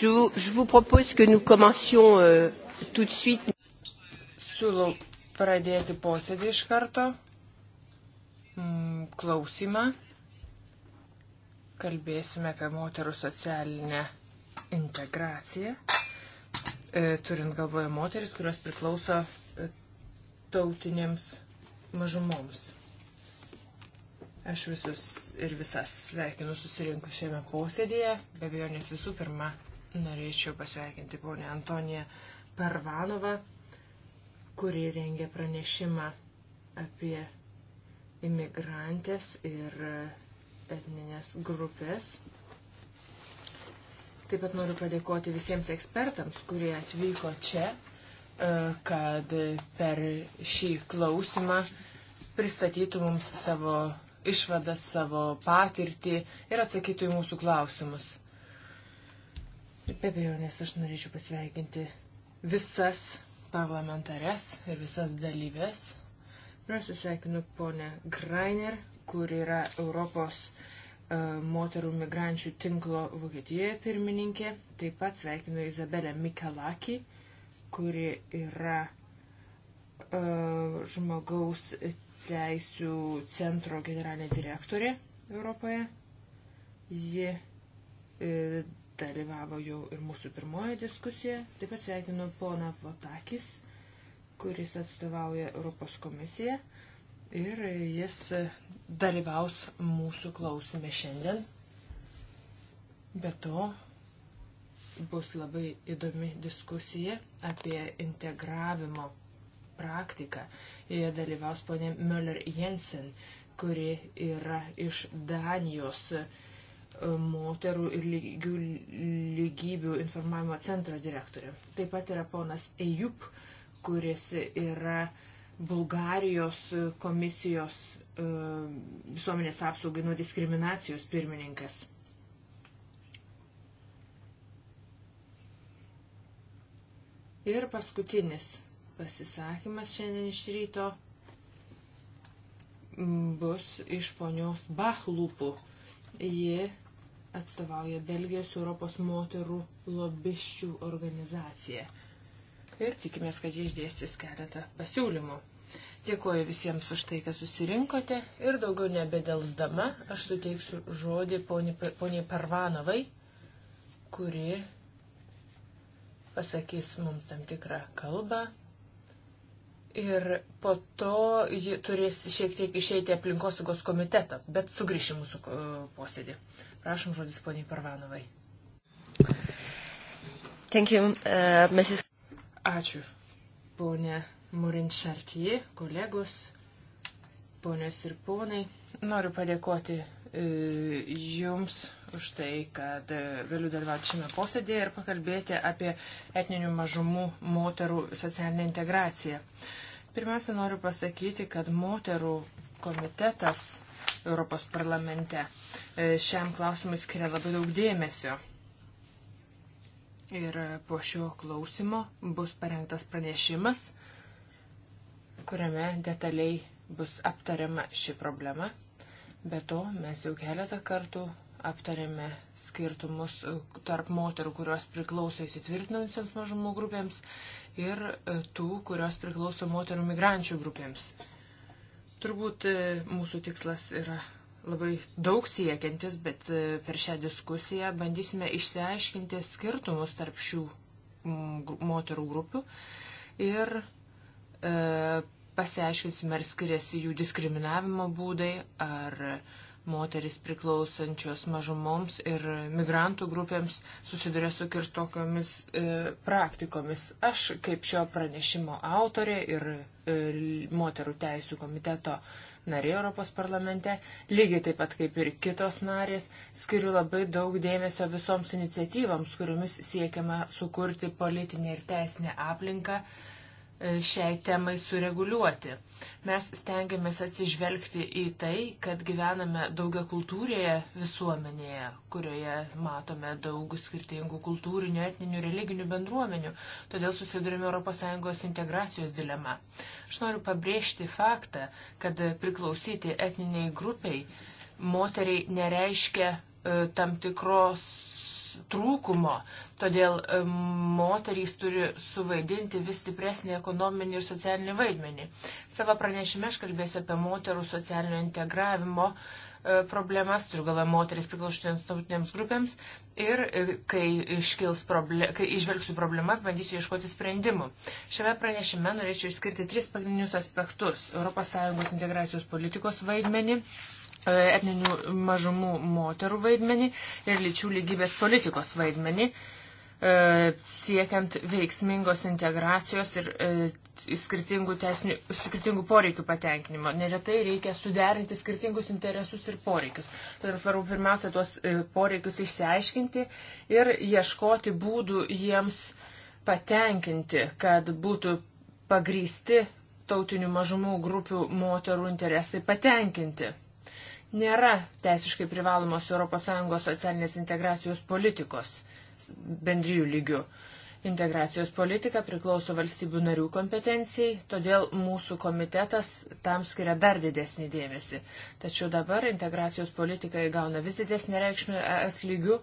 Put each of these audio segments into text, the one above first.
Je vous, je vous propose que nous commencions euh, tout de suite. Siūlau pradėti posėdį iš karto, mm, klausimą. Kalbėsime apie moterų socialinę integraciją, e, turint galvoje moteris, kurios priklauso tautinėms mažumoms. Aš visus ir visas sveikinu susirinkus šiame posėdėje. Be abejo, nes visų pirma norėčiau pasveikinti ponę Antoniją Parvanovą, kuri rengia pranešimą apie imigrantės ir etninės grupės. Taip pat noriu padėkoti visiems ekspertams, kurie atvyko čia E, kad per šį klausimą pristatytų mums savo išvadas, savo patirtį ir atsakytų į mūsų klausimus. Be abejo, nes aš norėčiau pasveikinti visas parlamentares ir visas dalyves. Pirmiausia, sveikinu ponę Greiner, kur yra Europos e, moterų migrančių tinklo Vokietijoje pirmininkė. Taip pat sveikinu Izabelę Mikalakį, kuri yra uh, žmogaus teisų centro generalinė direktorė Europoje. Ji uh, dalyvavo jau ir mūsų pirmoje diskusijoje. Taip pat sveikinu poną Votakis, kuris atstovauja Europos komisiją. Ir jis dalyvaus mūsų klausime šiandien. Be to, bus labai įdomi diskusija apie integravimo praktiką. Joje dalyvaus ponė Müller Jensen, kuri yra iš Danijos e, moterų ir lygių lygybių informavimo centro direktorė. Taip pat yra ponas Ejup, kuris yra Bulgarijos komisijos e, visuomenės apsaugai nuo diskriminacijos pirmininkas. Ir paskutinis pasisakymas šiandien iš ryto bus iš ponios Bach lūpų. Ji atstovauja Belgijos Europos moterų lobiščių organizaciją. Ir tikimės, kad jie išdėstys keletą pasiūlymų. Dėkuoju visiems už tai, kad susirinkote ir daugiau nebedelsdama aš suteiksiu žodį poniai Parvanovai, kuri pasakys mums tam tikrą kalbą. Ir po to ji turės šiek tiek išeiti aplinkosaugos komiteto, bet sugrįši mūsų e, posėdį. Prašom žodis poniai Parvanovai. Thank you, uh, Mrs. Ačiū, ponė Murinšartie, kolegos, ponios ir ponai. Noriu padėkoti E, jums už tai, kad e, galiu dalyvauti šiame posėdėje ir pakalbėti apie etninių mažumų moterų socialinę integraciją. Pirmiausia, noriu pasakyti, kad moterų komitetas Europos parlamente e, šiam klausimui skiria labai daug dėmesio. Ir po šio klausimo bus parengtas pranešimas, kuriame detaliai bus aptariama ši problema Be to, mes jau keletą kartų aptarėme skirtumus e, tarp moterų, kurios priklauso įsitvirtinusiems mažumų grupėms ir e, tų, kurios priklauso moterų migrančių grupėms. Turbūt e, mūsų tikslas yra labai daug siekiantis, bet per šią diskusiją bandysime išsiaiškinti skirtumus tarp šių moterų grupių ir e, pasiaiškinsime, ar skiriasi jų diskriminavimo būdai, ar moteris priklausančios mažumoms ir migrantų grupėms susiduria su kirtokiomis e, praktikomis. Aš kaip šio pranešimo autorė ir e, moterų teisų komiteto narė Europos parlamente, lygiai taip pat kaip ir kitos narės, skiriu labai daug dėmesio visoms iniciatyvams, kuriomis siekiama sukurti politinę ir teisinę aplinką, e, E, šiai temai sureguliuoti. Mes stengiamės atsižvelgti į tai, kad gyvename daugia kultūrėje visuomenėje, kurioje matome daug skirtingų kultūrinių, etninių, religinių bendruomenių. Todėl susidurime ES integracijos dilema. Aš noriu pabrėžti faktą, kad priklausyti etniniai grupiai moteriai nereiškia e, tam tikros trūkumo. Todėl e, moterys turi suvaidinti vis stipresnį ekonominį ir socialinį vaidmenį. Savo pranešime aš kalbėsiu apie moterų socialinio integravimo e, problemas, turiu galvoje moteris priklausytėms tautinėms grupėms ir e, kai, problem, kai išvelgsiu problemas, bandysiu ieškoti sprendimų. Šiame pranešime norėčiau išskirti tris pagrindinius aspektus - ES integracijos politikos vaidmenį, E, etninių mažumų moterų vaidmenį ir lyčių lygybės politikos vaidmenį, e, siekiant veiksmingos integracijos ir e, skirtingų, teisinių, skirtingų poreikių patenkinimo. Neretai reikia suderinti skirtingus interesus ir poreikius. Todėl svarbu pirmiausia tuos poreikius išsiaiškinti ir ieškoti būdų jiems patenkinti, kad būtų pagrysti tautinių mažumų grupių moterų interesai patenkinti nėra teisiškai privalomos ES socialinės integracijos politikos bendrijų lygių. Integracijos politika priklauso valstybių narių kompetencijai, todėl mūsų komitetas tam skiria dar didesnį dėmesį. Tačiau dabar integracijos politika įgauna vis didesnį reikšmę ES lygių,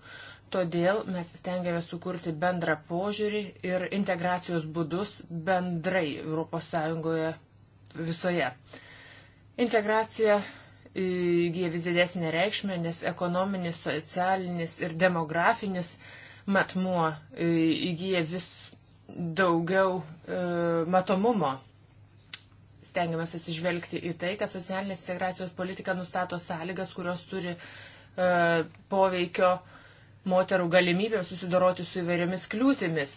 todėl mes stengiamės sukurti bendrą požiūrį ir integracijos būdus bendrai ES visoje. Integracija įgyja vis didesnį reikšmę, nes ekonominis, socialinis ir demografinis matmuo įgyja vis daugiau e, matomumo. Stengiamės atsižvelgti į tai, kad socialinės integracijos politika nustato sąlygas, kurios turi e, poveikio moterų galimybėms susidoroti su įvairiomis kliūtimis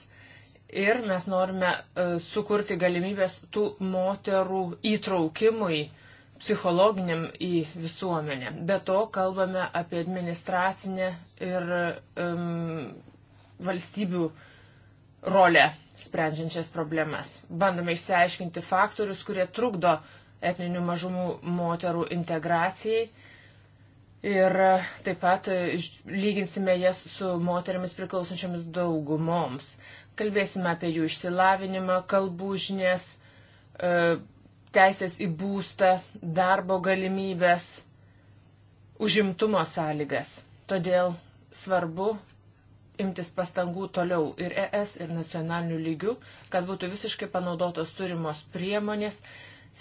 ir mes norime e, sukurti galimybės tų moterų įtraukimui psichologiniam į visuomenę. Be to kalbame apie administracinę ir um, valstybių rolę sprendžiančias problemas. Bandome išsiaiškinti faktorius, kurie trukdo etninių mažumų moterų integracijai. Ir e, taip pat e, lyginsime jas su moteriamis priklausančiamis daugumoms. Kalbėsime apie jų išsilavinimą, kalbų žinias, e, teisės į būstą, darbo galimybės, užimtumo sąlygas. Todėl svarbu imtis pastangų toliau ir ES, ir nacionalinių lygių, kad būtų visiškai panaudotos turimos priemonės,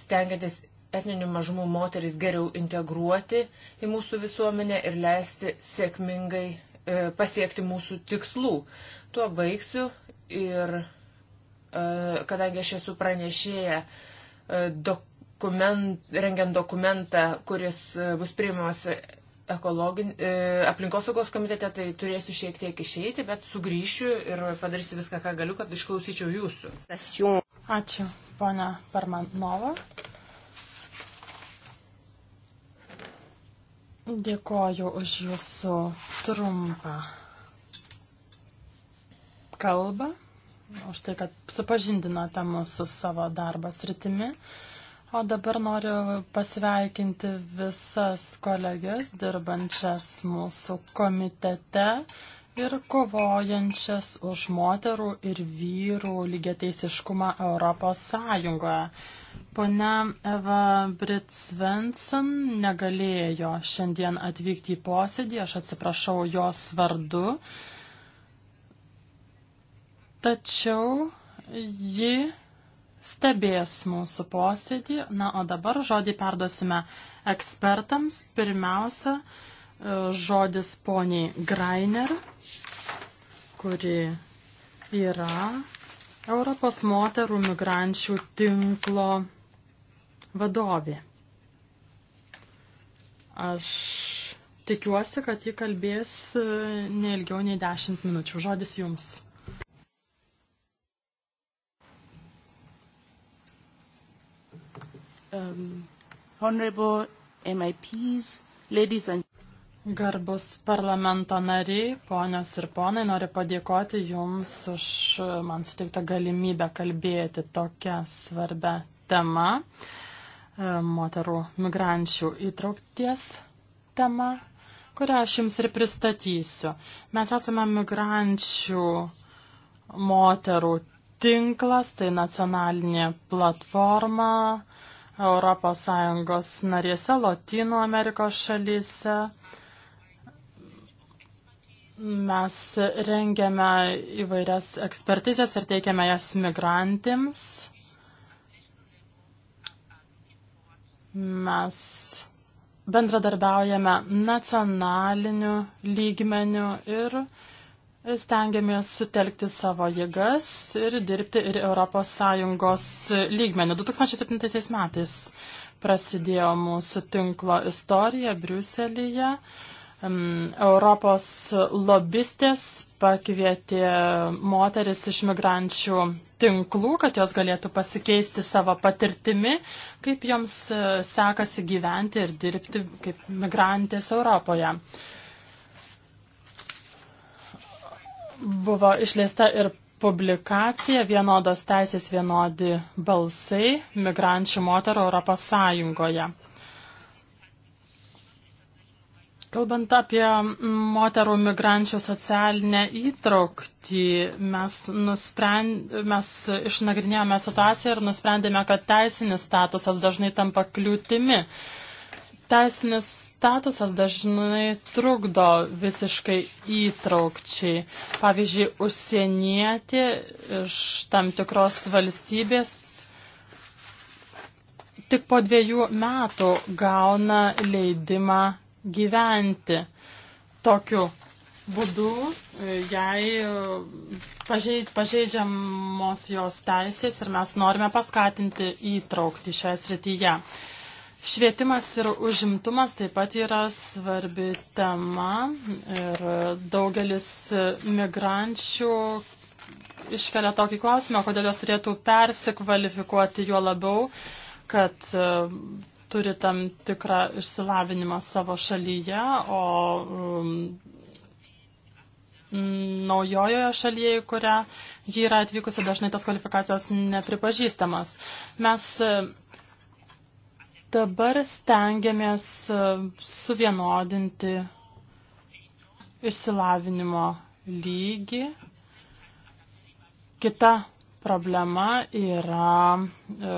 stengiantis etninių mažumų moteris geriau integruoti į mūsų visuomenę ir leisti sėkmingai e, pasiekti mūsų tikslų. Tuo baigsiu ir e, kadangi aš esu pranešėję, e, E, dokument, rengiant dokumentą, kuris e, bus priimamas ekologin, e, aplinkosaugos komitete, tai turėsiu šiek tiek išeiti, bet sugrįšiu ir padarysiu viską, ką galiu, kad išklausyčiau jūsų. Ačiū, ponia Parmanova. Dėkoju už jūsų trumpą kalbą už tai, kad supažindinote mus su savo darbas rytimi. O dabar noriu pasveikinti visas kolegės dirbančias mūsų komitete ir kovojančias už moterų ir vyrų lygiateisiškumą Europos Sąjungoje. Pone Eva Britsvensen negalėjo šiandien atvykti į posėdį, aš atsiprašau jos vardu. Tačiau ji stebės mūsų posėdį. Na, o dabar žodį perduosime ekspertams. Pirmiausia, e, žodis poniai Grainer, kuri yra Europos moterų migrančių tinklo vadovė. Aš tikiuosi, kad ji kalbės e, neilgiau nei 10 minučių. Žodis jums. um, honorable MIPs, ladies and Garbus parlamento nariai, ponios ir ponai, noriu padėkoti Jums už uh, man suteiktą galimybę kalbėti tokią svarbę temą uh, - moterų migrančių įtraukties temą, kurią aš Jums ir pristatysiu. Mes esame migrančių moterų tinklas, tai nacionalinė platforma, ES narėse, Latino Amerikos šalyse. Mes rengiame įvairias ekspertizės ir teikiame jas migrantims. Mes bendradarbiaujame nacionaliniu lygmeniu ir uh, stengiamės sutelkti savo jėgas ir dirbti ir ES lygmenį. 2007 metais prasidėjo mūsų tinklo istorija Briuselyje. Europos lobistės pakvietė moteris iš migrančių tinklų, kad jos galėtų pasikeisti savo patirtimi, kaip joms e, sekasi gyventi ir dirbti kaip migrantės Europoje. Buvo išleista ir publikacija Vienodos teisės vienodi balsai migrančių moterų Europos Sąjungoje. Kalbant apie moterų migrančių socialinę įtraukti, mes, nusprend, mes išnagrinėjome situaciją ir nusprendėme, kad teisinis statusas dažnai tampa kliūtimi. Uh, teisinis statusas dažnai trukdo visiškai įtraukčiai. Pavyzdžiui, užsienietė iš tam tikros valstybės tik po dviejų metų gauna leidimą gyventi. Tokiu būdu, e, jei e, pažeidžiamos jos teisės ir mes norime paskatinti įtraukti šią srityje. Švietimas ir užimtumas taip pat yra svarbi tema ir daugelis migrančių iškelia tokį klausimą, kodėl jos turėtų persikvalifikuoti juo labiau, kad e, turi tam tikrą išsilavinimą savo šalyje, o um, naujojoje šalyje, į kurią ji yra atvykusi, dažnai tas kvalifikacijos nepripažįstamas. Mes uh, Dabar stengiamės e, suvienodinti išsilavinimo lygį. Kita problema yra e,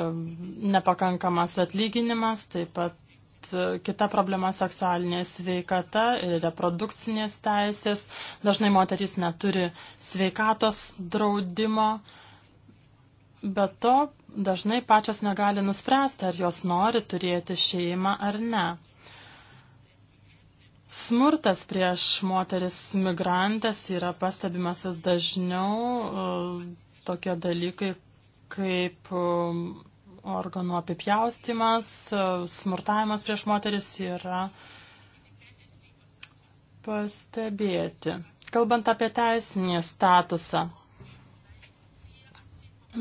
nepakankamas atlyginimas, taip pat e, kita problema - seksualinė sveikata ir reprodukcinės teisės. Dažnai moterys neturi sveikatos draudimo. Be to, dažnai pačios negali nuspręsti, ar jos nori turėti šeimą ar ne. Smurtas prieš moteris migrantės yra pastebimas vis dažniau e, tokie dalykai kaip e, organų apipjaustimas, e, smurtavimas prieš moteris yra pastebėti. Kalbant apie teisinį statusą,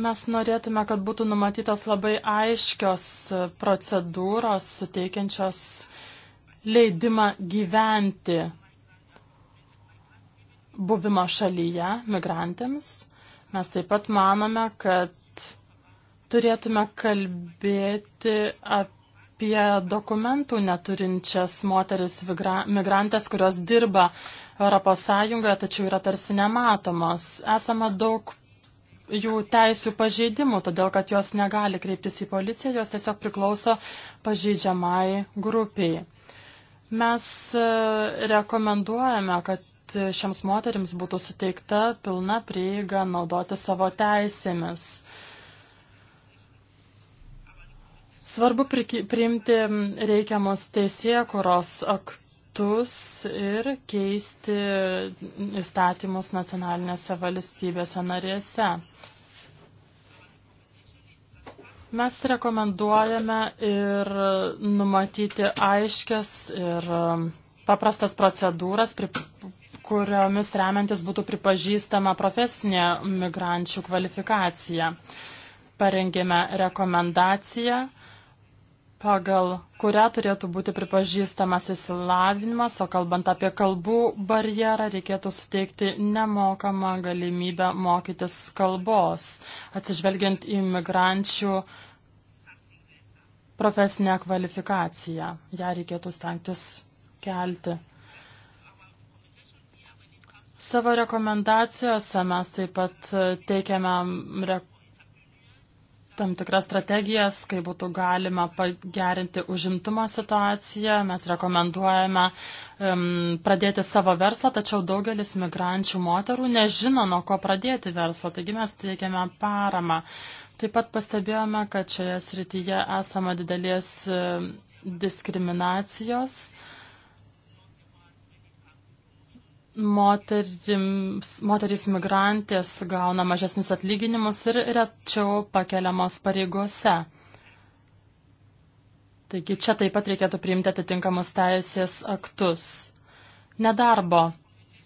Mes norėtume, kad būtų numatytos labai aiškios procedūros suteikiančios leidimą gyventi buvimo šalyje migrantėms. Mes taip pat manome, kad turėtume kalbėti apie dokumentų neturinčias moteris migrantės, kurios dirba ES, tačiau yra tarsi nematomos. Esama daug jų teisių pažeidimų, todėl kad jos negali kreiptis į policiją, jos tiesiog priklauso pažeidžiamai grupiai. Mes e, rekomenduojame, kad šiams moteriams būtų suteikta pilna prieiga naudoti savo teisėmis. Svarbu priimti reikiamus teisėkuros aktus aktus ir keisti įstatymus nacionalinėse valstybėse narėse. Mes rekomenduojame ir numatyti aiškias ir paprastas procedūras, kuriomis remiantis būtų pripažįstama profesinė migrančių kvalifikacija. Parengėme rekomendaciją pagal kurią turėtų būti pripažįstamas įsilavinimas, o kalbant apie kalbų barjerą, reikėtų suteikti nemokamą galimybę mokytis kalbos, atsižvelgiant į migrančių profesinę kvalifikaciją. Ja reikėtų stengtis kelti. Savo rekomendacijose mes taip pat teikiame tam tikras strategijas, kaip būtų galima pagerinti užimtumo situaciją. Mes rekomenduojame um, pradėti savo verslą, tačiau daugelis migrančių moterų nežino, nuo ko pradėti verslą, taigi mes teikiame paramą. Taip pat pastebėjome, kad šioje srityje esama didelės diskriminacijos. Uh, Moterims, moterys migrantės gauna mažesnius atlyginimus ir rečiau pakeliamos pareigose. Taigi čia taip pat reikėtų priimti atitinkamus teisės aktus. Nedarbo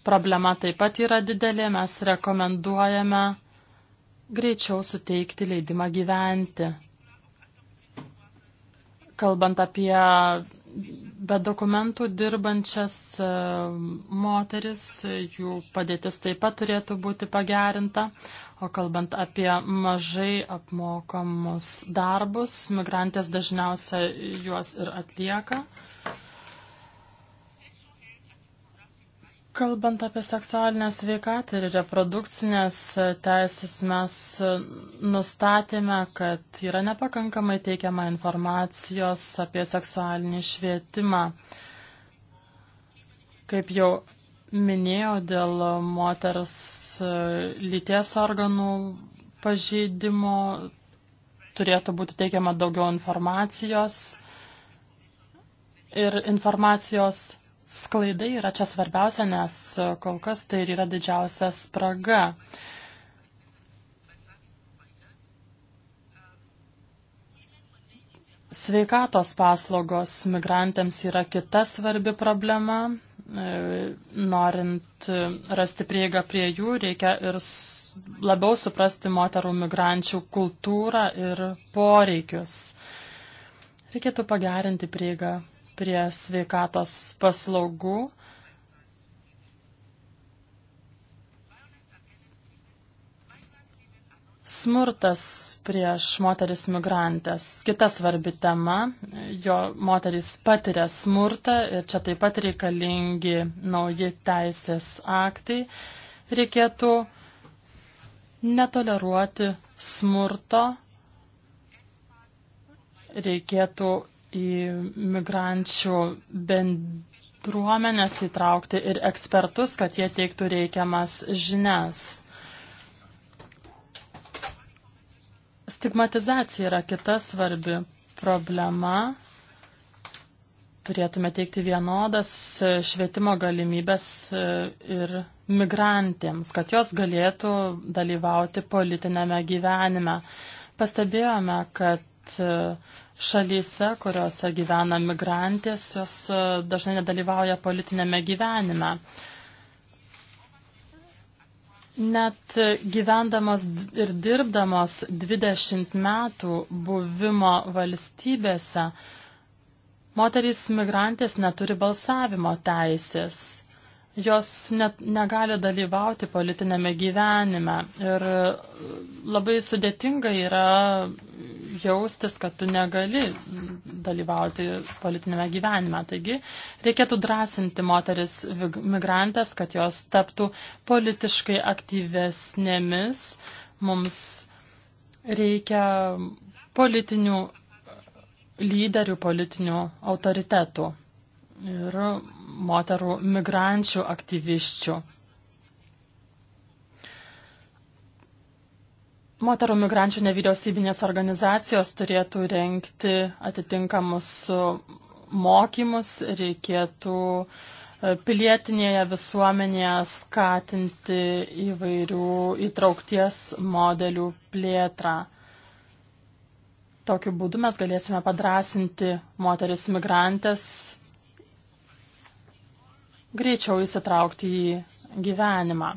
problema taip pat yra didelė, mes rekomenduojame greičiau suteikti leidimą gyventi. Kalbant apie be dokumentų dirbančias e, moteris, jų padėtis taip pat turėtų būti pagerinta. O kalbant apie mažai apmokamus darbus, migrantės dažniausiai juos ir atlieka. Kalbant apie seksualinę sveikatą ir reprodukcinės teisės, mes nustatėme, kad yra nepakankamai teikiama informacijos apie seksualinį švietimą. Kaip jau minėjau, dėl moters lyties organų pažeidimo turėtų būti teikiama daugiau informacijos ir informacijos Sklaida yra čia svarbiausia, nes kol kas tai yra didžiausia spraga. Sveikatos paslaugos migrantams yra kita svarbi problema. E, norint rasti prieigą prie jų, reikia ir labiau suprasti moterų migrančių kultūrą ir poreikius. Reikėtų pagerinti prieigą prie sveikatos paslaugų. Smurtas prieš moteris migrantės. Kita svarbi tema. Jo moteris patiria smurtą ir čia taip pat reikalingi nauji teisės aktai. Reikėtų netoleruoti smurto. Reikėtų į migrančių bendruomenės įtraukti ir ekspertus, kad jie teiktų reikiamas žinias. Stigmatizacija yra kita svarbi problema. Turėtume teikti vienodas švietimo galimybės e, ir migrantėms, kad jos galėtų dalyvauti politinėme gyvenime. Pastebėjome, kad kad e, šalyse, kuriuose gyvena migrantės, jos e, dažnai nedalyvauja politinėme gyvenime. Net gyvendamos ir dirbdamos 20 metų buvimo valstybėse, moterys migrantės neturi balsavimo teisės. Jos net negali dalyvauti politinėme gyvenime ir e, labai sudėtinga yra jaustis, kad tu negali dalyvauti politinėme gyvenime. Taigi reikėtų drąsinti moteris migrantės, kad jos taptų politiškai aktyvesnėmis. Mums reikia politinių lyderių, politinių autoritetų ir moterų migrančių aktyviščių. Moterų migrančių nevyriausybinės organizacijos turėtų renkti atitinkamus mokymus, reikėtų e, pilietinėje visuomenėje skatinti įvairių įtraukties modelių plėtrą. Tokiu būdu mes galėsime padrasinti moteris migrantės greičiau įsitraukti į gyvenimą.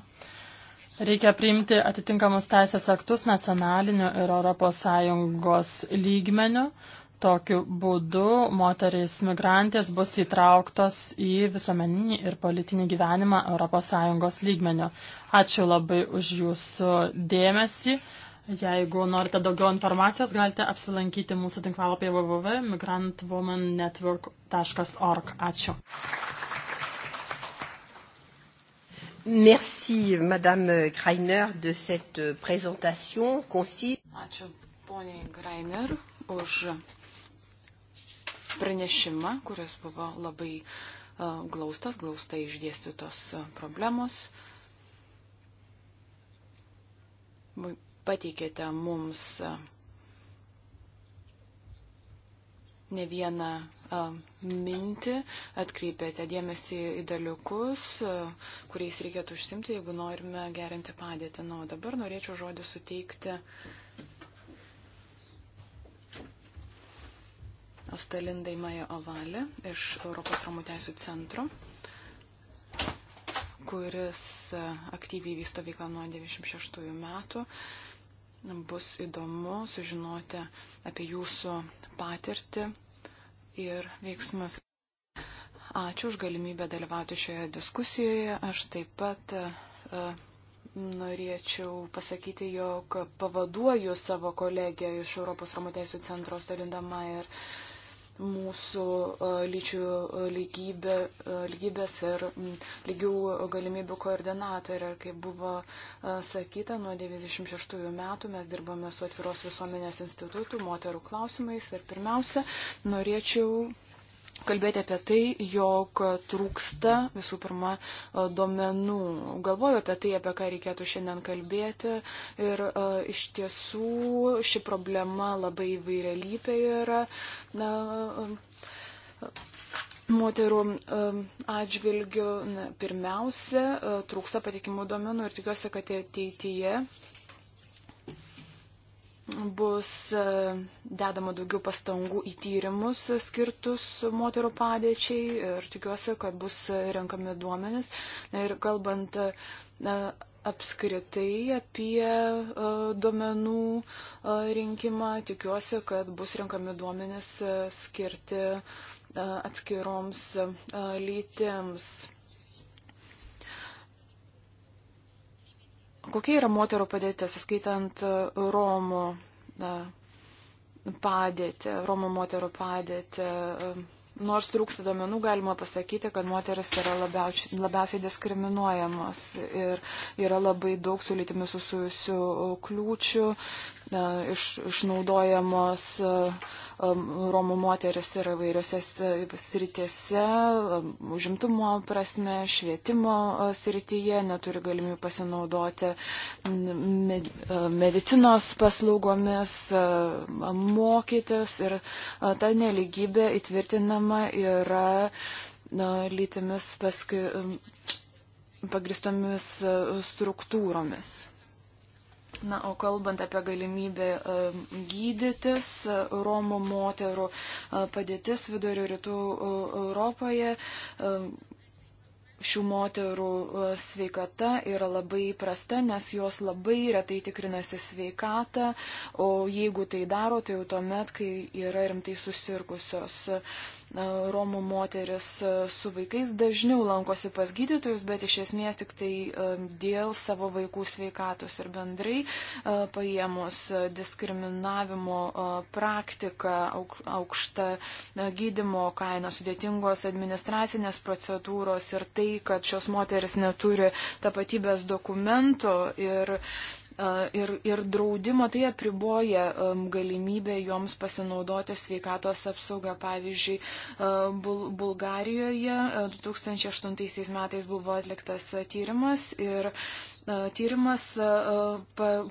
Reikia priimti atitinkamus teisės aktus nacionaliniu ir ES lygmeniu. Tokiu būdu moterys migrantės bus įtrauktos į visuomeninį ir politinį gyvenimą ES lygmeniu. Ačiū labai už jūsų dėmesį. Jeigu norite daugiau informacijos, galite apsilankyti mūsų tinklalapyje www.migrantwomannetwork.org. Ačiū. Merci, Madame Greiner, de cette présentation concise. Ačiū, poniai Greiner, už pranešimą, kuris buvo labai uh, glaustas, glaustai išdėstytos uh, problemos. Pateikėte mums uh, ne vieną mintį, atkreipėte dėmesį į dalykus, kuriais reikėtų užsimti, jeigu norime gerinti padėtį. Na, o dabar norėčiau žodį suteikti Ostalindai Maja Ovalė iš Europos Romų Teisų centro, kuris aktyviai vysto veiklą nuo 96 metų. Bus įdomu sužinoti apie jūsų patirtį ir veiksmus. Ačiū už galimybę dalyvauti šioje diskusijoje. Aš taip pat e, norėčiau pasakyti, jog pavaduoju savo kolegę iš Europos Romo Teisų centro Stalindama ir uh, mūsų e, lyčių e, lygybė, e, lygybės ir lygių galimybių koordinatorė. Ir kaip buvo sakyta, nuo 96 metų mes dirbame su atviros visuomenės institutų moterų klausimais. Ir pirmiausia, norėčiau kalbėti apie tai, jog trūksta visų pirma e, duomenų. Galvoju apie tai, apie ką reikėtų šiandien kalbėti. Ir e, iš tiesų ši problema labai įvairialypė yra. Na, Moterų e, atžvilgių pirmiausia e, trūksta patikimų duomenų ir tikiuosi, kad ateityje. Tai, bus e, dedama daugiau pastangų į tyrimus skirtus moterų padėčiai ir tikiuosi, kad bus renkami duomenis. Ir kalbant e, apskritai apie e, duomenų rinkimą, tikiuosi, kad bus renkami duomenis skirti atskiroms lytims. kokia yra moterų padėtis, skaitant e, Romų padėtį, Romų moterų padėtį. E, nors trūksta duomenų, galima pasakyti, kad moteris yra labiausiai, labiausiai diskriminuojamas ir yra labai daug su lytimis susijusių e, kliūčių, E, iš, išnaudojamos e, e, Romų moteris yra vairiose sritėse, užimtumo prasme, švietimo srityje, neturi galimybių pasinaudoti med, medicinos paslaugomis, mokytis ir ta neligybė įtvirtinama yra lytimis paskui pagristomis struktūromis. Na, o kalbant apie galimybę e, gydytis, e, Romų moterų e, padėtis vidurio rytų Europoje šių moterų sveikata yra labai prasta, nes jos labai retai tikrinasi sveikatą, o jeigu tai daro, tai jau tuomet, kai yra rimtai susirgusios. Romų moteris e, su vaikais dažniau lankosi pas gydytojus, bet iš esmės tik tai e, dėl savo vaikų sveikatos ir bendrai e, paėmus diskriminavimo praktiką, aukšta gydimo kaina, sudėtingos administracinės procedūros ir tai, kad šios moteris neturi tapatybės dokumentų ir uh, ir, ir draudimo tai apriboja galimybę joms pasinaudoti sveikatos apsaugą. Pavyzdžiui, Bul Bulgarijoje 2008 metais buvo atliktas tyrimas ir Tyrimas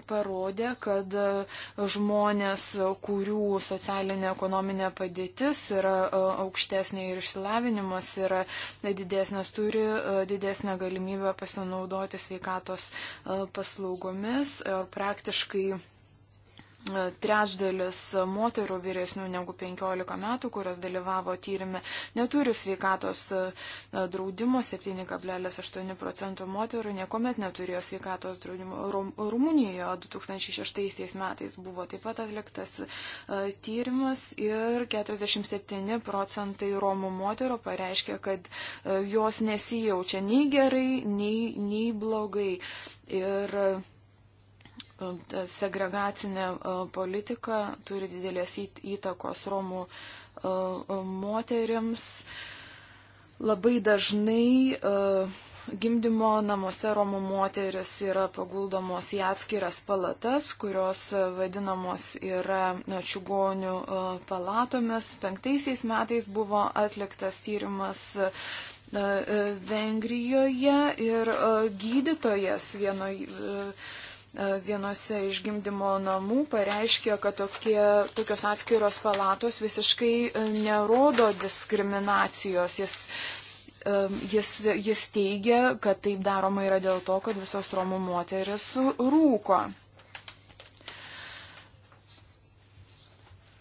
parodė, kad žmonės, kurių socialinė ekonominė padėtis yra aukštesnė ir išsilavinimas yra didesnės, turi didesnę galimybę pasinaudoti sveikatos paslaugomis. Praktiškai trečdalis moterų vyresnių negu 15 metų, kurios dalyvavo tyrimė, neturi sveikatos e, draudimo, 7,8 procentų moterų niekuomet neturėjo sveikatos draudimo. Rumunijoje 2006 metais buvo taip pat atliktas e, tyrimas ir 47 procentai Romų moterų pareiškė, kad e, jos nesijaučia nei gerai, nei, nei blogai. Ir segregacinė e, politika turi didelės įtakos Romų e, e, moteriams. Labai dažnai gimdymo namuose Romų moteris yra paguldomos į atskiras palatas, kurios vadinamos yra čiugonių palatomis. Penktaisiais metais buvo atliktas tyrimas Vengrijoje ir gydytojas vienoje E, vienose iš gimdymo namų pareiškė, kad tokie, tokios atskiros palatos visiškai e, nerodo diskriminacijos. Jis, e, jis, jis teigia, kad taip daroma yra dėl to, kad visos Romų moteris rūko.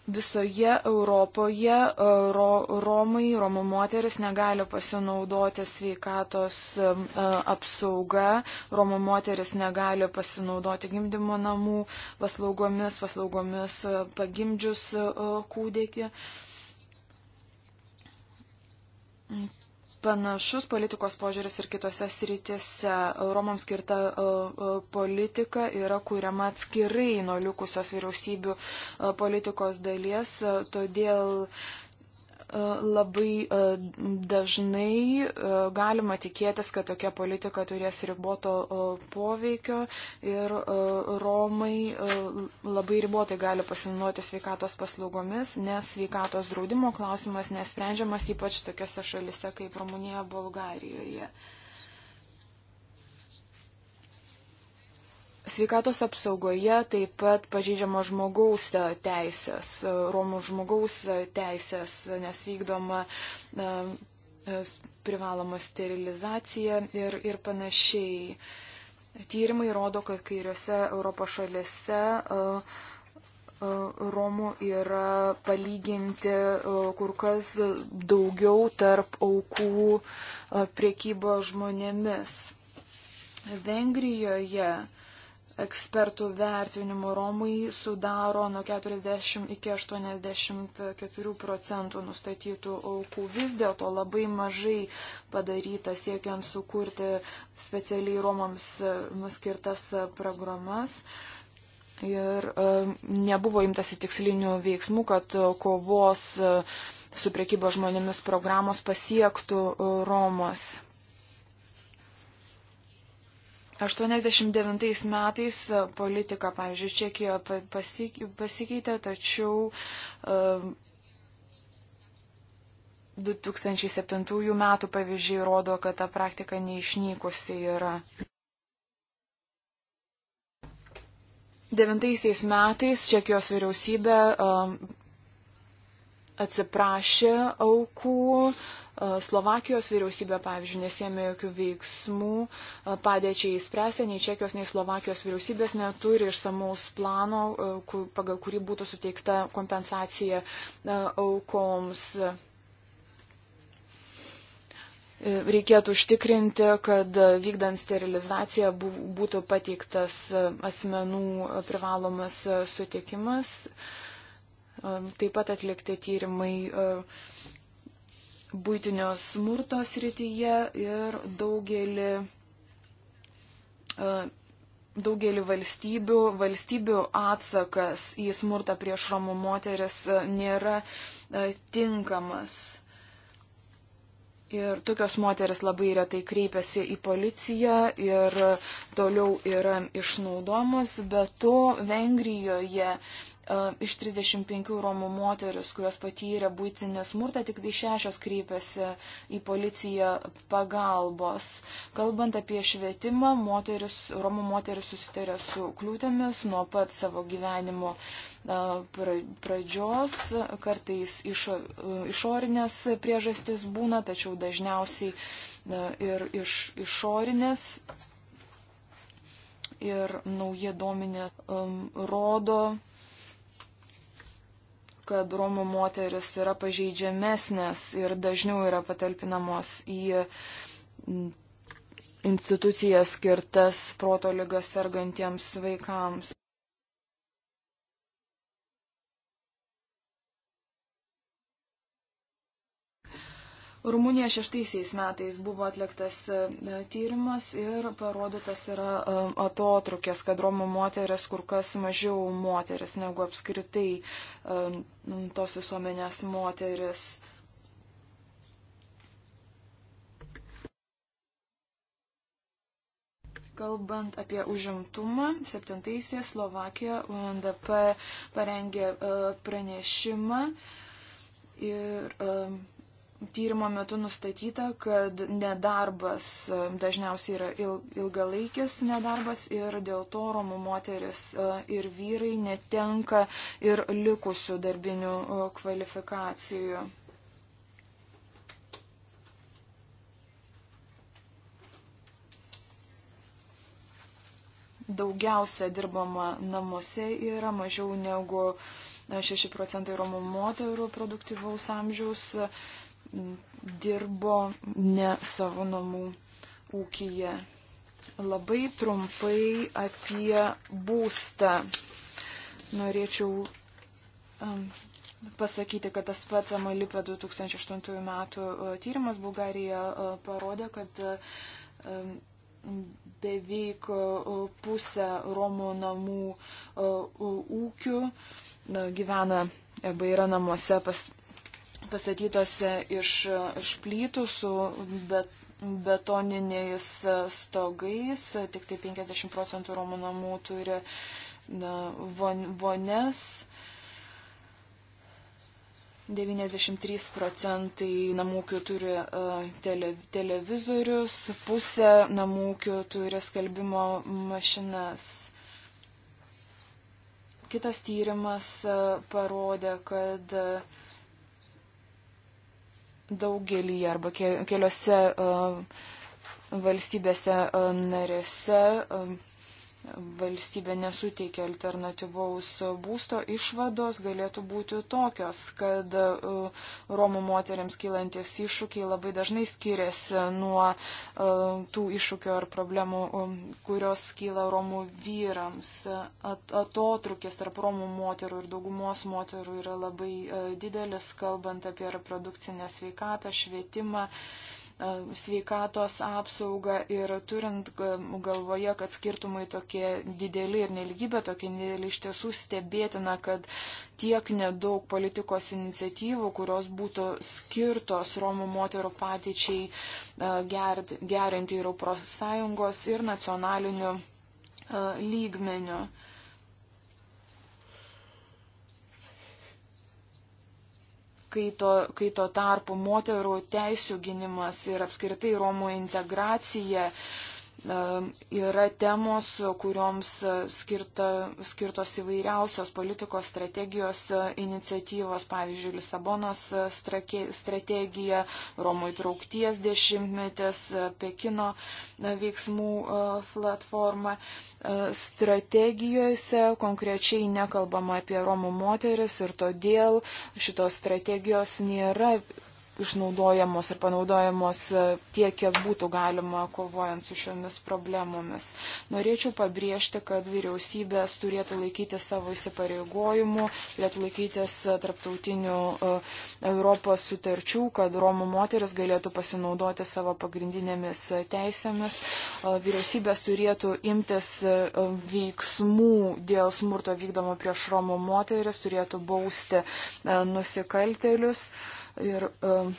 visoje Europoje e, ro, Romai, Romų moteris negali pasinaudoti sveikatos e, e, apsauga, Romų moteris negali pasinaudoti gimdymo namų paslaugomis, paslaugomis pagimdžius kūdikį. Panašus politikos požiūris ir kitose srityse. Romams skirta e, e, politika yra kuriama atskirai nuo likusios vyriausybių e, politikos dalies, todėl uh, labai e, dažnai e, galima tikėtis, kad tokia politika turės riboto e, poveikio ir Romai labai ribotai gali pasinaudoti sveikatos paslaugomis, nes sveikatos draudimo klausimas nesprendžiamas ypač tokiose šalise kaip Rumunija, Bulgarijoje. Yeah. sveikatos apsaugoje taip pat pažeidžiama žmogaus teisės, Romų žmogaus teisės, nes vykdoma e, privaloma sterilizacija ir, ir panašiai. Tyrimai rodo, kad kairiuose Europos šalise uh, e, e, Romų yra palyginti kur kas daugiau tarp aukų priekybo žmonėmis. Vengrijoje ekspertų vertinimų Romai sudaro nuo 40 iki 84 procentų nustatytų aukų. Vis dėlto labai mažai padaryta siekiant sukurti specialiai Romams skirtas programas. Ir e, nebuvo imtasi tikslinių veiksmų, kad kovos e, su priekybo žmonėmis programos pasiektų e, Romas. 89 metais e, politika, pavyzdžiui, Čekijoje pasikeitė, tačiau 2007 e, metų pavyzdžiai rodo, kad ta praktika neišnykusi yra. Devintaisiais metais Čekijos vyriausybė um, atsiprašė aukų, uh, Slovakijos vyriausybė, pavyzdžiui, nesėmė jokių veiksmų padėčiai įspręsti, nei Čekijos, nei Slovakijos vyriausybės neturi išsamaus plano, pagal kurį būtų suteikta kompensacija aukoms. E, reikėtų užtikrinti, kad vykdant sterilizaciją būtų pateiktas asmenų privalomas sutikimas, taip pat atlikti tyrimai būtinio smurto srityje ir daugelį, e, daugelį valstybių, valstybių atsakas į smurtą prieš romų moteris e, nėra e, tinkamas. Ir tokios moteris labai retai kreipiasi į policiją ir toliau yra išnaudomos. Be to, Vengrijoje E, iš 35 romų moteris, kurios patyrė būtinį smurtą, tik tai šešios kreipėsi į policiją pagalbos. Kalbant apie švietimą, moteris, romų moteris susitarė su kliūtėmis nuo pat savo gyvenimo e, pradžios, kartais išo, e, išorinės priežastis būna, tačiau dažniausiai ir iš, išorinės ir nauji duomenė um, rodo, kad Romų moteris yra pažeidžiamesnės ir dažniau yra patalpinamos į mm, institucijas skirtas proto lygas sergantiems vaikams. Rumunija šeštaisiais metais buvo atliktas e, tyrimas ir parodytas yra e, atotrukės, kad Romų moteris kur kas mažiau moteris negu apskritai e, tos visuomenės moteris. Kalbant apie užimtumą, septintaisiais Slovakija UNDP parengė pranešimą ir Tyrimo metu nustatyta, kad nedarbas e, dažniausiai yra ilgalaikis nedarbas ir dėl to romų moteris e, ir vyrai netenka ir likusių darbinių e, kvalifikacijų. daugiausia dirbama namuose yra mažiau negu 6 procentai romų moterų produktyvaus amžiaus dirbo ne savo namų ūkyje. Labai trumpai apie būstą. Norėčiau um, pasakyti, kad tas pats Amalipė 2008 metų e, tyrimas Bulgarija e, parodė, kad um, beveik e, pusę Romų namų ūkių gyvena arba yra namuose pas pastatytos iš, iš plytų su bet, betoniniais stogais, tik tai 50 procentų romų namų turi na, von, vones. 93 procentai namūkių turi e, tele, televizorius, pusė namūkių turi skalbimo mašinas. Kitas tyrimas e, parodė, kad daugelį arba keliose e, valstybėse e, narėse e, valstybė nesuteikia alternatyvaus būsto, išvados galėtų būti tokios, kad uh, Romų moteriams kylantis iššūkiai labai dažnai skiriasi nuo uh, tų iššūkių ar problemų, um, kurios kyla Romų vyrams. Atotrukis tarp Romų moterų ir daugumos moterų yra labai uh, didelis, kalbant apie reprodukcinę sveikatą, švietimą sveikatos apsaugą ir turint galvoje, kad skirtumai tokie dideli ir neligybė tokia didelė, iš tiesų stebėtina, kad tiek nedaug politikos iniciatyvų, kurios būtų skirtos Romų moterų patyčiai ger, gerinti ir Europos Sąjungos ir nacionaliniu lygmeniu. Uh, kai to, kai to tarpu moterų teisų gynimas ir apskritai Romų integracija uh, yra temos, kurioms e, skirta, skirtos įvairiausios politikos strategijos e, iniciatyvos, pavyzdžiui, Lisabonos e, strategija, Romų įtraukties dešimtmetis, Pekino veiksmų platforma. Strategijose konkrečiai nekalbama apie Romų moteris ir todėl šitos strategijos nėra išnaudojamos ir panaudojamos tiek, kiek būtų galima kovojant su šiomis problemomis. Norėčiau pabrėžti, kad vyriausybės turėtų laikyti savo įsipareigojimų, turėtų laikytis tarptautinių e, Europos sutarčių, kad Romų moteris galėtų pasinaudoti savo pagrindinėmis teisėmis. E, vyriausybės turėtų imtis e, veiksmų dėl smurto vykdomo prieš Romų moteris, turėtų bausti nusikaltelius. Uh, ir um,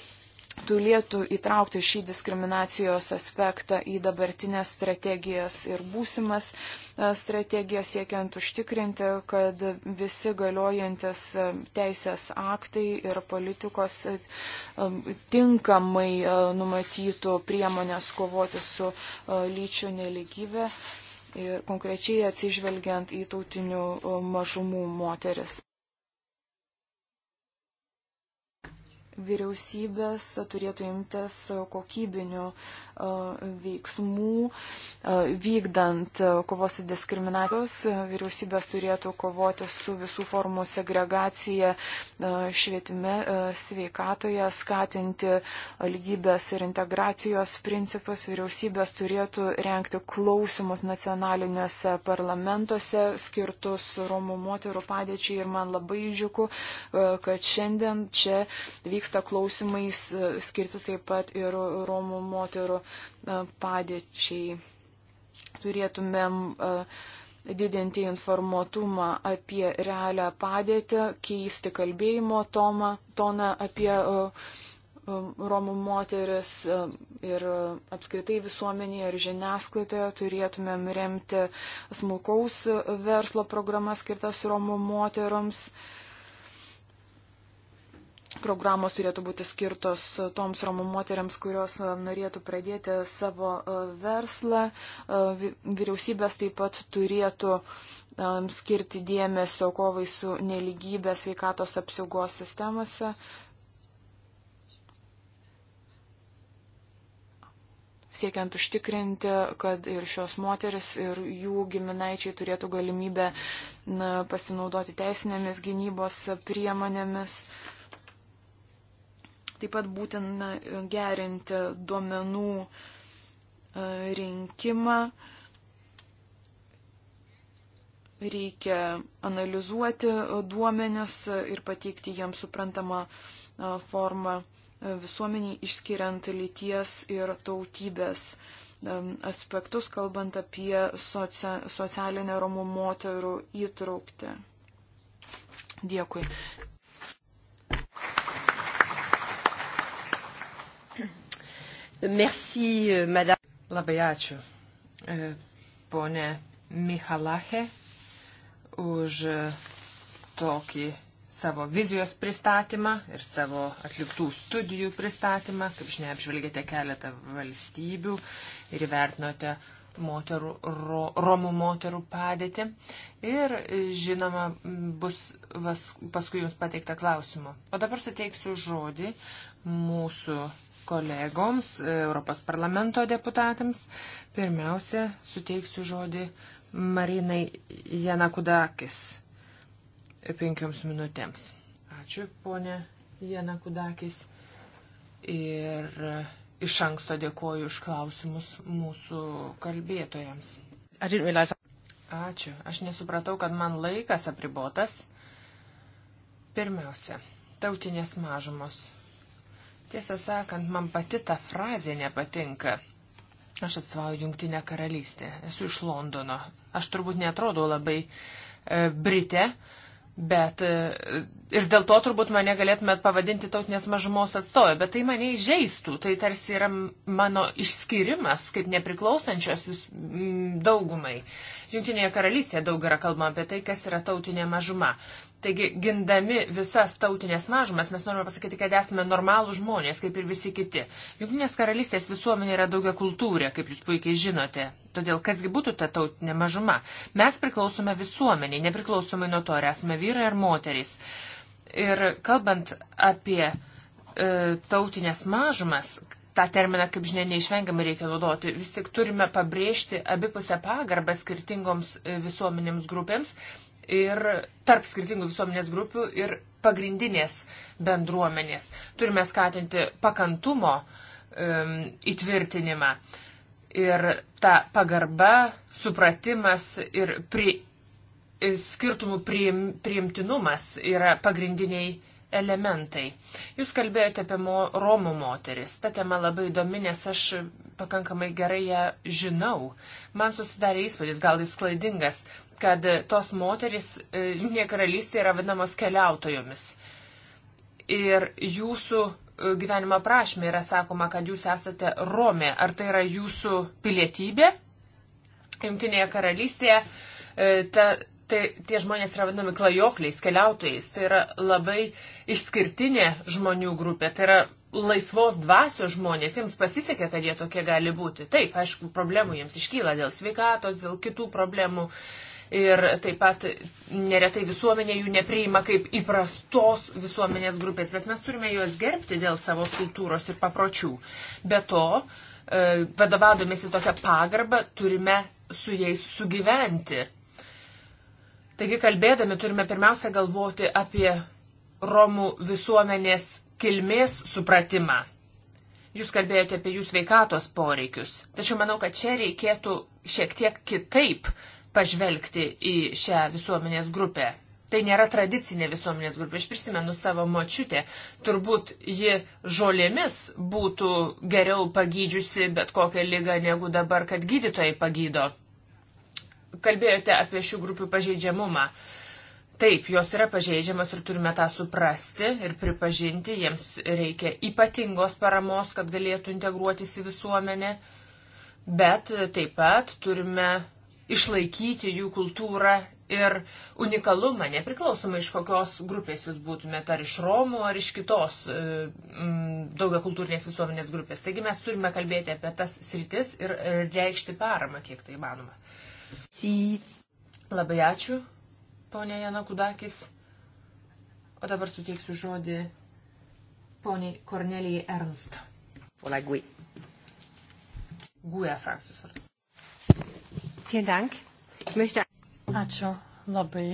turėtų įtraukti šį diskriminacijos aspektą į dabartinės strategijas ir būsimas e, strategijas, siekiant užtikrinti, kad visi galiojantis e, teisės aktai ir politikos e, um, tinkamai numatytų priemonės kovoti su lyčių neligybė ir konkrečiai atsižvelgiant į tautinių mažumų moteris. vyriausybės turėtų imtis kokybinių e, veiksmų, e, vykdant e, kovos su diskriminacijos, vyriausybės turėtų kovoti su visų formų segregacija švietime, sveikatoje, skatinti lygybės ir integracijos principus, vyriausybės turėtų renkti klausimus nacionaliniuose parlamentuose skirtus Romų moterų padėčiai ir man labai džiugu, kad šiandien čia vyksta vyksta klausimais e, skirti taip pat ir Romų moterų e, padėčiai. Turėtumėm e, didinti informuotumą apie realią padėtį, keisti kalbėjimo tomą, toną apie Romų moteris ir apskritai visuomenėje ir žiniasklaidoje turėtumėm remti smulkaus verslo programas skirtas Romų moteriams. Uh, programos turėtų būti skirtos toms romų moteriams, kurios e, norėtų pradėti savo e, verslą. E, vyriausybės taip pat turėtų skirti dėmesio kovai su neligybė sveikatos apsaugos sistemose. siekiant užtikrinti, kad ir šios moteris, ir jų giminaičiai turėtų galimybę na, pasinaudoti teisinėmis gynybos priemonėmis. Uh, Taip pat būtina gerinti duomenų e, rinkimą. Reikia analizuoti duomenis ir pateikti jiems suprantamą e, formą e, visuomeniai išskiriant lyties ir tautybės aspektus, kalbant apie socia socialinę romų moterų įtraukti. Dėkui. Merci, euh, madame. Labai ačiū, e, ponė Michalachė, už e, tokį savo vizijos pristatymą ir savo atliktų studijų pristatymą. Kaip žinia, apžvelgėte keletą valstybių ir įvertinote moterų, ro, romų moterų padėtį. Ir, e, žinoma, bus vas, paskui jums pateikta klausimų. O dabar suteiksiu žodį mūsų kolegoms, Europos parlamento deputatams. Pirmiausia, suteiksiu žodį Marinai Janakudakis penkioms minutėms. Ačiū, ponė Janakudakis. Ir iš anksto dėkoju už klausimus mūsų kalbėtojams. Ačiū. Aš nesupratau, kad man laikas apribotas. Pirmiausia, tautinės mažumos Tiesą sakant, man pati ta frazė nepatinka. Aš atsvauju Junktinę karalystę, esu iš Londono. Aš turbūt netrodau labai e, brite, bet e, ir dėl to turbūt mane galėtumėt pavadinti tautinės mažumos atstovė, bet tai mane įžeistų. Tai tarsi yra mano išskirimas kaip nepriklausančios vis, m, daugumai. Junktinėje karalystėje daug yra kalbama apie tai, kas yra tautinė mažuma. Taigi, gindami visas tautinės mažumas, mes norime pasakyti, kad esame normalų žmonės, kaip ir visi kiti. Junktinės karalystės visuomenė yra daugia kultūrė, kaip jūs puikiai žinote. Todėl, kasgi būtų ta tautinė mažuma? Mes priklausome visuomeniai, nepriklausomai nuo to, ar esame vyrai ar moterys. Ir kalbant apie e, tautinės mažumas, tą terminą, kaip žinia, neišvengiamai reikia naudoti, vis tik turime pabrėžti abipusę pagarbą skirtingoms e, visuomenėms grupėms ir tarp skirtingų visuomenės grupių ir pagrindinės bendruomenės. Turime skatinti pakantumo um, įtvirtinimą. Ir ta pagarba, supratimas ir pri, skirtumų priim, priimtinumas yra pagrindiniai elementai. Jūs kalbėjote apie mo, Romų moteris. Ta tema labai įdomi, nes aš pakankamai gerai ją žinau. Man susidarė įspūdis, gal jis klaidingas, kad tos moteris e, Junktinėje karalystėje yra vadinamos keliautojomis. Ir jūsų e, gyvenimo prašymė yra sakoma, kad jūs esate Romė. Ar tai yra jūsų pilietybė? Junktinėje karalystėje e, ta tai tie žmonės yra vadinami klajokliais, keliautojais. Tai yra labai išskirtinė žmonių grupė. Tai yra laisvos dvasios žmonės, jiems pasisekė, kad jie tokie gali būti. Taip, aišku, problemų jiems iškyla dėl sveikatos, dėl kitų problemų. Ir taip pat neretai visuomenė jų nepriima kaip įprastos visuomenės grupės, bet mes turime juos gerbti dėl savo kultūros ir papročių. Be to, e, vadovaudomėsi tokią pagarbą, turime su jais sugyventi Taigi kalbėdami turime pirmiausia galvoti apie Romų visuomenės kilmės supratimą. Jūs kalbėjote apie jų sveikatos poreikius. Tačiau manau, kad čia reikėtų šiek tiek kitaip pažvelgti į šią visuomenės grupę. Tai nėra tradicinė visuomenės grupė. Aš prisimenu savo močiutę. Turbūt ji žolėmis būtų geriau pagydžiusi bet kokią lygą negu dabar, kad gydytojai pagydo kalbėjote apie šių grupių pažeidžiamumą. Taip, jos yra pažeidžiamas ir turime tą suprasti ir pripažinti, jiems reikia ypatingos paramos, kad galėtų integruotis į visuomenę, bet taip pat turime išlaikyti jų kultūrą ir unikalumą, nepriklausomai iš kokios grupės jūs būtumėte, ar iš Romų, ar iš kitos mm, e, daugia kultūrinės visuomenės grupės. Taigi mes turime kalbėti apie tas sritis ir reikšti paramą, kiek tai manoma. Si. Labai ačiū, ponė Jana Kudakis. O dabar suteiksiu žodį poniai Kornelijai Ernst. Pola Gui. Gui frakcijos vardu. Ačiū labai.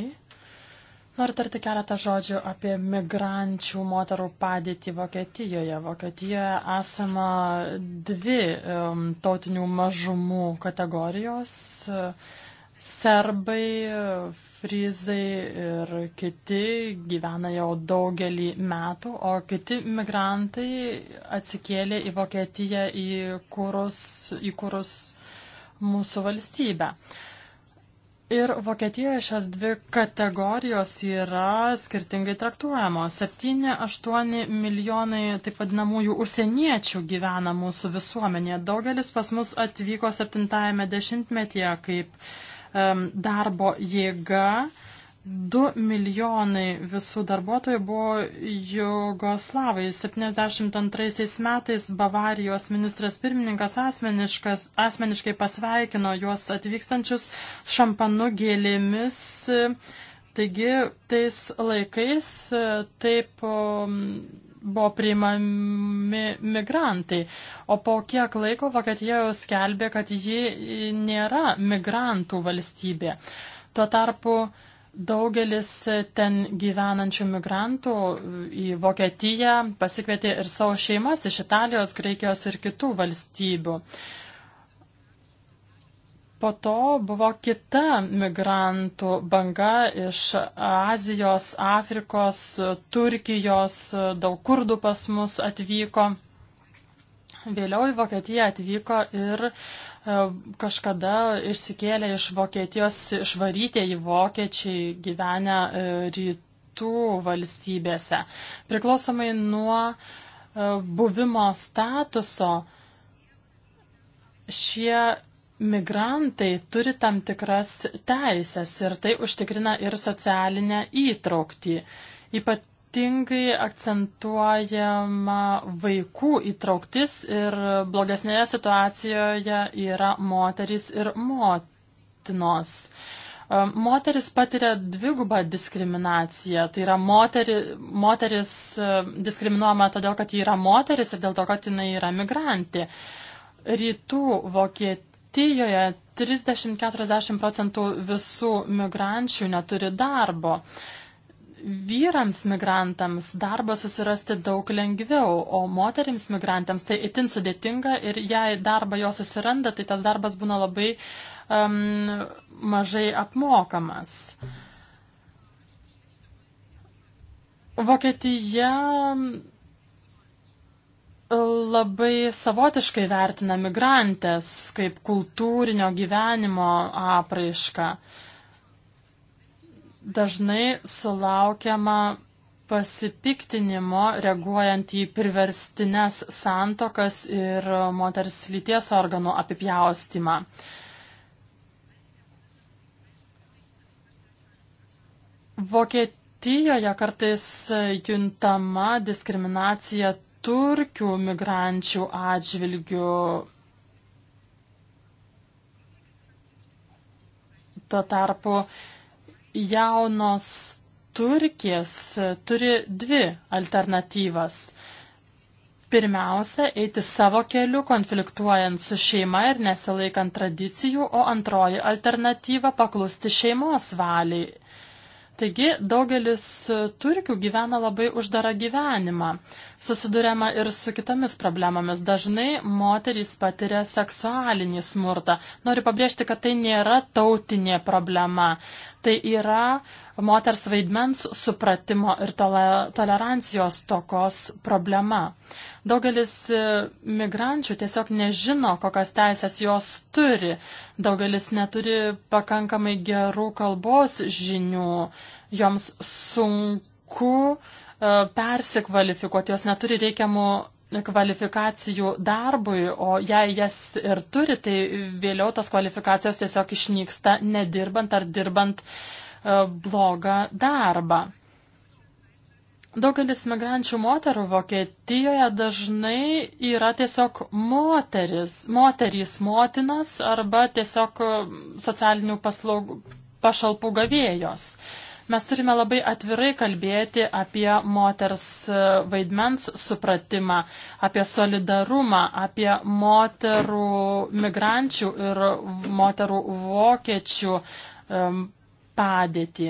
Noriu tarti keletą žodžių apie migrančių moterų padėtį Vokietijoje. Vokietijoje esama dvi um, tautinių mažumų kategorijos - serbai, frizai ir kiti gyvena jau daugelį metų, o kiti migrantai atsikėlė į Vokietiją į kurus, į kurus mūsų valstybę. Uh, Ir Vokietijoje šios dvi kategorijos yra skirtingai traktuojamos. 7-8 milijonai taip vadinamųjų užsieniečių gyvena mūsų visuomenėje. Daugelis pas mus atvyko 70-ame dešimtmetyje kaip um, darbo jėga. Uh, 2 milijonai visų darbuotojų buvo Jugoslavai. 72 metais Bavarijos ministras pirmininkas asmeniškai pasveikino juos atvykstančius šampanu gėlėmis. Taigi tais laikais e, taip buvo priimami migrantai. O po kiek laiko Vokietija jau skelbė, kad ji nėra migrantų valstybė. Tuo tarpu Daugelis ten gyvenančių migrantų į Vokietiją pasikvietė ir savo šeimas iš Italijos, Graikijos ir kitų valstybių. Po to buvo kita migrantų banga iš Azijos, Afrikos, Turkijos, daug kurdų pas mus atvyko. Vėliau į Vokietiją atvyko ir uh, E, kažkada išsikėlė iš Vokietijos išvarytieji vokiečiai gyvenę e, rytų valstybėse. Priklausomai nuo e, buvimo statuso šie migrantai turi tam tikras teisės ir tai užtikrina ir socialinę įtraukti. Ypat ypatingai akcentuojama vaikų įtrauktis ir blogesnėje situacijoje yra moterys ir motinos. E, moteris patiria dvigubą diskriminaciją. Tai yra moteri, moteris e, diskriminuojama todėl, kad ji yra moteris ir dėl to, kad jinai yra migrantė. Rytų Vokietijoje 30-40 procentų visų migrančių neturi darbo. Uh, vyrams migrantams darbą susirasti daug lengviau, o moterims migrantams tai itin sudėtinga ir jei darbą jos susiranda, tai tas darbas būna labai um, mažai apmokamas. Vokietija um, labai savotiškai vertina migrantės kaip kultūrinio gyvenimo apraišką. Uh, dažnai sulaukiama pasipiktinimo reaguojant į priverstines santokas ir moters lyties organų apipjaustimą. Vokietijoje kartais juntama diskriminacija turkių migrančių atžvilgių. Tuo tarpu jaunos Turkijas turi dvi alternatyvas. Pirmiausia, eiti savo keliu, konfliktuojant su šeima ir nesilaikant tradicijų, o antroji alternatyva - paklusti šeimos valiai. Taigi daugelis turkių gyvena labai uždarą gyvenimą. Susidurėma ir su kitomis problemomis. Dažnai moterys patiria seksualinį smurtą. Noriu pabrėžti, kad tai nėra tautinė problema. Tai yra moters vaidmens supratimo ir tolerancijos tokos problema. Daugelis migrančių tiesiog nežino, kokias teisės jos turi. Daugelis neturi pakankamai gerų kalbos žinių. Joms sunku e, persikvalifikuoti, jos neturi reikiamų kvalifikacijų darbui, o jei jas ir turi, tai vėliau tas kvalifikacijos tiesiog išnyksta nedirbant ar dirbant e, blogą darbą. Daugelis migrančių moterų Vokietijoje dažnai yra tiesiog moteris, moterys motinas arba tiesiog socialinių paslaugų pašalpų gavėjos. Uh, Mes turime labai atvirai kalbėti apie moters e, vaidmens supratimą, apie solidarumą, apie moterų migrančių ir moterų vokiečių padėtį.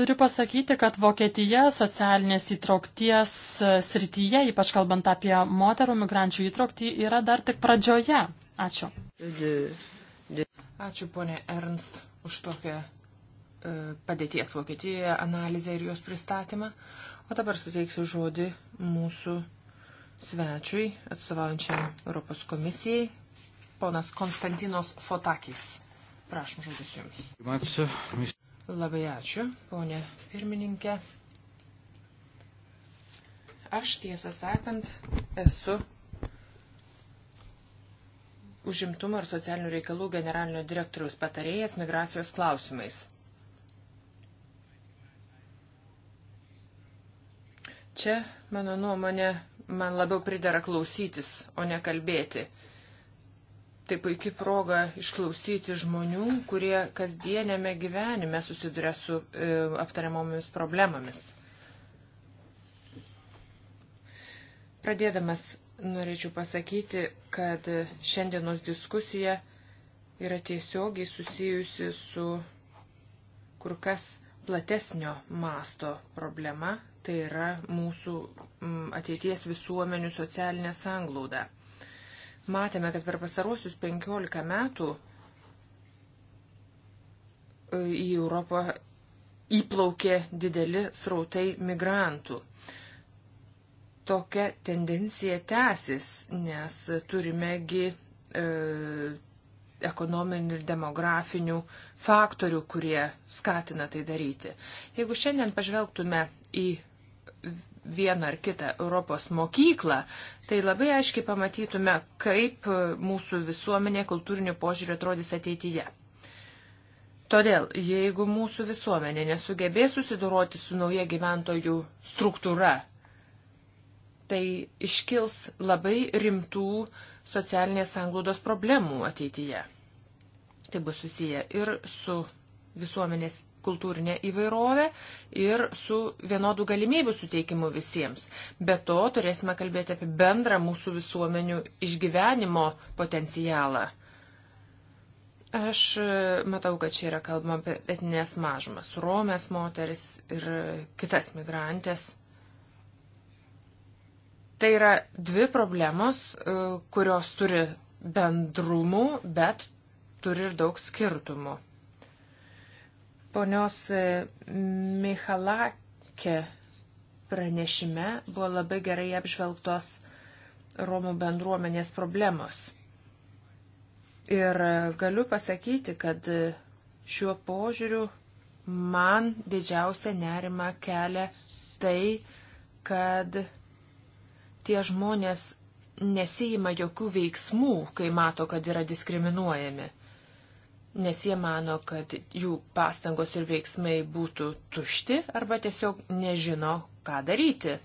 Turiu pasakyti, kad Vokietija socialinės įtraukties e, srityje, ypač kalbant apie moterų migrančių įtraukti, yra dar tik pradžioje. Ačiū. Ačiū, ponė Ernst, už tokią E, padėties Vokietijoje analizę ir jos pristatymą. O dabar suteiksiu žodį mūsų svečiui, atstovaujančiam Europos komisijai, ponas Konstantinos Fotakis. Prašom žodis jums. Labai ačiū, ponė pirmininkė. Aš tiesą sakant esu užimtumo ir socialinių reikalų generalinio direktoriaus patarėjas migracijos klausimais. Čia, mano nuomonė, man labiau pridara klausytis, o ne kalbėti. Tai puikia proga išklausyti žmonių, kurie kasdienėme gyvenime susiduria su e, aptariamomis problemomis. Pradėdamas norėčiau pasakyti, kad šiandienos diskusija yra tiesiogiai susijusi su kur kas platesnio masto problema tai yra mūsų mm, ateities visuomenių socialinė sanglauda. Matėme, kad per pasarosius 15 metų e, į Europą įplaukė dideli srautai migrantų. Tokia tendencija tęsis, nes turimegi e, ekonominių ir demografinių faktorių, kurie skatina tai daryti. Jeigu šiandien pažvelgtume į vieną ar kitą Europos mokyklą, tai labai aiškiai pamatytume, kaip mūsų visuomenė kultūriniu požiūriu atrodys ateityje. Todėl, jeigu mūsų visuomenė nesugebės susidoroti su nauja gyventojų struktūra, tai iškils labai rimtų socialinės sanglaudos problemų ateityje. Tai bus susiję ir su visuomenės kultūrinė įvairovė ir su vienodų galimybių suteikimu visiems. Be to turėsime kalbėti apie bendrą mūsų visuomenių išgyvenimo potencialą. Aš e, matau, kad čia yra kalbama apie etinės mažumas, romės moteris ir kitas migrantės. Tai yra dvi problemos, e, kurios turi bendrumų, bet turi ir daug skirtumų. Ponios e, Michalakė pranešime buvo labai gerai apžvelgtos Romų bendruomenės problemos. Ir galiu pasakyti, kad šiuo požiūriu man didžiausia nerima kelia tai, kad tie žmonės nesijima jokių veiksmų, kai mato, kad yra diskriminuojami nes jie mano, kad jų pastangos ir veiksmai būtų tušti arba tiesiog nežino, ką daryti.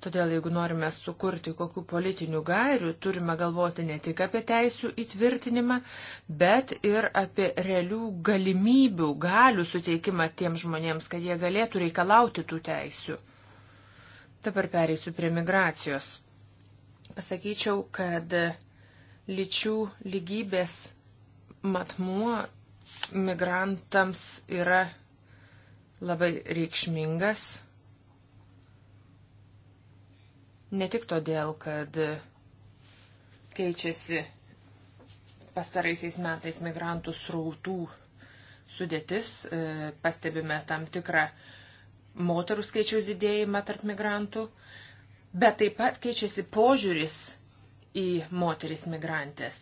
Todėl, jeigu norime sukurti kokių politinių gairių, turime galvoti ne tik apie teisų įtvirtinimą, bet ir apie realių galimybių, galių suteikimą tiems žmonėms, kad jie galėtų reikalauti tų teisių. Dabar pereisiu prie migracijos. Pasakyčiau, kad lyčių lygybės matmuo migrantams yra labai reikšmingas. Ne tik todėl, kad keičiasi pastaraisiais metais migrantų srautų sudėtis, e, pastebime tam tikrą moterų skaičiaus didėjimą tarp migrantų, bet taip pat keičiasi požiūris į moteris migrantės.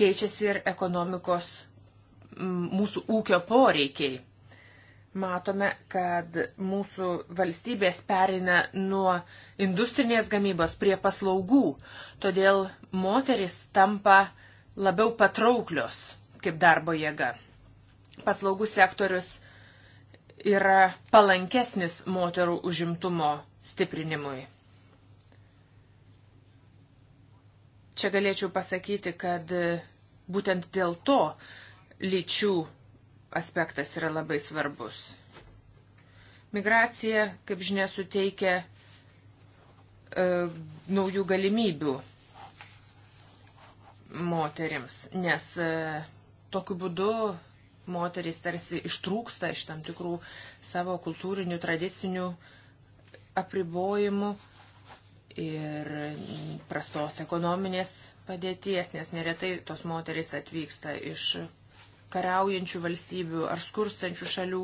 Keičiasi ir ekonomikos mūsų ūkio poreikiai. Matome, kad mūsų valstybės perina nuo industrinės gamybos prie paslaugų, todėl moteris tampa labiau patrauklios kaip darbo jėga. Paslaugų sektorius yra palankesnis moterų užimtumo stiprinimui. Čia galėčiau pasakyti, kad e, būtent dėl to lyčių aspektas yra labai svarbus. Migracija, kaip žinia, suteikia e, naujų galimybių moterims, nes e, tokiu būdu moterys tarsi ištrūksta iš tam tikrų savo kultūrinių, tradicinių apribojimų ir prastos ekonominės padėties, nes neretai tos moterys atvyksta iš kariaujančių valstybių ar skurstančių šalių.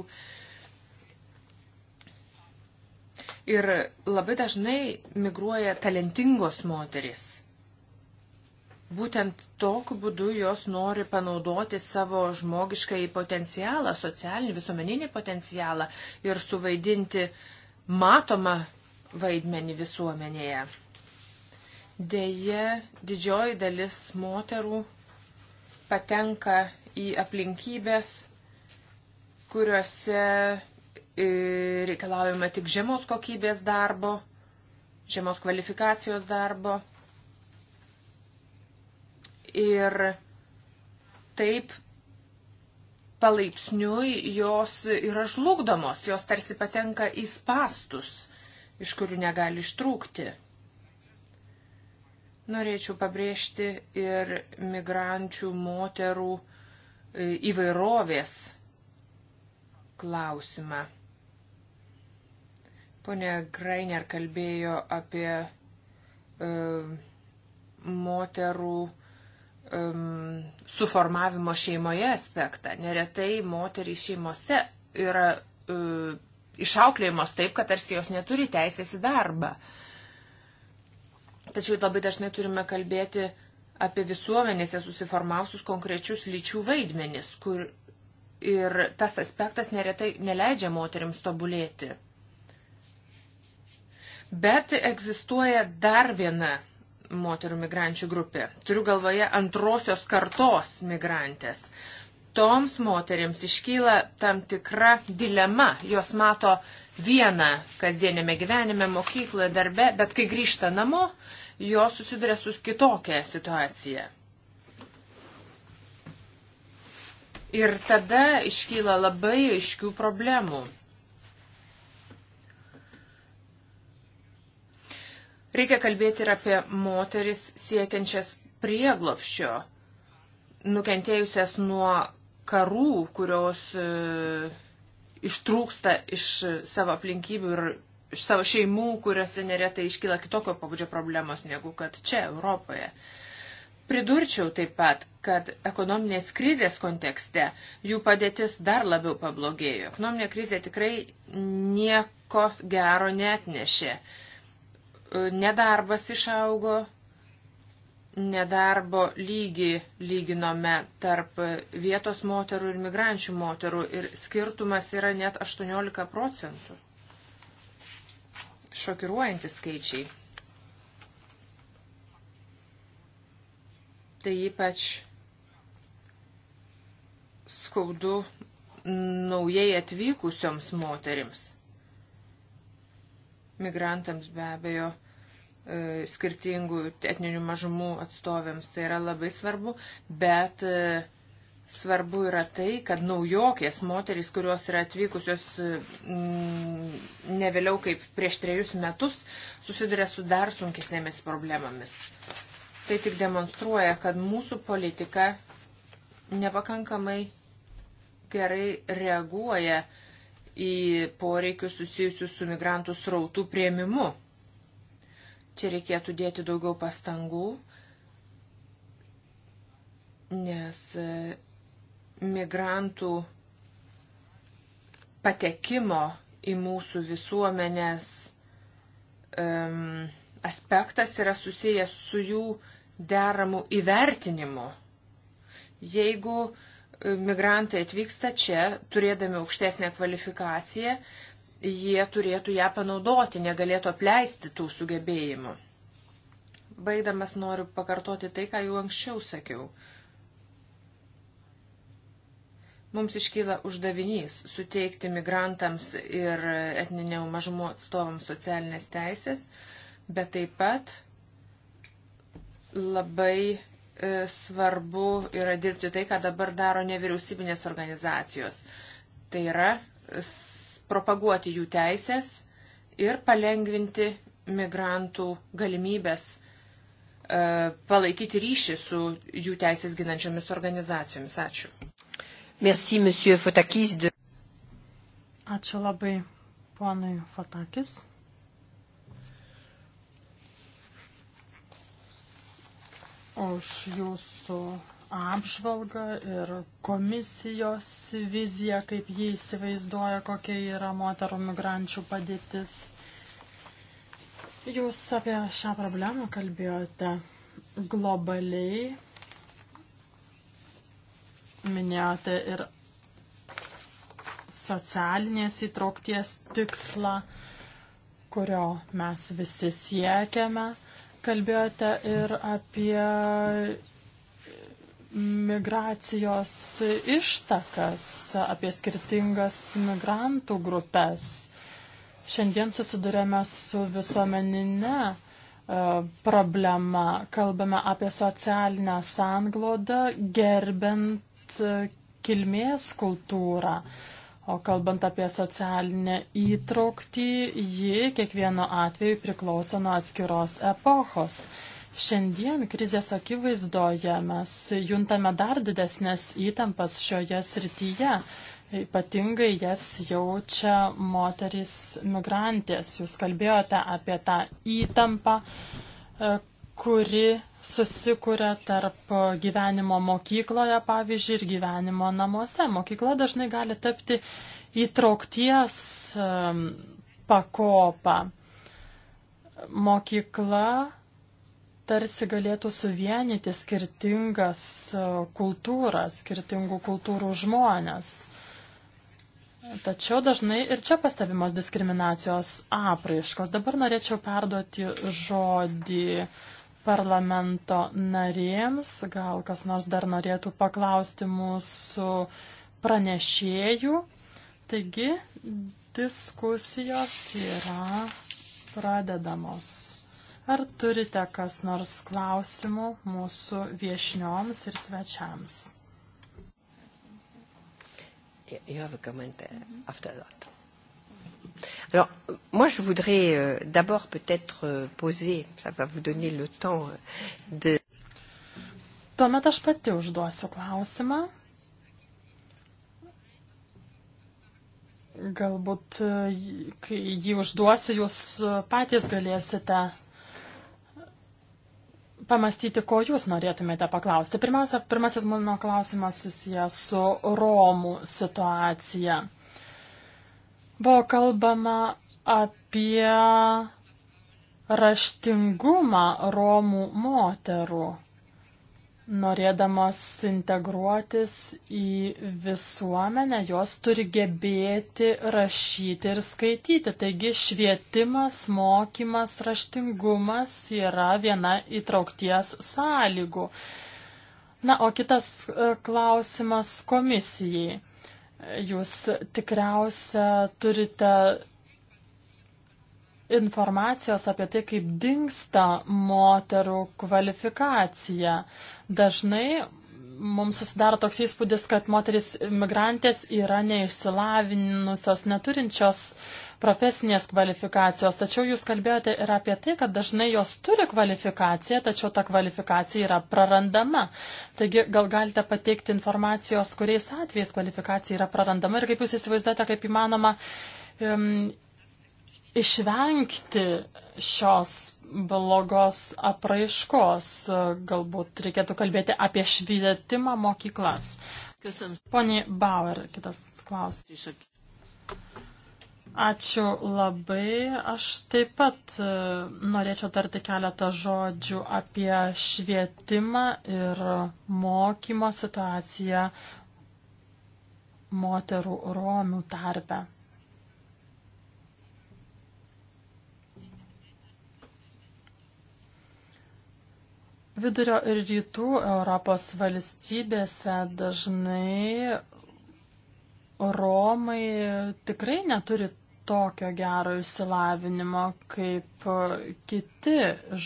Ir labai dažnai migruoja talentingos moterys. Būtent tokiu būdu jos nori panaudoti savo žmogiškai potencialą, socialinį, visuomeninį potencialą ir suvaidinti matomą vaidmenį visuomenėje. Deja, didžioji dalis moterų patenka į aplinkybės, kuriuose e, reikalaujama tik žemos kokybės darbo, žemos kvalifikacijos darbo. Ir taip palaipsniui jos yra žlugdomos, jos tarsi patenka į pastus iš kurių negali ištrūkti. Norėčiau pabrėžti ir migrančių moterų e, įvairovės klausimą. Pone Grainer kalbėjo apie e, moterų e, suformavimo šeimoje aspektą. Neretai moterys šeimose yra e, išauklėjimos taip, kad tarsi jos neturi teisės į darbą. Tačiau labai dažnai turime kalbėti apie visuomenėse susiformavusius konkrečius lyčių vaidmenis, kur ir tas aspektas neretai neleidžia moteriams tobulėti. Bet egzistuoja dar viena moterų migrančių grupė. Turiu galvoje antrosios kartos migrantės. Uh, toms moteriams iškyla tam tikra dilema. Jos mato vieną kasdienėme gyvenime, mokykloje, darbe, bet kai grįžta namo, jos susiduria su kitokia situacija. Ir tada iškyla labai aiškių problemų. Reikia kalbėti ir apie moteris siekiančias prieglopščio, nukentėjusias nuo karų, kurios e, ištrūksta iš savo aplinkybių ir iš savo šeimų, kuriuose neretai iškyla kitokio pabudžio problemos negu kad čia, Europoje. Pridurčiau taip pat, kad ekonominės krizės kontekste jų padėtis dar labiau pablogėjo. Ekonominė krizė tikrai nieko gero net nešė. E, nedarbas išaugo, nedarbo lygį lyginome tarp vietos moterų ir migrančių moterų ir skirtumas yra net 18 procentų. Šokiruojantis skaičiai. Tai ypač skaudu naujai atvykusioms moterims. Migrantams be abejo E, skirtingų etninių mažumų atstovėms. Tai yra labai svarbu, bet e, svarbu yra tai, kad naujokės moterys, kurios yra atvykusios e, ne vėliau kaip prieš trejus metus, susiduria su dar sunkesnėmis problemomis. Tai tik demonstruoja, kad mūsų politika nepakankamai gerai reaguoja į poreikius susijusius su migrantų srautų prieimimu Čia reikėtų dėti daugiau pastangų, nes e, migrantų patekimo į mūsų visuomenės um, aspektas yra susijęs su jų deramų įvertinimu. Jeigu e, migrantai atvyksta čia, turėdami aukštesnę kvalifikaciją, jie turėtų ją panaudoti, negalėtų apleisti tų sugebėjimų. Baigdamas noriu pakartoti tai, ką jau anksčiau sakiau. Mums iškyla uždavinys suteikti migrantams ir etninio mažumo atstovams socialinės teisės, bet taip pat labai e, svarbu yra dirbti tai, ką dabar daro nevyriausybinės organizacijos. Tai yra propaguoti jų teisės ir palengvinti migrantų galimybės e, palaikyti ryšį su jų teisės ginančiomis organizacijomis. Ačiū. Merci, monsieur Fotakis. De... Ačiū labai, ponui Fotakis. už jūsų apžvalgą ir komisijos viziją, kaip jie įsivaizduoja, kokia yra moterų migrančių padėtis. Jūs apie šią problemą kalbėjote globaliai, minėjote ir socialinės įtraukties tikslą, kurio mes visi siekiame. Kalbėjote ir apie migracijos ištakas, apie skirtingas migrantų grupės. Šiandien susidurėme su visuomenine e, problema. Kalbame apie socialinę sanglodą, gerbent e, kilmės kultūrą. O kalbant apie socialinę įtraukti, ji kiekvienu atveju priklauso nuo atskiros epochos. Šiandien krizės akivaizdoje mes juntame dar didesnės įtampas šioje srityje. Ypatingai jas jaučia moterys migrantės. Jūs kalbėjote apie tą įtampą, e, kuri susikuria tarp gyvenimo mokykloje, pavyzdžiui, ir gyvenimo namuose. Mokykla dažnai gali tapti įtraukties e, pakopą. Mokykla tarsi galėtų suvienyti skirtingas e, kultūras, skirtingų kultūrų žmonės. Tačiau dažnai ir čia pastebimos diskriminacijos apraiškos. Dabar norėčiau perduoti žodį parlamento narėms. Gal kas nors dar norėtų paklausti mūsų pranešėjų. Taigi diskusijos yra pradedamos. Ar turite kas nors klausimų mūsų viešnioms ir svečiams? You have a comment after that. Alors, moi, je voudrais euh, d'abord peut-être euh, poser, ça va vous donner le temps euh, de. Tuomet aš pati užduosiu klausimą. Galbūt, e, kai jį užduosiu, jūs patys galėsite pamastyti, ko jūs norėtumėte paklausti. Pirmiausia, pirmasis mano klausimas susijęs su Romų situacija. Buvo kalbama apie raštingumą Romų moterų norėdamos integruotis į visuomenę, jos turi gebėti rašyti ir skaityti. Taigi švietimas, mokymas, raštingumas yra viena įtraukties sąlygų. Na, o kitas e, klausimas komisijai. Jūs tikriausia turite informacijos apie tai, kaip dinksta moterų kvalifikacija. Dažnai mums susidaro toks įspūdis, kad moteris migrantės yra neišsilavinusios, neturinčios profesinės kvalifikacijos. Tačiau jūs kalbėjote ir apie tai, kad dažnai jos turi kvalifikaciją, tačiau ta kvalifikacija yra prarandama. Taigi gal galite pateikti informacijos, kuriais atvejais kvalifikacija yra prarandama ir kaip jūs įsivaizduojate, kaip įmanoma um, išvengti šios blogos apraiškos. Galbūt reikėtų kalbėti apie švietimą mokyklas. Pone Bauer, kitas klausimas. Ačiū labai. Aš taip pat e, norėčiau tarti keletą žodžių apie švietimą ir mokymo situaciją moterų romių tarpe. Vidurio ir rytų Europos valstybėse dažnai Romai tikrai neturi tokio gero išsilavinimo kaip kiti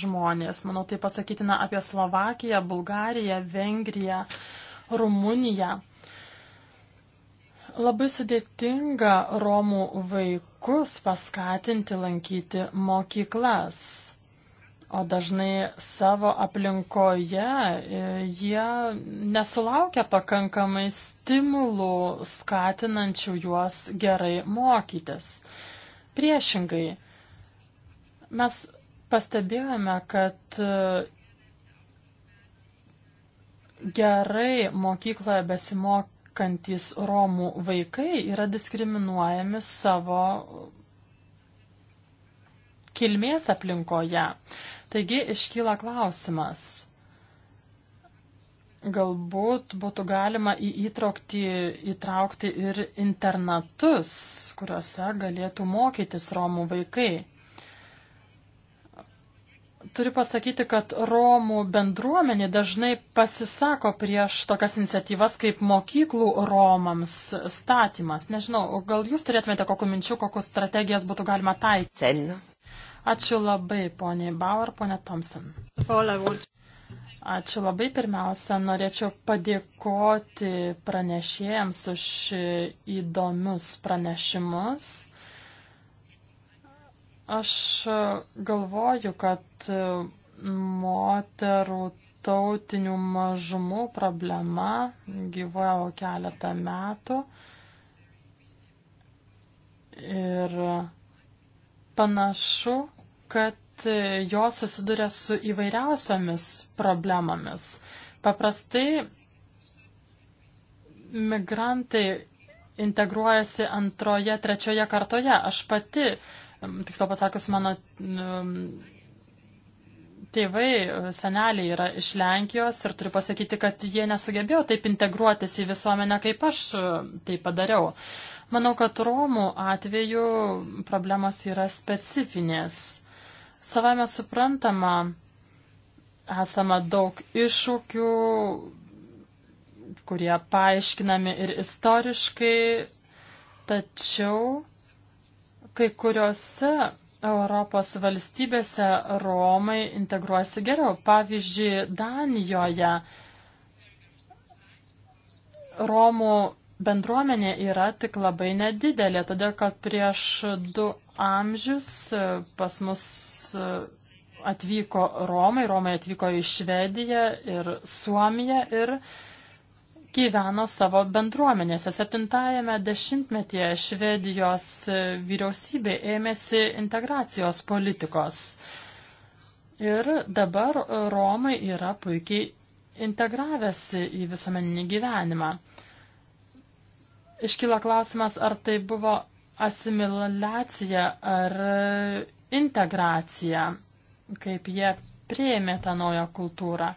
žmonės. Manau, tai pasakytina apie Slovakiją, Bulgariją, Vengriją, Rumuniją. Labai sudėtinga Romų vaikus paskatinti lankyti mokyklas o dažnai savo aplinkoje e, jie nesulaukia pakankamai stimulų skatinančių juos gerai mokytis. Priešingai, mes pastebėjome, kad e, gerai mokykloje besimokantys Romų vaikai yra diskriminuojami savo kilmės aplinkoje. Taigi iškyla klausimas. Galbūt būtų galima į įtraukti, įtraukti ir internatus, kuriuose galėtų mokytis Romų vaikai. Turiu pasakyti, kad Romų bendruomenė dažnai pasisako prieš tokias iniciatyvas kaip mokyklų Romams statymas. Nežinau, gal jūs turėtumėte kokių minčių, kokias strategijas būtų galima taikyti? Ačiū labai, poniai Bauer, ponia Thompson. Ačiū labai. Pirmiausia, norėčiau padėkoti pranešėjams už įdomius pranešimus. Aš galvoju, kad moterų tautinių mažumų problema gyvojau keletą metų. Ir panašu, kad e, jos susiduria su įvairiausiamis problemomis. Paprastai migrantai integruojasi antroje, trečioje kartoje. Aš pati, tiksliau pasakius, mano tėvai, seneliai yra iš Lenkijos ir turiu pasakyti, kad jie nesugebėjo taip integruotis į visuomenę, kaip aš e, tai padariau. Manau, kad Romų atveju problemas yra specifinės. Savame suprantama, esama daug iššūkių, kurie paaiškinami ir istoriškai, tačiau kai kuriuose Europos valstybėse Romai integruosi geriau. Pavyzdžiui, Danijoje Romų Bendruomenė yra tik labai nedidelė, todėl kad prieš du amžius e, pas mus e, atvyko Romai, Romai atvyko į Švediją ir Suomiją ir gyveno savo bendruomenėse. Septintajame dešimtmetyje Švedijos e, vyriausybė ėmėsi integracijos politikos. Ir dabar Romai yra puikiai integravęsi į visuomeninį gyvenimą iškyla klausimas, ar tai buvo asimiliacija ar integracija, kaip jie prieimė tą naują kultūrą.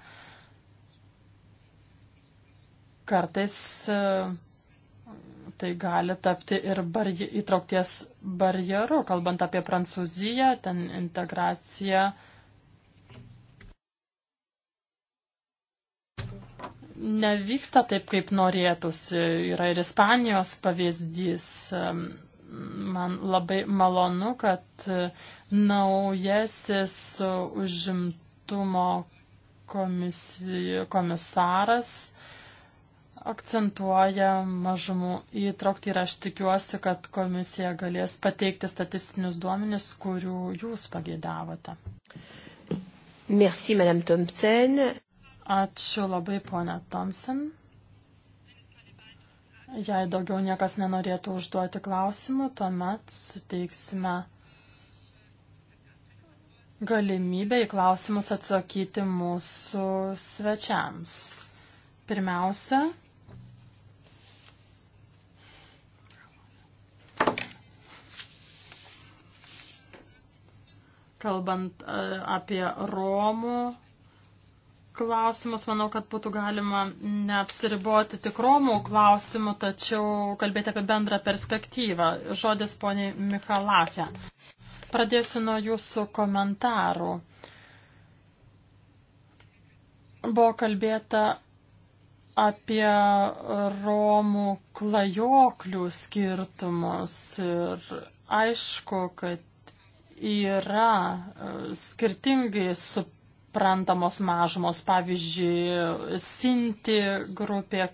Kartais e, tai gali tapti ir barje, įtraukties barjeru, kalbant apie Prancūziją, ten integracija uh, nevyksta taip, kaip norėtųsi. Yra ir Ispanijos pavyzdys. Man labai malonu, kad e, naujasis užimtumo komisijų, komisaras akcentuoja mažumų įtraukti ir aš tikiuosi, kad komisija galės pateikti statistinius duomenis, kurių jūs pageidavote. Merci, Madame Thompson. Ačiū labai, ponė Thompson. Jei daugiau niekas nenorėtų užduoti klausimų, tuomet suteiksime galimybę į klausimus atsakyti mūsų svečiams. Pirmiausia, kalbant e, apie Romų klausimus, manau, kad būtų galima neapsiriboti tik Romų klausimų, tačiau kalbėti apie bendrą perspektyvą. Žodis poniai Michalakė. Pradėsiu nuo jūsų komentarų. Buvo kalbėta apie Romų klajoklių skirtumus ir aišku, kad yra skirtingai suprantama suprantamos mažumos, pavyzdžiui, Sinti grupė,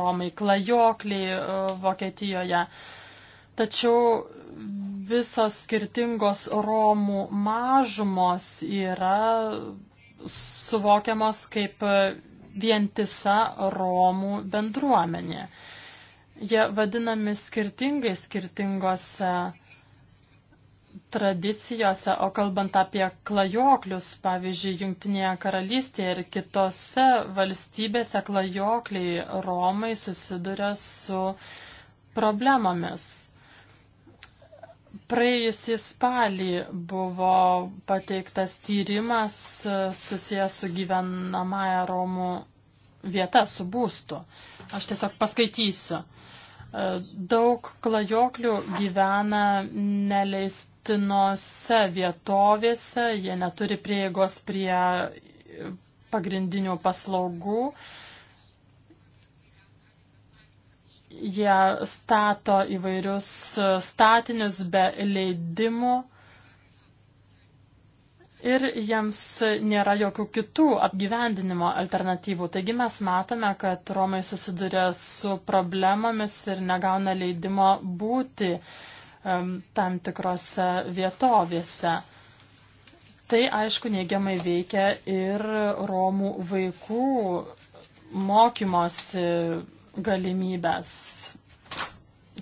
Romai klajokliai e, Vokietijoje. Tačiau visos skirtingos Romų mažumos yra suvokiamos kaip vientisa Romų bendruomenė. Jie vadinami skirtingai skirtingose tradicijose, o kalbant apie klajoklius, pavyzdžiui, Junktinėje karalystėje ir kitose valstybėse klajokliai Romai susiduria su problemomis. Praėjusį spalį buvo pateiktas tyrimas e, susijęs su gyvenamąją Romų vieta, su būstu. Aš tiesiog paskaitysiu. E, daug klajoklių gyvena neleist karantinose vietovėse, jie neturi prieigos prie pagrindinių paslaugų. Jie stato įvairius statinius be leidimų ir jiems nėra jokių kitų apgyvendinimo alternatyvų. Taigi mes matome, kad Romai susiduria su problemomis ir negauna leidimo būti tam tikrose vietovėse. Tai aišku neigiamai veikia ir Romų vaikų mokymosi galimybės.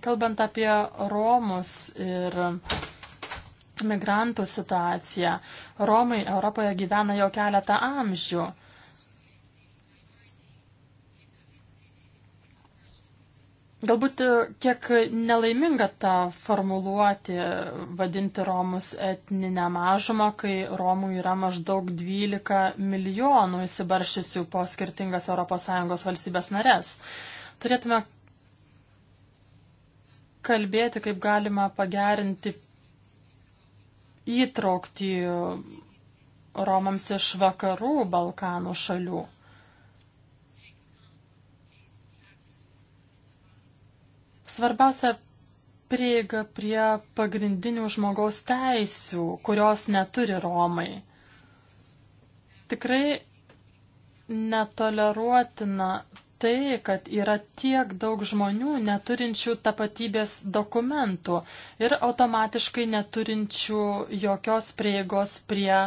Kalbant apie Romus ir migrantų situaciją, Romai Europoje gyvena jau keletą amžių. Galbūt e, kiek nelaiminga ta formuluoti vadinti Romus etninę mažumą, kai Romų yra maždaug 12 milijonų įsibaršysių po skirtingas ES valstybės narės. Turėtume kalbėti, kaip galima pagerinti įtraukti Romams iš vakarų Balkanų šalių. Svarbiausia prieiga prie pagrindinių žmogaus teisių, kurios neturi Romai. Tikrai netoleruotina tai, kad yra tiek daug žmonių neturinčių tapatybės dokumentų ir automatiškai neturinčių jokios prieigos prie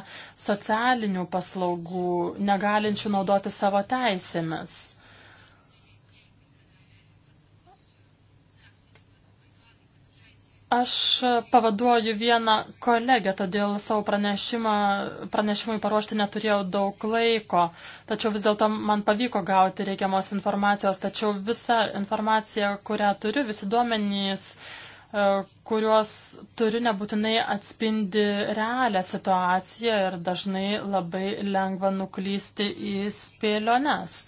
socialinių paslaugų, negalinčių naudoti savo teisėmis. Aš pavaduoju vieną kolegę, todėl savo pranešimui paruošti neturėjau daug laiko, tačiau vis dėlto man pavyko gauti reikiamos informacijos, tačiau visa informacija, kurią turiu, visi duomenys, e, kuriuos turiu, nebūtinai atspindi realią situaciją ir dažnai labai lengva nuklysti į spėliones.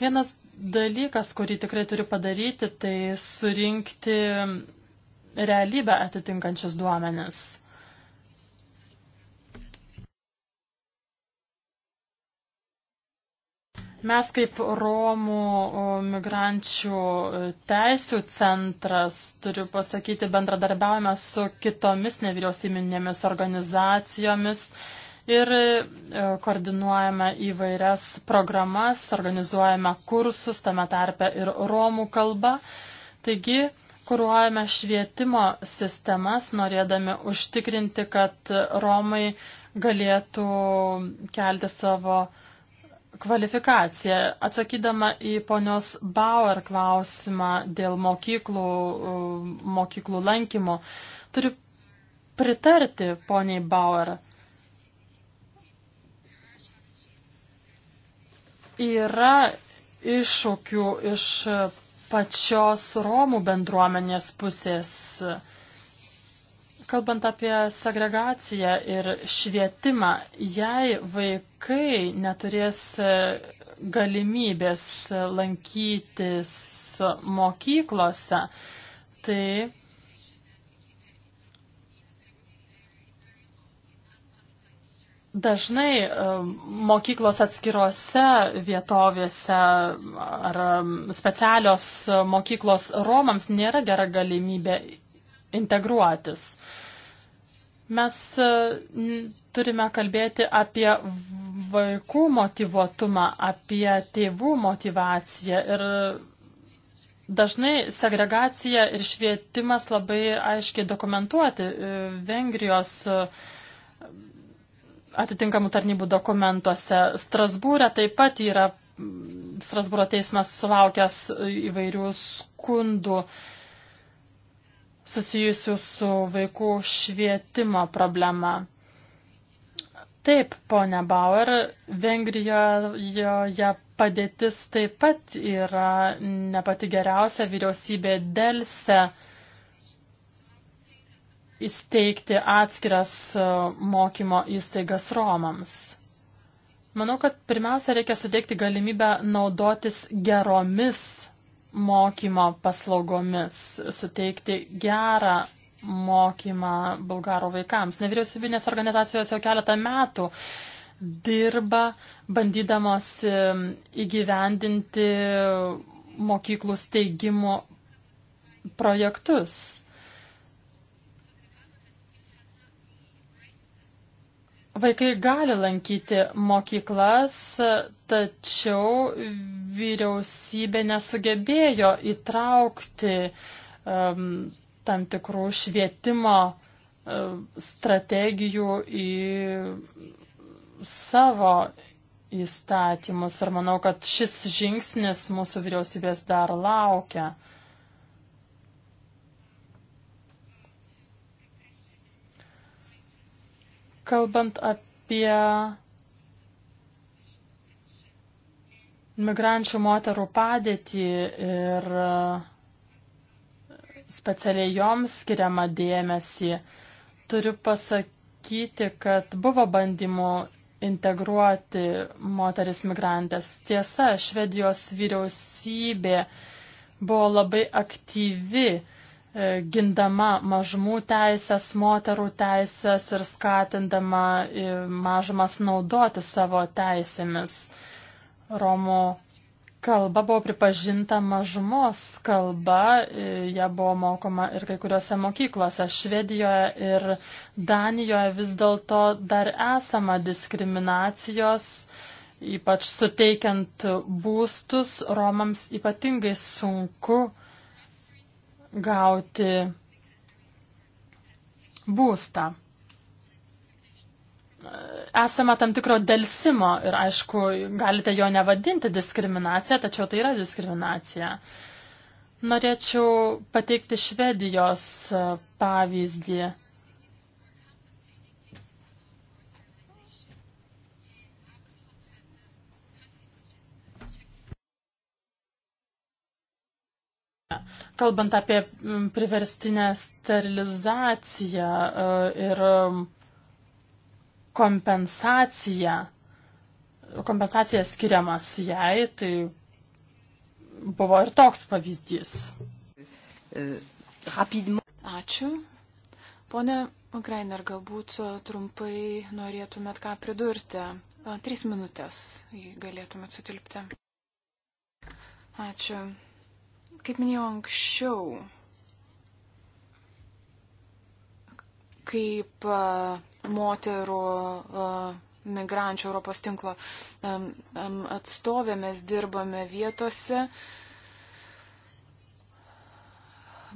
Vienas dalykas, kurį tikrai turiu padaryti, tai surinkti realybę atitinkančius duomenis. Mes kaip Romų migrančių teisų centras, turiu pasakyti, bendradarbiaujame su kitomis nevyriausybinėmis organizacijomis ir e, koordinuojame įvairias programas, organizuojame kursus, tame tarpe ir Romų kalba. Taigi, kuruojame švietimo sistemas, norėdami užtikrinti, kad Romai galėtų kelti savo kvalifikaciją. Atsakydama į ponios Bauer klausimą dėl mokyklų, mokyklų lankymo, turiu pritarti poniai Bauer. Yra iššūkių iš pačios Romų bendruomenės pusės. Kalbant apie segregaciją ir švietimą, jei vaikai neturės galimybės lankytis mokyklose, tai Dažnai mokyklos atskirose vietovėse ar specialios mokyklos Romams nėra gera galimybė integruotis. Mes e, turime kalbėti apie vaikų motivuotumą, apie tėvų motivaciją ir Dažnai segregacija ir švietimas labai aiškiai dokumentuoti. E, Vengrijos atitinkamų tarnybų dokumentuose. Strasbūrė taip pat yra, mm, Strasbūro teismas sulaukęs įvairių skundų susijusių su vaikų švietimo problema. Taip, ponia Bauer, Vengrijoje padėtis taip pat yra ne pati geriausia vyriausybė dėlse įsteigti atskiras e, mokymo įstaigas Romams. Manau, kad pirmiausia reikia suteikti galimybę naudotis geromis mokymo paslaugomis, suteikti gerą mokymą bulgaro vaikams. Nevyriausybinės organizacijos jau keletą metų dirba, bandydamos e, įgyvendinti mokyklų steigimo projektus Vaikai gali lankyti mokyklas, tačiau vyriausybė nesugebėjo įtraukti um, tam tikrų švietimo um, strategijų į savo įstatymus ir manau, kad šis žingsnis mūsų vyriausybės dar laukia. Kalbant apie migrančių moterų padėtį ir e, specialiai joms skiriamą dėmesį, turiu pasakyti, kad buvo bandymų integruoti moteris migrantės. Tiesa, Švedijos vyriausybė buvo labai aktyvi E, gindama mažumų teisės, moterų teisės ir skatindama e, mažumas naudoti savo teisėmis. Romų kalba buvo pripažinta mažumos kalba, e, ją buvo mokoma ir kai kuriuose mokyklose. Švedijoje ir Danijoje vis dėlto dar esama diskriminacijos ypač suteikiant būstus, Romams ypatingai sunku gauti būstą. Esame tam tikro delsimo ir, aišku, galite jo nevadinti diskriminacija, tačiau tai yra diskriminacija. Norėčiau pateikti Švedijos e, pavyzdį. Kalbant apie mm, priverstinę sterilizaciją e, ir mm, kompensaciją, kompensacija skiriamas jai, tai buvo ir toks pavyzdys. E, Ačiū. Pone Greiner, galbūt e, trumpai norėtumėt ką pridurti. Tris minutės, jei galėtumėt sutilpti. Ačiū. Kaip minėjau anksčiau, kaip moterų migrančių Europos tinklo atstovė mes dirbame vietose,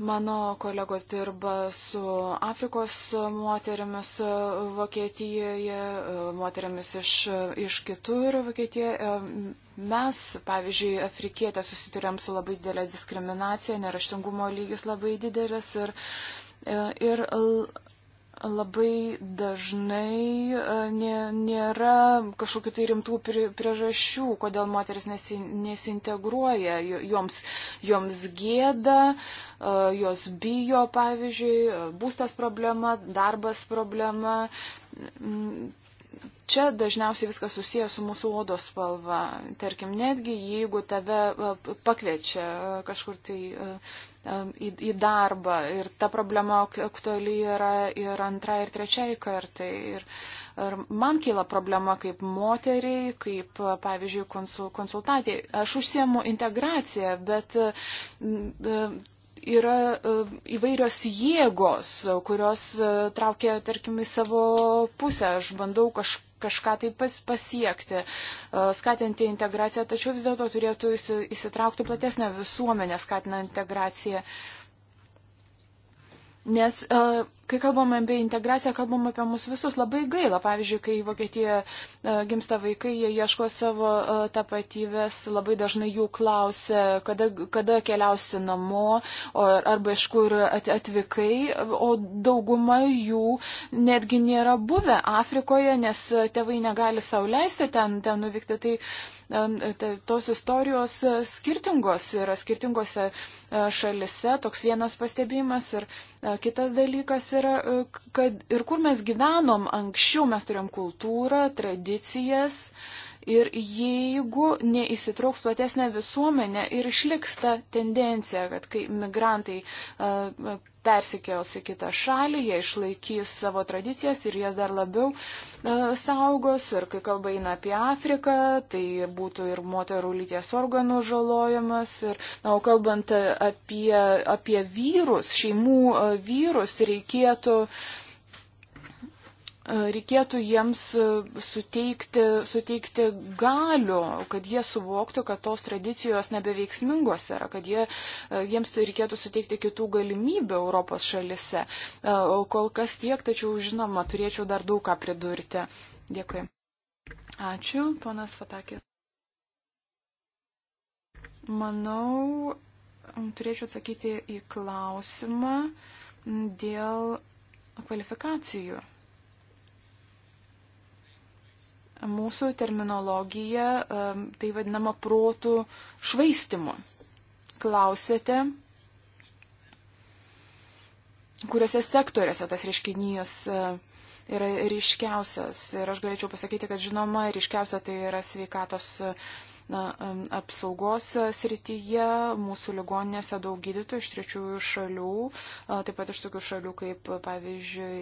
Mano kolegos dirba su Afrikos moterimis Vokietijoje, moterimis iš, iš kitur Vokietijoje. E, mes, pavyzdžiui, afrikietę susiturėm su labai didelė diskriminacija, neraštingumo lygis labai didelis ir, e, ir labai dažnai e, nė, nėra kažkokių tai rimtų priežasčių, kodėl moteris nesi, nesintegruoja, joms, joms gėda, e, jos bijo, pavyzdžiui, būstas problema, darbas problema. Mm, čia dažniausiai viskas susijęs su mūsų odos spalva. Tarkim, netgi jeigu tave e, pakviečia e, kažkur tai e, į, į darbą ir ta problema aktuali yra ir antrai, ir trečiai kartai. Ir, ir man kyla problema kaip moteriai, kaip, pavyzdžiui, konsul, konsultatė. Aš užsiemu integraciją, bet. M, m, yra e, įvairios jėgos, kurios e, traukia, tarkim, į savo pusę. Aš bandau kaž, kažką tai pas, pasiekti, e, skatinti integraciją, tačiau vis dėlto turėtų įsitraukti platesnę visuomenę skatinant integraciją. Uh, Nes e, kai kalbam apie integraciją, kalbam apie mus visus labai gaila. Pavyzdžiui, kai Vokietijoje gimsta vaikai, jie ieško savo e, tapatybės, labai dažnai jų klausia, kada, kada keliausi namo arba iš kur atvykai, o dauguma jų netgi nėra buvę Afrikoje, nes tėvai negali sauliaisti ten, ten nuvykti. Tai, Tai tos istorijos e, skirtingos yra skirtingose e, šalise, toks vienas pastebėjimas ir e, kitas dalykas yra, kad ir kur mes gyvenom anksčiau, mes turėjom kultūrą, tradicijas Ir jeigu neįsitrauks platesnė visuomenė ir išliks ta tendencija, kad kai migrantai uh, persikels į kitą šalį, jie išlaikys savo tradicijas ir jas dar labiau uh, saugos. Ir kai kalba eina apie Afriką, tai būtų ir moterų lyties organų žalojimas. Ir, na, o kalbant apie, apie vyrus, šeimų uh, vyrus, reikėtų uh, E, reikėtų jiems e, suteikti, suteikti galių, kad jie suvoktų, kad tos tradicijos nebeveiksmingos yra, kad jie, e, jiems tai reikėtų suteikti kitų galimybių Europos šalise. Kol kas tiek, tačiau žinoma, turėčiau dar daug ką pridurti. Dėkui. Ačiū, ponas Fatakė. Manau, turėčiau atsakyti į klausimą dėl kvalifikacijų mūsų terminologija tai vadinama protų švaistimu. Klausėte, kuriuose sektoriuose tas reiškinys e, yra ryškiausias. Ir aš galėčiau pasakyti, kad žinoma, ryškiausia tai yra sveikatos na, apsaugos srityje. Mūsų ligoninėse daug gydytojų iš trečiųjų šalių, taip pat iš tokių šalių kaip, pavyzdžiui,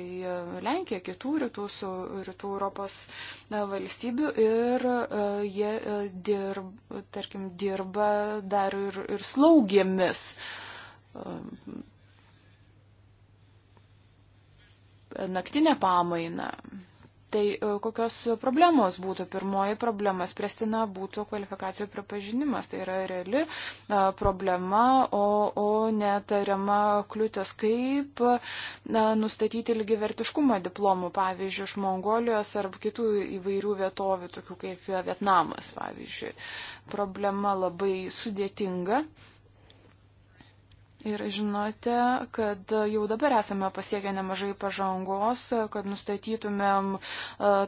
Lenkija, kitų rytų, su, rytų Europos valstybių. Ir e, jie e, dirba, tarkim, dirba dar ir, ir slaugėmis naktinę pamainą. Tai e, kokios problemos būtų? Pirmoji problema spręstina būtų kvalifikacijų pripažinimas. Tai yra reali e, problema, o, o netariama kliūtis, kaip na, nustatyti lygivertiškumą diplomų, pavyzdžiui, iš Mongolijos ar kitų įvairių vietovių, tokių kaip Vietnamas, pavyzdžiui. Problema labai sudėtinga. Ir žinote, kad jau dabar esame pasiekę nemažai pažangos, kad nustatytumėm e,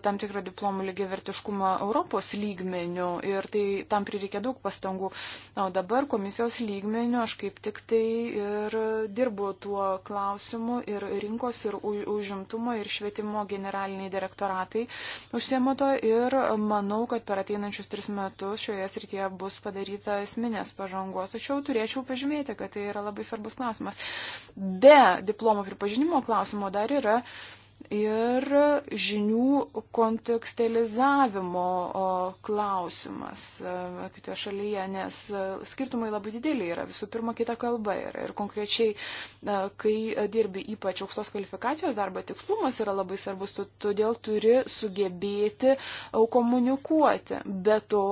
tam tikrą diplomų lygiavertiškumą Europos lygmenių ir tai tam prireikė daug pastangų. Na, o dabar komisijos lygmenių aš kaip tik tai ir dirbu tuo klausimu ir rinkos ir užimtumo ir švietimo generaliniai direktoratai užsiemo to ir manau, kad per ateinančius tris metus šioje srityje bus padaryta esminės pažangos. Tačiau turėčiau pažymėti, kad tai yra labai labai svarbus klausimas. Be diplomo pripažinimo klausimo dar yra ir žinių kontekstualizavimo klausimas e, kitoje šalyje, nes e, skirtumai labai dideliai yra. Visų pirma, kita kalba yra. Ir konkrečiai, e, kai dirbi ypač aukštos kvalifikacijos darbą, tikslumas yra labai svarbus, tu, todėl turi sugebėti komunikuoti. Be to,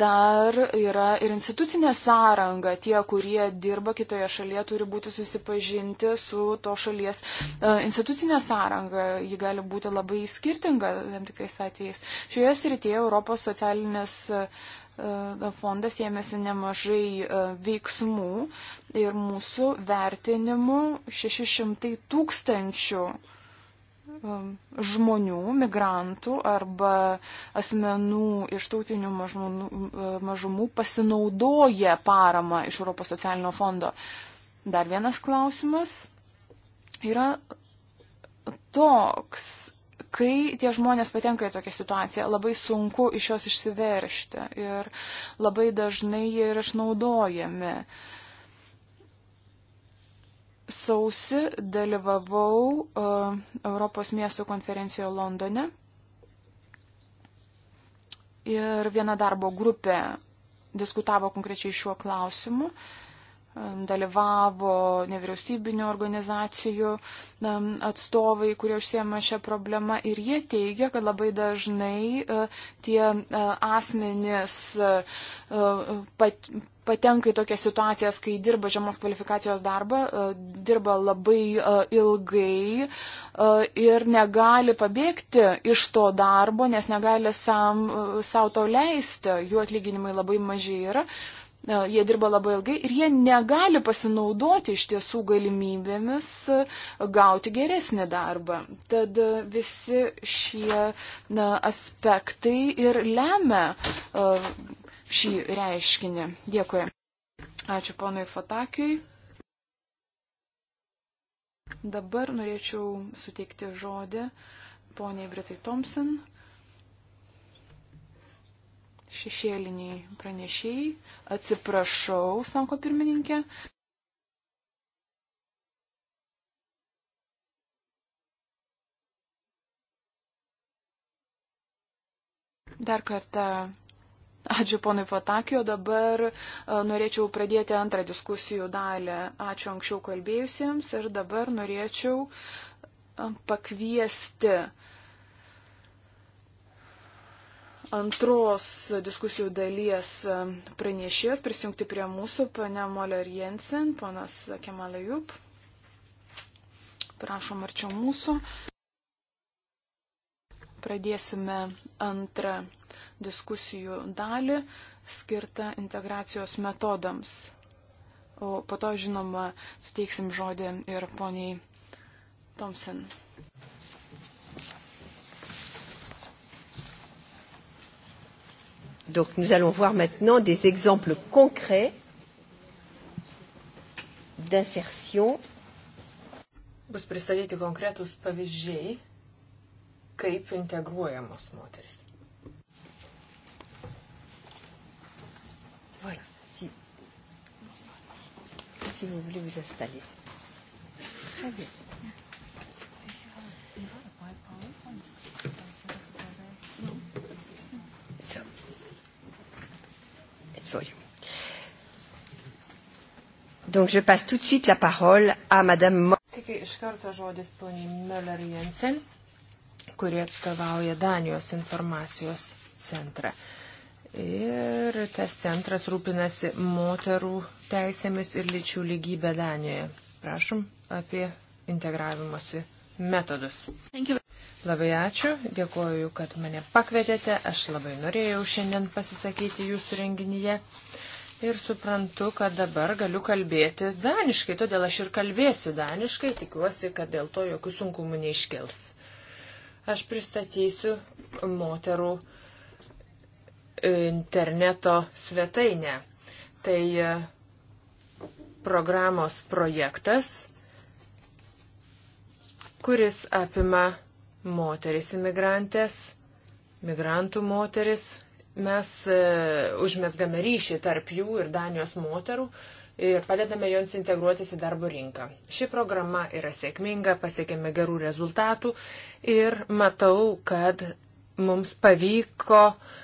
Dar yra ir institucinė sąranga. Tie, kurie dirba kitoje šalyje, turi būti susipažinti su to šalies e, institucinė sąranga. Ji gali būti labai skirtinga tam tikrais atvejais. Šioje srityje Europos socialinės e, e, fondas ėmėsi nemažai veiksmų ir mūsų vertinimu 600 tūkstančių 000 Um, žmonių, migrantų arba asmenų iš tautinių mažumų, e, mažumų pasinaudoja paramą iš Europos socialinio fondo. Dar vienas klausimas yra toks, kai tie žmonės patenka į tokią situaciją, labai sunku iš jos išsiveršti ir labai dažnai jie yra išnaudojami. Uh, Sausi dalyvavau uh, Europos miestų konferencijoje Londone ir viena darbo grupė diskutavo konkrečiai šiuo klausimu. E, dalyvavo nevyriausybinio organizacijų e, atstovai, kurie užsiema šią problemą ir jie teigia, kad labai dažnai tie asmenys patenka į tokias situacijas, kai dirba žemos kvalifikacijos darbą, e, dirba labai e, ilgai e, ir negali pabėgti iš to darbo, nes negali savo to leisti, jų atlyginimai labai maži yra. Jie dirba labai ilgai ir jie negali pasinaudoti iš tiesų galimybėmis gauti geresnį darbą. Tad visi šie na, aspektai ir lemia šį reiškinį. Dėkui. Ačiū ponui Fatakiui. Dabar norėčiau suteikti žodį poniai Britai Thompson, šešėliniai pranešėjai. Atsiprašau, sako pirmininkė. Dar kartą Ačiū ponui Fatakio, dabar e, norėčiau pradėti antrą diskusijų dalį. Ačiū anksčiau kalbėjusiems ir dabar norėčiau e, pakviesti antros diskusijų dalies e, pranešėjas prisijungti prie mūsų, pane Moller Jensen, ponas Kemalajup. Prašom arčiau mūsų. Pradėsime antrą diskusijų dalį skirtą integracijos metodams. O po to, žinoma, suteiksim žodį ir poniai Thompson. Donc nous allons voir maintenant des exemples concrets d'insertion. Bus pristatyti konkretūs pavyzdžiai, kaip integruojamos moteris. si vous voulez vous installer. Très bien. So, it's for you. Donc je passe tout de suite la parole à Madame. Taigi iš karto žodis poniai Müller Jensen, kuri atstovauja Danijos informacijos centrą. Uh, Ir tas centras rūpinasi moterų teisėmis ir lyčių lygybę Danijoje. Prašom apie integravimosi metodus. Labai ačiū, dėkuoju, kad mane pakvietėte. Aš labai norėjau šiandien pasisakyti jūsų renginyje. Ir suprantu, kad dabar galiu kalbėti daniškai, todėl aš ir kalbėsiu daniškai, tikiuosi, kad dėl to jokių sunkumų neiškils. Aš pristatysiu moterų uh, interneto svetainę. Tai e, programos projektas, kuris apima moteris imigrantės, migrantų moteris. Mes e, užmesgame ryšį tarp jų ir Danijos moterų ir padedame joms integruotis į darbo rinką. Ši programa yra sėkminga, pasiekėme gerų rezultatų ir matau, kad mums pavyko uh,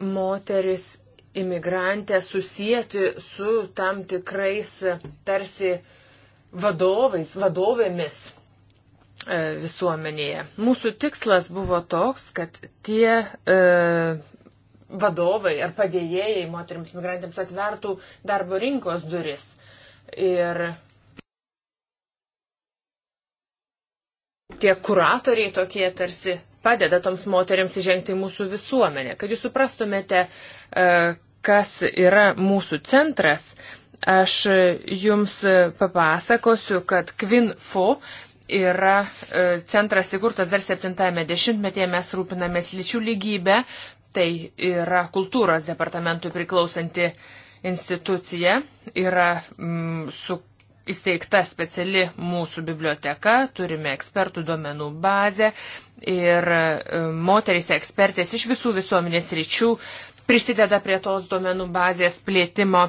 moteris imigrantę susijęti su tam tikrais tarsi vadovais, vadovėmis e, visuomenėje. Mūsų tikslas buvo toks, kad tie e, vadovai ar padėjėjai moteriams migrantėms atvertų darbo rinkos duris. Ir tie kuratoriai tokie tarsi padeda toms moteriams įžengti į mūsų visuomenę. Kad jūs suprastumėte, e, kas yra mūsų centras, aš jums papasakosiu, kad Kvinfo yra e, centras įkurtas dar 70-ame dešimtmetyje, mes rūpinamės lyčių lygybę, tai yra kultūros departamentui priklausanti institucija, yra mm, su įsteigta speciali mūsų biblioteka, turime ekspertų duomenų bazę ir e, moterys ekspertės iš visų visuomenės ryčių prisideda prie tos duomenų bazės plėtimo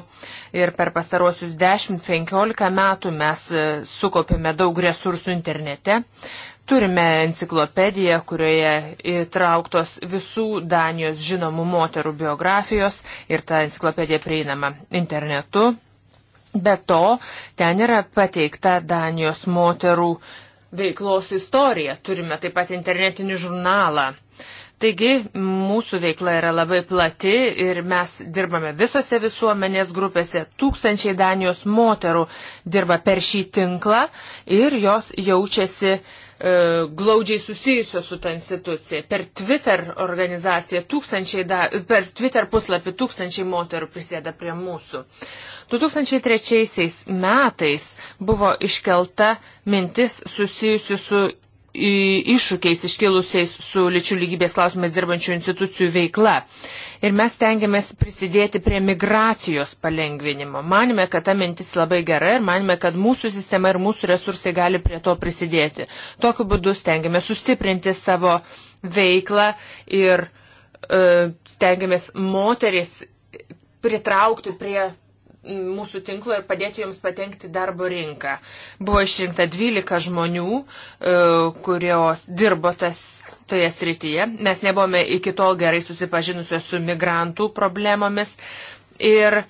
ir per pastarosius 10-15 metų mes e, sukopėme daug resursų internete. Turime enciklopediją, kurioje įtrauktos visų Danijos žinomų moterų biografijos ir ta enciklopedija prieinama internetu. Be to, ten yra pateikta Danijos moterų veiklos istorija. Turime taip pat internetinį žurnalą. Taigi, mūsų veikla yra labai plati ir mes dirbame visose visuomenės grupėse. Tūkstančiai Danijos moterų dirba per šį tinklą ir jos jaučiasi e, glaudžiai susijusios su ta institucija. Per Twitter organizaciją, da, per Twitter puslapį tūkstančiai moterų prisėda prie mūsų. 2003 metais buvo iškelta mintis susijusi su iššūkiais iškilusiais su lyčių lygybės klausimais dirbančių institucijų veikla. Ir mes tengiamės prisidėti prie migracijos palengvinimo. Manime, kad ta mintis labai gera ir manime, kad mūsų sistema ir mūsų resursai gali prie to prisidėti. Tokiu būdu stengiamės sustiprinti savo veiklą ir e, stengiamės moteris pritraukti prie mūsų tinklo ir padėti joms patenkti darbo rinką. Buvo išrinkta 12 žmonių, e, kurios dirbo tas, toje srityje. Mes nebuvome iki tol gerai susipažinusios su migrantų problemomis ir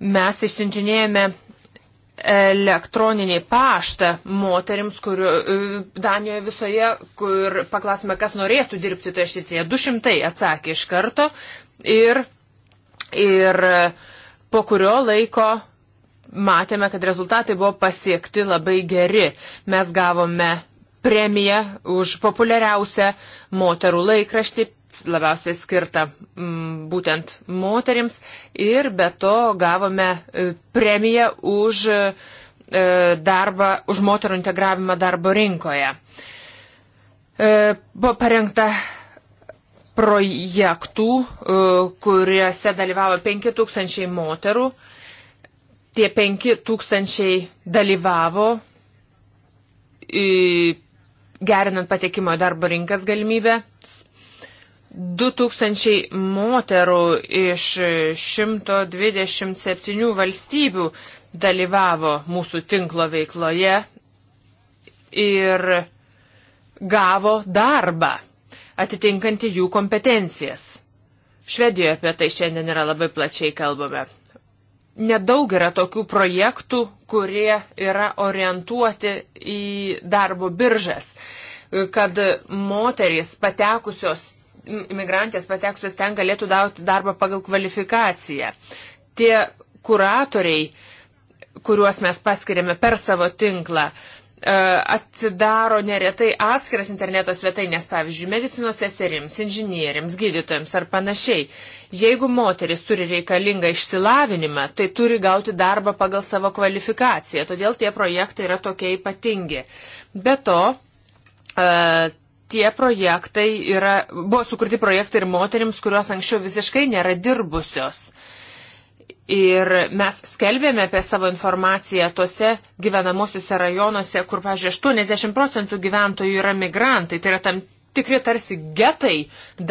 mes išsintinėjome elektroninį paštą moteriams, kurių e, Danijoje visoje, kur paklausime, kas norėtų dirbti toje šitie. 200 atsakė iš karto ir, ir uh, Po kurio laiko matėme, kad rezultatai buvo pasiekti labai geri. Mes gavome premiją už populiariausią moterų laikraštį, labiausiai skirtą m, mm, būtent moterims. Ir be to gavome e, premiją už, e, darbą, už moterų integravimą darbo rinkoje. E, buvo parengta projektų, e, kuriuose dalyvavo 5000 moterų. Tie 5000 dalyvavo e, gerinant patekimo į darbo rinkas galimybę. 2000 moterų iš 127 valstybių dalyvavo mūsų tinklo veikloje ir gavo darbą atitinkanti jų kompetencijas. Švedijoje apie tai šiandien yra labai plačiai kalbame. Nedaug yra tokių projektų, kurie yra orientuoti į darbo biržas, kad moterys patekusios, imigrantės patekusios ten galėtų gauti darbą pagal kvalifikaciją. Tie kuratoriai, kuriuos mes paskiriame per savo tinklą, uh, E, atidaro neretai atskiras interneto svetainės, pavyzdžiui, medicinos seserims, inžinieriams, gydytojams ar panašiai. Jeigu moteris turi reikalingą išsilavinimą, tai turi gauti darbą pagal savo kvalifikaciją, todėl tie projektai yra tokie ypatingi. Be to, e, tie projektai yra, buvo sukurti projektai ir moteriams, kurios anksčiau visiškai nėra dirbusios. Uh, Ir mes skelbėme apie savo informaciją tose gyvenamosiuose rajonuose, kur, pažiūrėjau, 80 procentų gyventojų yra migrantai. Tai yra tam tikri tarsi getai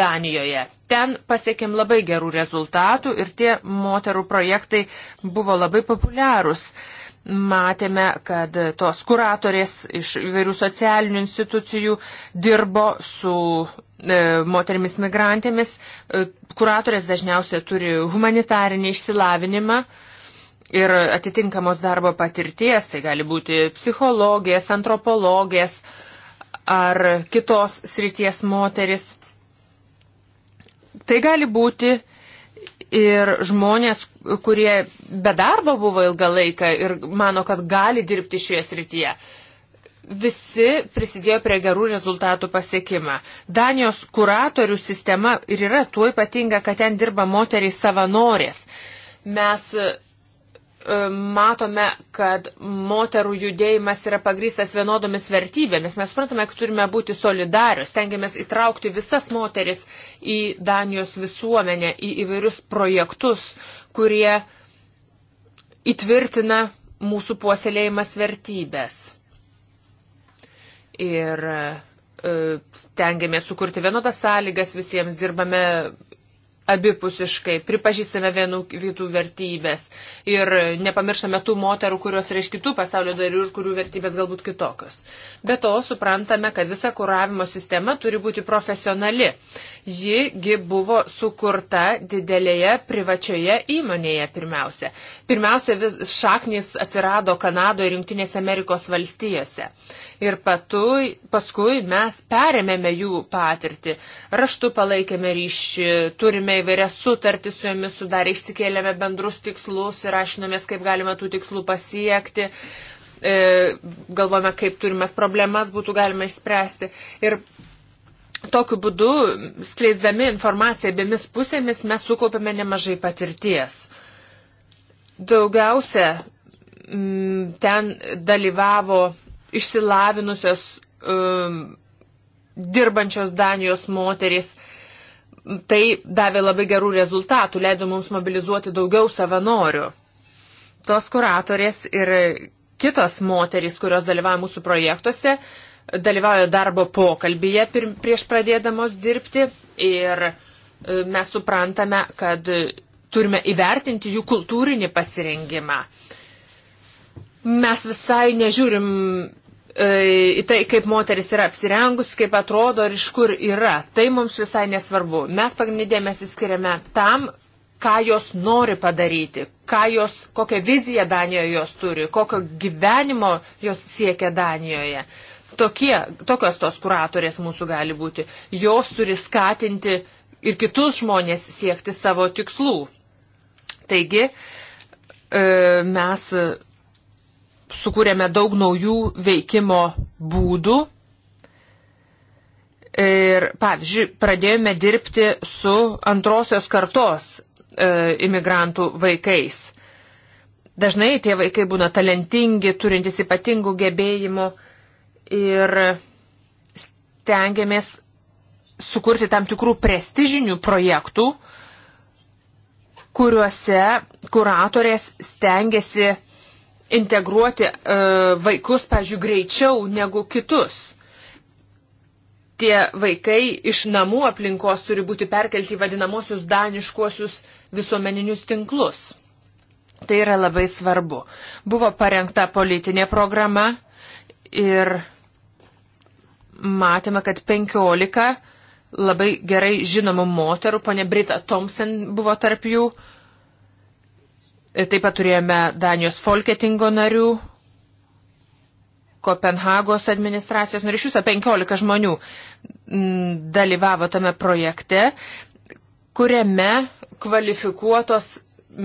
Danijoje. Ten pasiekėm labai gerų rezultatų ir tie moterų projektai buvo labai populiarūs. Matėme, kad tos kuratorės iš įvairių socialinių institucijų dirbo su E, moterimis migrantėmis. E, kuratorės dažniausiai turi humanitarinį išsilavinimą ir atitinkamos darbo patirties, tai gali būti psichologijas, antropologijas ar kitos srities moteris. Tai gali būti ir žmonės, kurie be darbo buvo ilgą laiką ir mano, kad gali dirbti šioje srityje visi prisidėjo prie gerų rezultatų pasiekimą. Danijos kuratorių sistema ir yra tuo ypatinga, kad ten dirba moteriai savanorės. Mes e, matome, kad moterų judėjimas yra pagrystas vienodomis vertybėmis. Mes suprantame, kad turime būti solidarius, tengiamės įtraukti visas moteris į Danijos visuomenę, į įvairius projektus, kurie įtvirtina mūsų puoselėjimas vertybės ir e, stengiamės sukurti vienodas sąlygas visiems, dirbame abipusiškai, pripažįstame vienų kitų vertybės ir nepamirštame tų moterų, kurios yra iš kitų pasaulio darių ir kurių vertybės galbūt kitokios. Be to, suprantame, kad visa kuravimo sistema turi būti profesionali. Jigi buvo sukurta didelėje privačioje įmonėje pirmiausia. Pirmiausia, vis, šaknis atsirado Kanadoje ir Junktinėse Amerikos valstijose. Ir patui, paskui mes perėmėme jų patirtį. Raštu palaikėme ryšį, turime nagrinėjome įvairias sutartis, su jomis sudarė, išsikėlėme bendrus tikslus ir aiškinomės, kaip galime tų tikslų pasiekti. E, Galvome, kaip turimas problemas būtų galima išspręsti. Ir tokiu būdu, skleisdami informaciją abiemis pusėmis, mes sukaupėme nemažai patirties. Daugiausia mm, ten dalyvavo išsilavinusios um, dirbančios Danijos moteris, uh, Tai davė labai gerų rezultatų, leido mums mobilizuoti daugiau savanorių. Tos kuratorės ir kitos moterys, kurios dalyvauja mūsų projektuose, dalyvauja darbo pokalbyje prieš pradėdamos dirbti ir e, mes suprantame, kad turime įvertinti jų kultūrinį pasirengimą. Mes visai nežiūrim E, į tai, kaip moteris yra apsirengus, kaip atrodo ir iš kur yra. Tai mums visai nesvarbu. Mes pagrindinį dėmesį skiriame tam, ką jos nori padaryti, jos, kokią viziją Danijoje jos turi, kokio gyvenimo jos siekia Danijoje. Tokie, tokios tos kuratorės mūsų gali būti. Jos turi skatinti ir kitus žmonės siekti savo tikslų. Taigi, e, mes sukūrėme daug naujų veikimo būdų. Ir, pavyzdžiui, pradėjome dirbti su antrosios kartos e, imigrantų vaikais. Dažnai tie vaikai būna talentingi, turintys ypatingų gebėjimų ir stengiamės sukurti tam tikrų prestižinių projektų, kuriuose kuratorės stengiasi integruoti e, vaikus, pažiūrėjau, greičiau negu kitus. Tie vaikai iš namų aplinkos turi būti perkelti į vadinamosius daniškuosius visuomeninius tinklus. Tai yra labai svarbu. Buvo parengta politinė programa ir matėme, kad 15 labai gerai žinomų moterų, ponė Brita Thompson buvo tarp jų, uh, Taip pat turėjome Danijos Folketingo narių, Kopenhagos administracijos narių, iš viso 15 žmonių mm, dalyvavo tame projekte, kuriame kvalifikuotos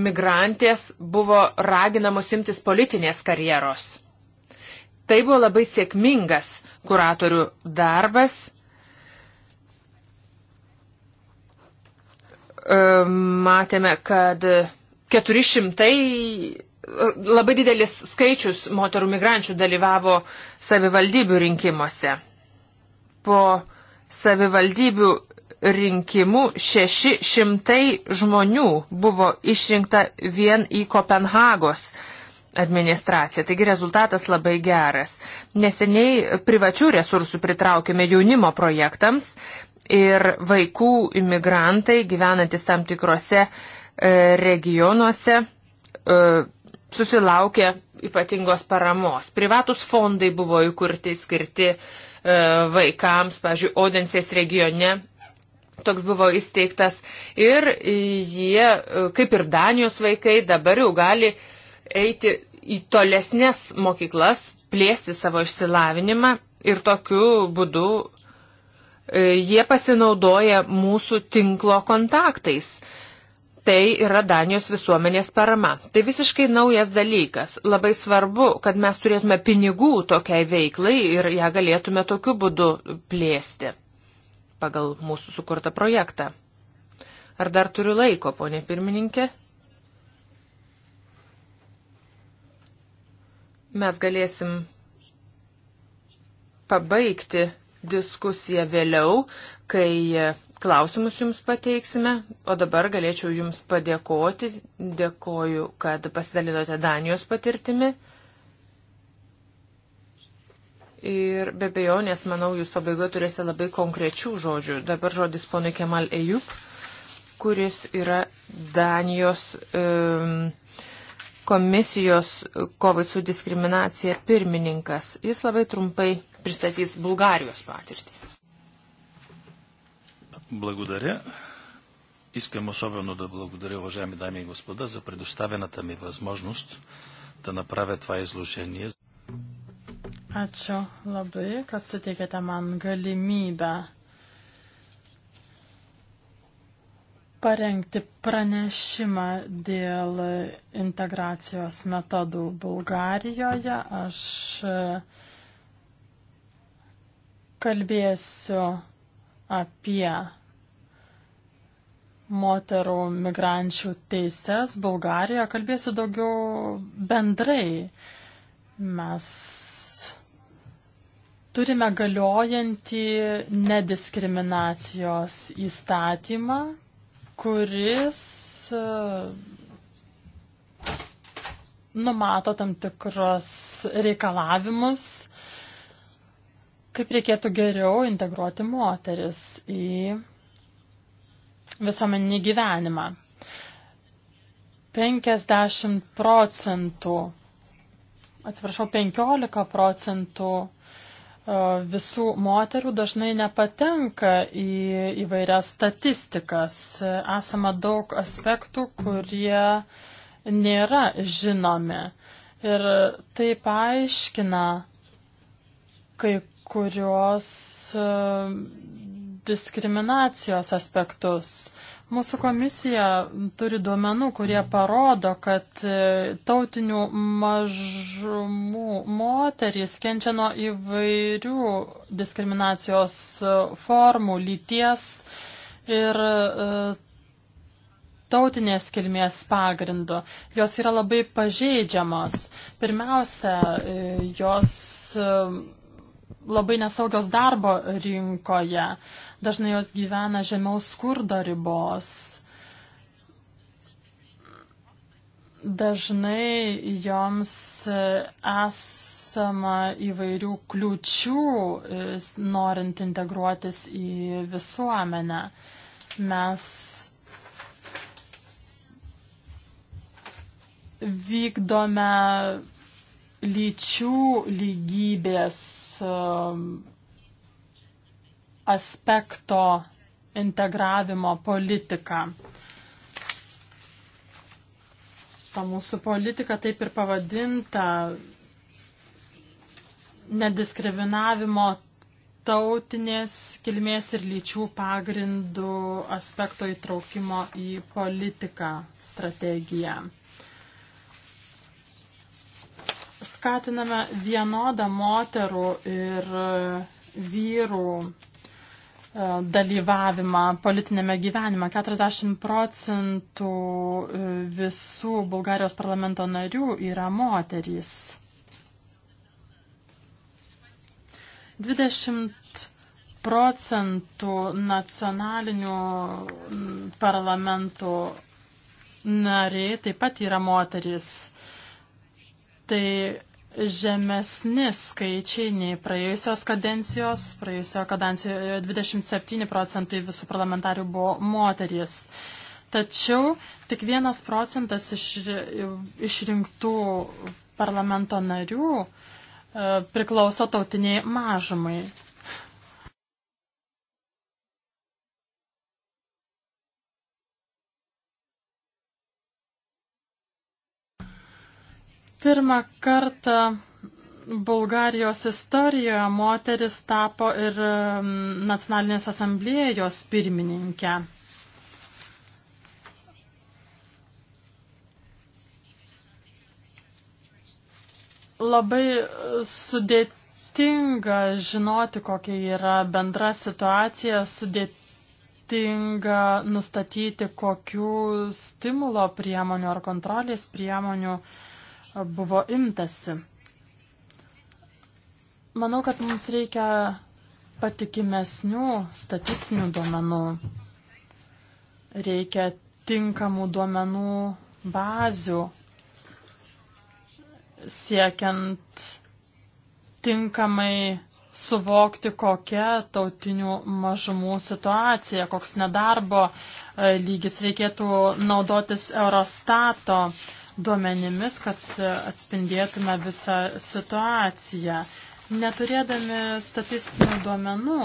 migrantės buvo raginamos imtis politinės karjeros. Tai buvo labai sėkmingas kuratorių darbas. E, matėme, kad 400 e, labai didelis skaičius moterų migrančių dalyvavo savivaldybių rinkimuose. Po savivaldybių rinkimų 600 žmonių buvo išrinkta vien į Kopenhagos administracija. Taigi rezultatas labai geras. Neseniai privačių resursų pritraukėme jaunimo projektams ir vaikų imigrantai gyvenantis tam tikrose E, regionuose e, susilaukė ypatingos paramos. Privatus fondai buvo įkurti skirti e, vaikams, pavyzdžiui, Odensės regione. Toks buvo įsteigtas ir jie, kaip ir Danijos vaikai, dabar jau gali eiti į tolesnės mokyklas, plėsti savo išsilavinimą ir tokiu būdu jie pasinaudoja mūsų tinklo kontaktais tai yra Danijos visuomenės parama. Tai visiškai naujas dalykas. Labai svarbu, kad mes turėtume pinigų tokiai veiklai ir ją galėtume tokiu būdu plėsti pagal mūsų sukurtą projektą. Ar dar turiu laiko, ponė pirmininkė? Mes galėsim pabaigti diskusiją vėliau, kai Klausimus jums pateiksime, o dabar galėčiau jums padėkoti. Dėkoju, kad pasidalinote Danijos patirtimi. Ir be bejonės, manau, jūs pabaigoje turėsite labai konkrečių žodžių. Dabar žodis ponui Kemal Ejup, kuris yra Danijos um, komisijos kovai su diskriminacija pirmininkas. Jis labai trumpai pristatys Bulgarijos patirtį. Благодаря. Искам особено да благодаря, уважаеми дами и господа, за предоставената ми възможност да направя това изложение. Ačiū labai, kad suteikėte man galimybę parengti pranešimą dėl integracijos metodų Bulgarijoje. Aš e, kalbėsiu apie moterų migrančių teises Bulgarijoje. Kalbėsiu daugiau bendrai. Mes turime galiojantį nediskriminacijos įstatymą, kuris e, numato tam tikros reikalavimus, kaip reikėtų geriau integruoti moteris į visuomeninį gyvenimą. 50 procentų, atsiprašau, 15 procentų e, visų moterų dažnai nepatenka į įvairias statistikas. Esama daug aspektų, kurie nėra žinomi. Ir tai paaiškina kai kurios diskriminacijos aspektus. Mūsų komisija turi duomenų, kurie parodo, kad e, tautinių mažumų moterys kenčia nuo įvairių diskriminacijos e, formų, lyties ir e, tautinės kilmės pagrindu. Jos yra labai pažeidžiamos. Pirmiausia, jos labai nesaugios darbo rinkoje, dažnai jos gyvena žemiau skurdo ribos. Dažnai joms e, esama įvairių kliučių, e, norint integruotis į visuomenę. Mes vykdome lyčių lygybės um, aspekto integravimo politiką. Ta mūsų politika taip ir pavadinta nediskriminavimo tautinės kilmės ir lyčių pagrindų aspekto įtraukimo į politiką strategiją skatiname vienodą moterų ir e, vyrų e, dalyvavimą politinėme gyvenime. 40 procentų e, visų Bulgarijos parlamento narių yra moterys. 20 procentų nacionalinių parlamentų nariai taip pat yra moterys. Tai žemesni skaičiai nei praėjusios kadencijos. Praėjusioje kadencijoje 27 procentai visų parlamentarių buvo moterys. Tačiau tik vienas procentas iš, išrinktų parlamento narių e, priklauso tautiniai mažumai. Pirmą kartą Bulgarijos istorijoje moteris tapo ir um, nacionalinės asamblėjos pirmininkė. Labai sudėtinga žinoti, kokia yra bendra situacija, sudėtinga nustatyti, kokių stimulo priemonių ar kontrolės priemonių uh, buvo imtasi. Manau, kad mums reikia patikimesnių statistinių duomenų. Reikia tinkamų duomenų bazių siekiant tinkamai suvokti, kokia tautinių mažumų situacija, koks nedarbo e, lygis reikėtų naudotis Eurostato uh, duomenimis, kad atspindėtume visą situaciją. Neturėdami statistinių duomenų,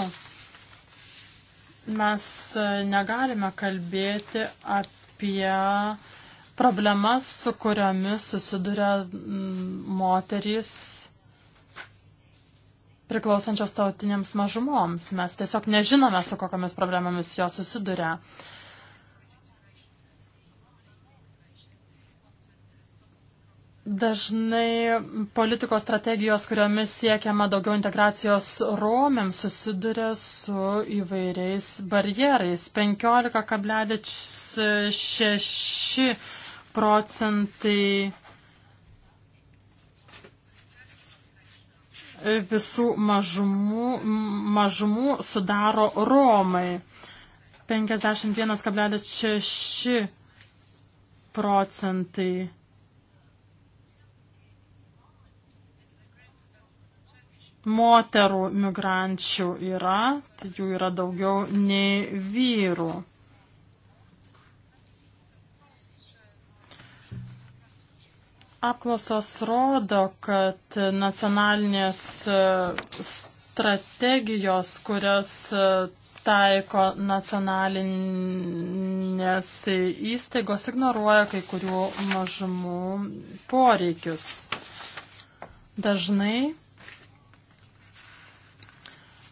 mes negalime kalbėti apie problemas, su kuriomis susiduria mm, moterys priklausančios tautiniams mažumoms. Mes tiesiog nežinome, su kokiamis problemomis jos susiduria. Uh, Dažnai politikos strategijos, kuriomis siekiama daugiau integracijos Romėms, susiduria su įvairiais barjerais. 15,6 procentai visų mažumų, mažumų sudaro Romai. 51,6 procentai moterų migrančių yra, tai jų yra daugiau nei vyrų. Apklausos rodo, kad nacionalinės e, strategijos, kurias e, taiko nacionalinės įstaigos, ignoruoja kai kurių mažumų poreikius. Dažnai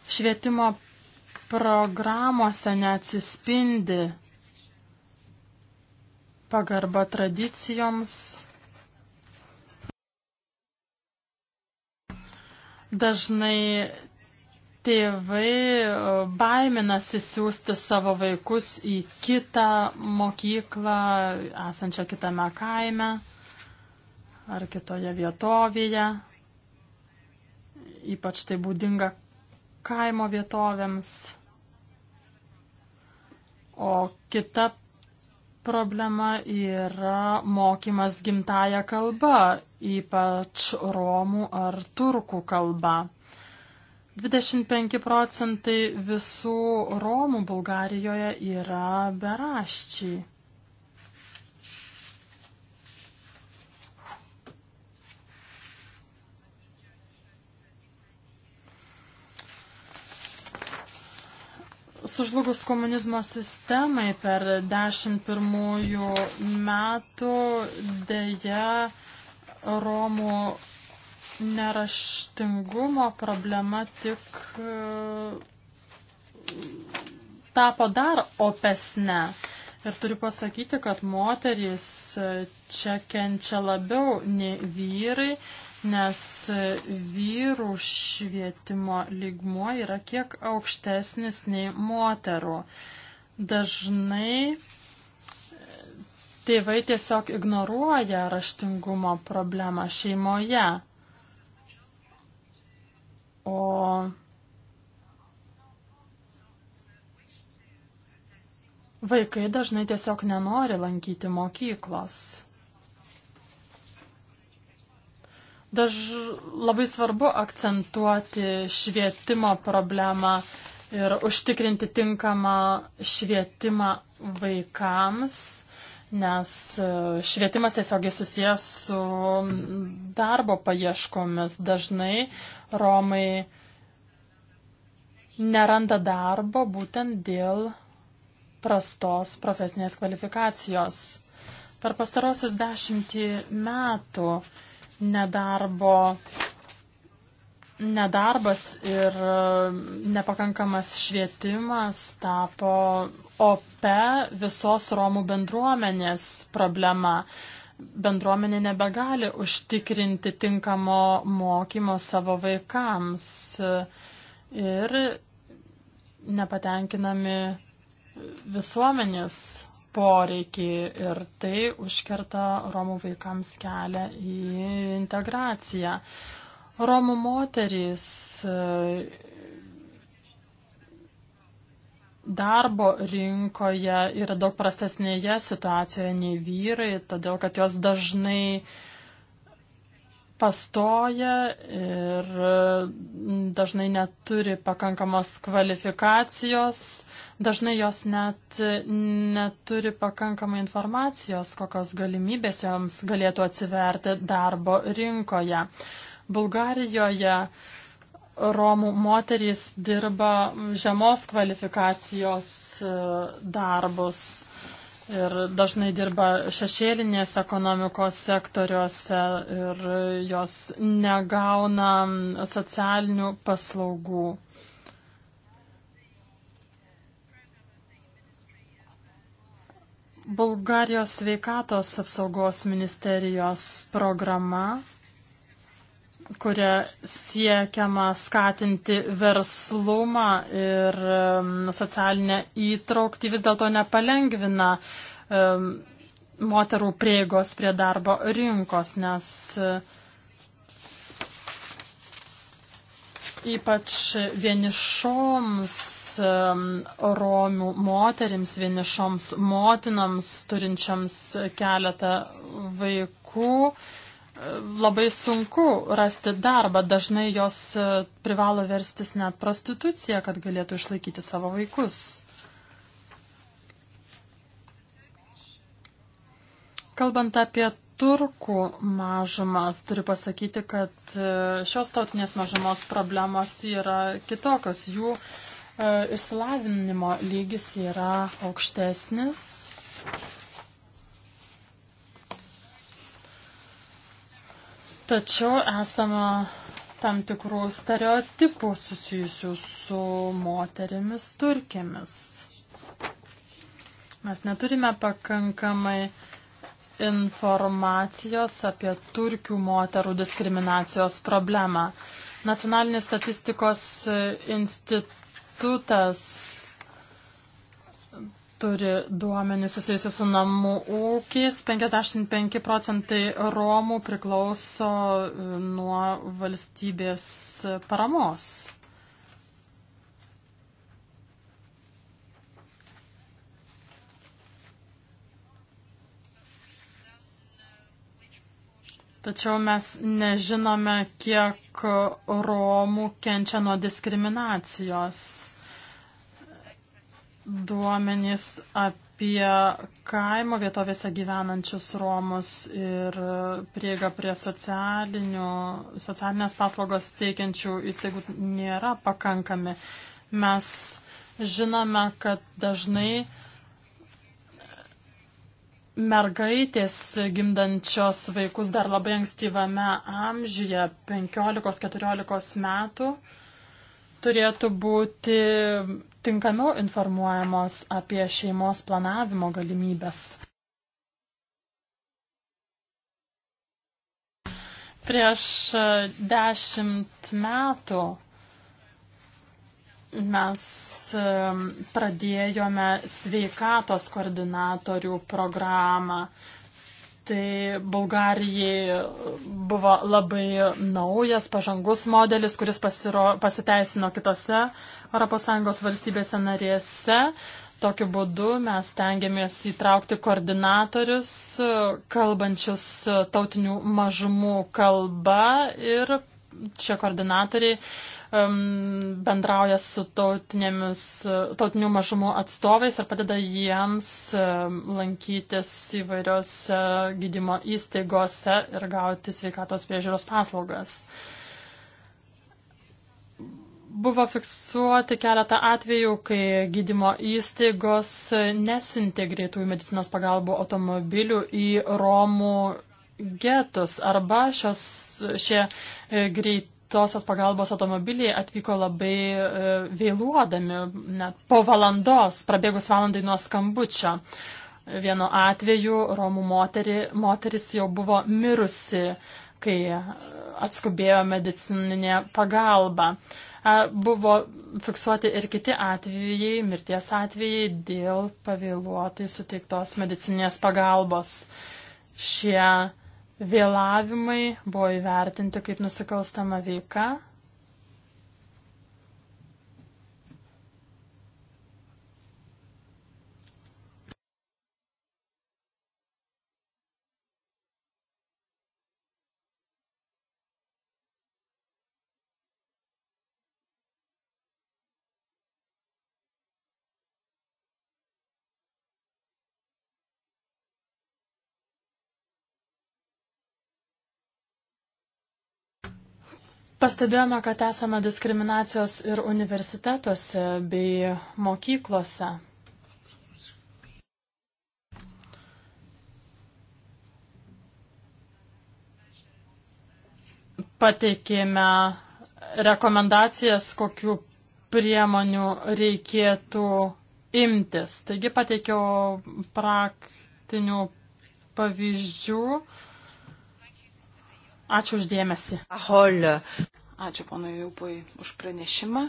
švietimo programuose neatsispindi pagarba tradicijoms. Dažnai tėvai e, baiminasi siūsti savo vaikus į kitą mokyklą, esančią kitame kaime ar kitoje vietovėje. Ypač tai būdinga kaimo vietovėms. O kita problema yra mokymas gimtaja kalba, ypač romų ar turkų kalba. 25 procentai visų romų Bulgarijoje yra beraščiai. Sužlugus komunizmo sistemai per dešimt pirmųjų metų dėja Romų neraštingumo problema tik e, tapo dar opesnė. Ir turiu pasakyti, kad moterys e, čia kenčia labiau nei vyrai nes vyrų švietimo lygmuo yra kiek aukštesnis nei moterų. Dažnai e, tėvai tiesiog ignoruoja raštingumo problemą šeimoje. O Vaikai dažnai tiesiog nenori lankyti mokyklos. Daž labai svarbu akcentuoti švietimo problemą ir užtikrinti tinkamą švietimą vaikams, nes e, švietimas tiesiogiai susijęs su darbo paieškomis. Dažnai Romai neranda darbo būtent dėl prastos profesinės kvalifikacijos. Per pastarosius dešimtį metų nedarbo, nedarbas ir e, nepakankamas švietimas tapo ope visos Romų bendruomenės problema. Bendruomenė nebegali užtikrinti tinkamo mokymo savo vaikams e, ir nepatenkinami visuomenės poreikį ir tai užkerta Romų vaikams kelią į integraciją. Romų moterys e, darbo rinkoje yra daug prastesnėje situacijoje nei vyrai, todėl kad jos dažnai pastoja ir e, dažnai neturi pakankamos kvalifikacijos, Dažnai jos net neturi pakankamai informacijos, kokios galimybės joms galėtų atsiverti darbo rinkoje. Bulgarijoje Romų moterys dirba žemos kvalifikacijos e, darbus ir dažnai dirba šešėlinės ekonomikos sektoriuose ir jos negauna socialinių paslaugų. Bulgarijos sveikatos apsaugos ministerijos programa, kuria siekiama skatinti verslumą ir socialinę įtraukti, vis dėlto nepalengvina moterų prieigos prie darbo rinkos, nes ypač vienišoms Um, romių moterims, vienišoms motinams, turinčiams keletą vaikų. Labai sunku rasti darbą, dažnai jos uh, privalo verstis net prostituciją, kad galėtų išlaikyti savo vaikus. Kalbant apie turkų mažumas, turiu pasakyti, kad uh, šios tautinės mažumos problemos yra kitokios. Jų E, išsilavinimo lygis yra aukštesnis. Tačiau esame tam tikrų stereotipų susijusių su moterimis turkėmis. Mes neturime pakankamai informacijos apie turkių moterų diskriminacijos problemą. Nacionalinis statistikos institutas institutas turi duomenys susijusius su namų ūkiais. 55 procentai Romų priklauso e, nuo valstybės paramos. Tačiau mes nežinome, kiek Romų kenčia nuo diskriminacijos. Duomenys apie kaimo vietovėse gyvenančius Romus ir prieiga prie socialinės paslaugos teikiančių įstaigų nėra pakankami. Mes žinome, kad dažnai mergaitės gimdančios vaikus dar labai ankstyvame amžiuje, 15-14 metų, turėtų būti tinkamiau informuojamos apie šeimos planavimo galimybės. Prieš dešimt metų mes pradėjome sveikatos koordinatorių programą. Tai Bulgarijai buvo labai naujas, pažangus modelis, kuris pasiro, pasiteisino kitose ES valstybėse narėse. Tokiu būdu mes tengiamės įtraukti koordinatorius, kalbančius tautinių mažumų kalba ir šie koordinatoriai uh, bendrauja su tautinių mažumų atstovais ir padeda jiems lankytis įvairiose gydimo įstaigose ir gauti sveikatos priežiūros paslaugas. Buvo fiksuoti keletą atvejų, kai gydimo įstaigos nesiuntė greitųjų medicinos pagalbų automobilių į Romų getus arba šios, šie e, greit greitosios pagalbos automobiliai atvyko labai e, vėluodami, net po valandos, prabėgus valandai nuo skambučio. Vienu atveju Romų moteri, moteris jau buvo mirusi, kai atskubėjo medicininė pagalba. E, buvo fiksuoti ir kiti atvejai, mirties atvejai dėl pavėluotai suteiktos medicinės pagalbos. Šie Vėlavimai buvo įvertinti kaip nusikalstama veika, Pastebėjome, kad esame diskriminacijos ir universitetuose bei mokyklose. Pateikėme rekomendacijas, kokiu priemonių reikėtų imtis. Taigi pateikiau praktinių pavyzdžių. Ačiū uždėmesi. Ahol. Ačiū ponui Jupui už pranešimą.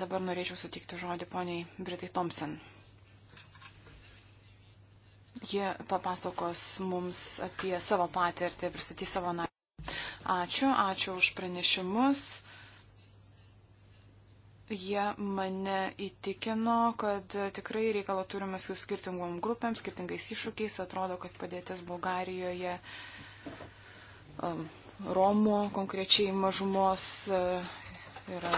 Dabar norėčiau sutikti žodį poniai Britai Thompson. Jie papasakos mums apie savo patirtį, pristatys savo narį. Ačiū, ačiū už pranešimus. Jie mane įtikino, kad tikrai reikalą turime su skirtingom grupėm, skirtingais iššūkiais. Atrodo, kad padėtis Bulgarijoje Romo konkrečiai mažumos e, yra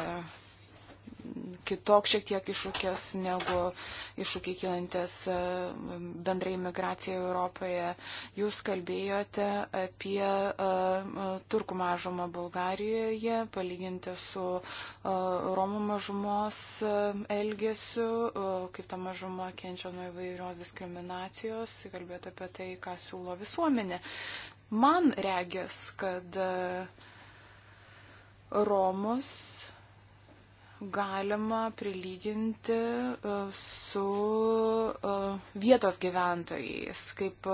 kitoks šiek tiek iššūkis negu iššūkiai kilantis e, bendrai migracijai Europoje. Jūs kalbėjote apie e, turkų mažumą Bulgarijoje, palyginti su Romų mažumos elgesiu, kaip ta mažuma kenčia nuo įvairios diskriminacijos, kalbėjote apie tai, ką siūlo visuomenė. Man regis, kad e, Romus galima prilyginti e, su e, vietos gyventojais, kaip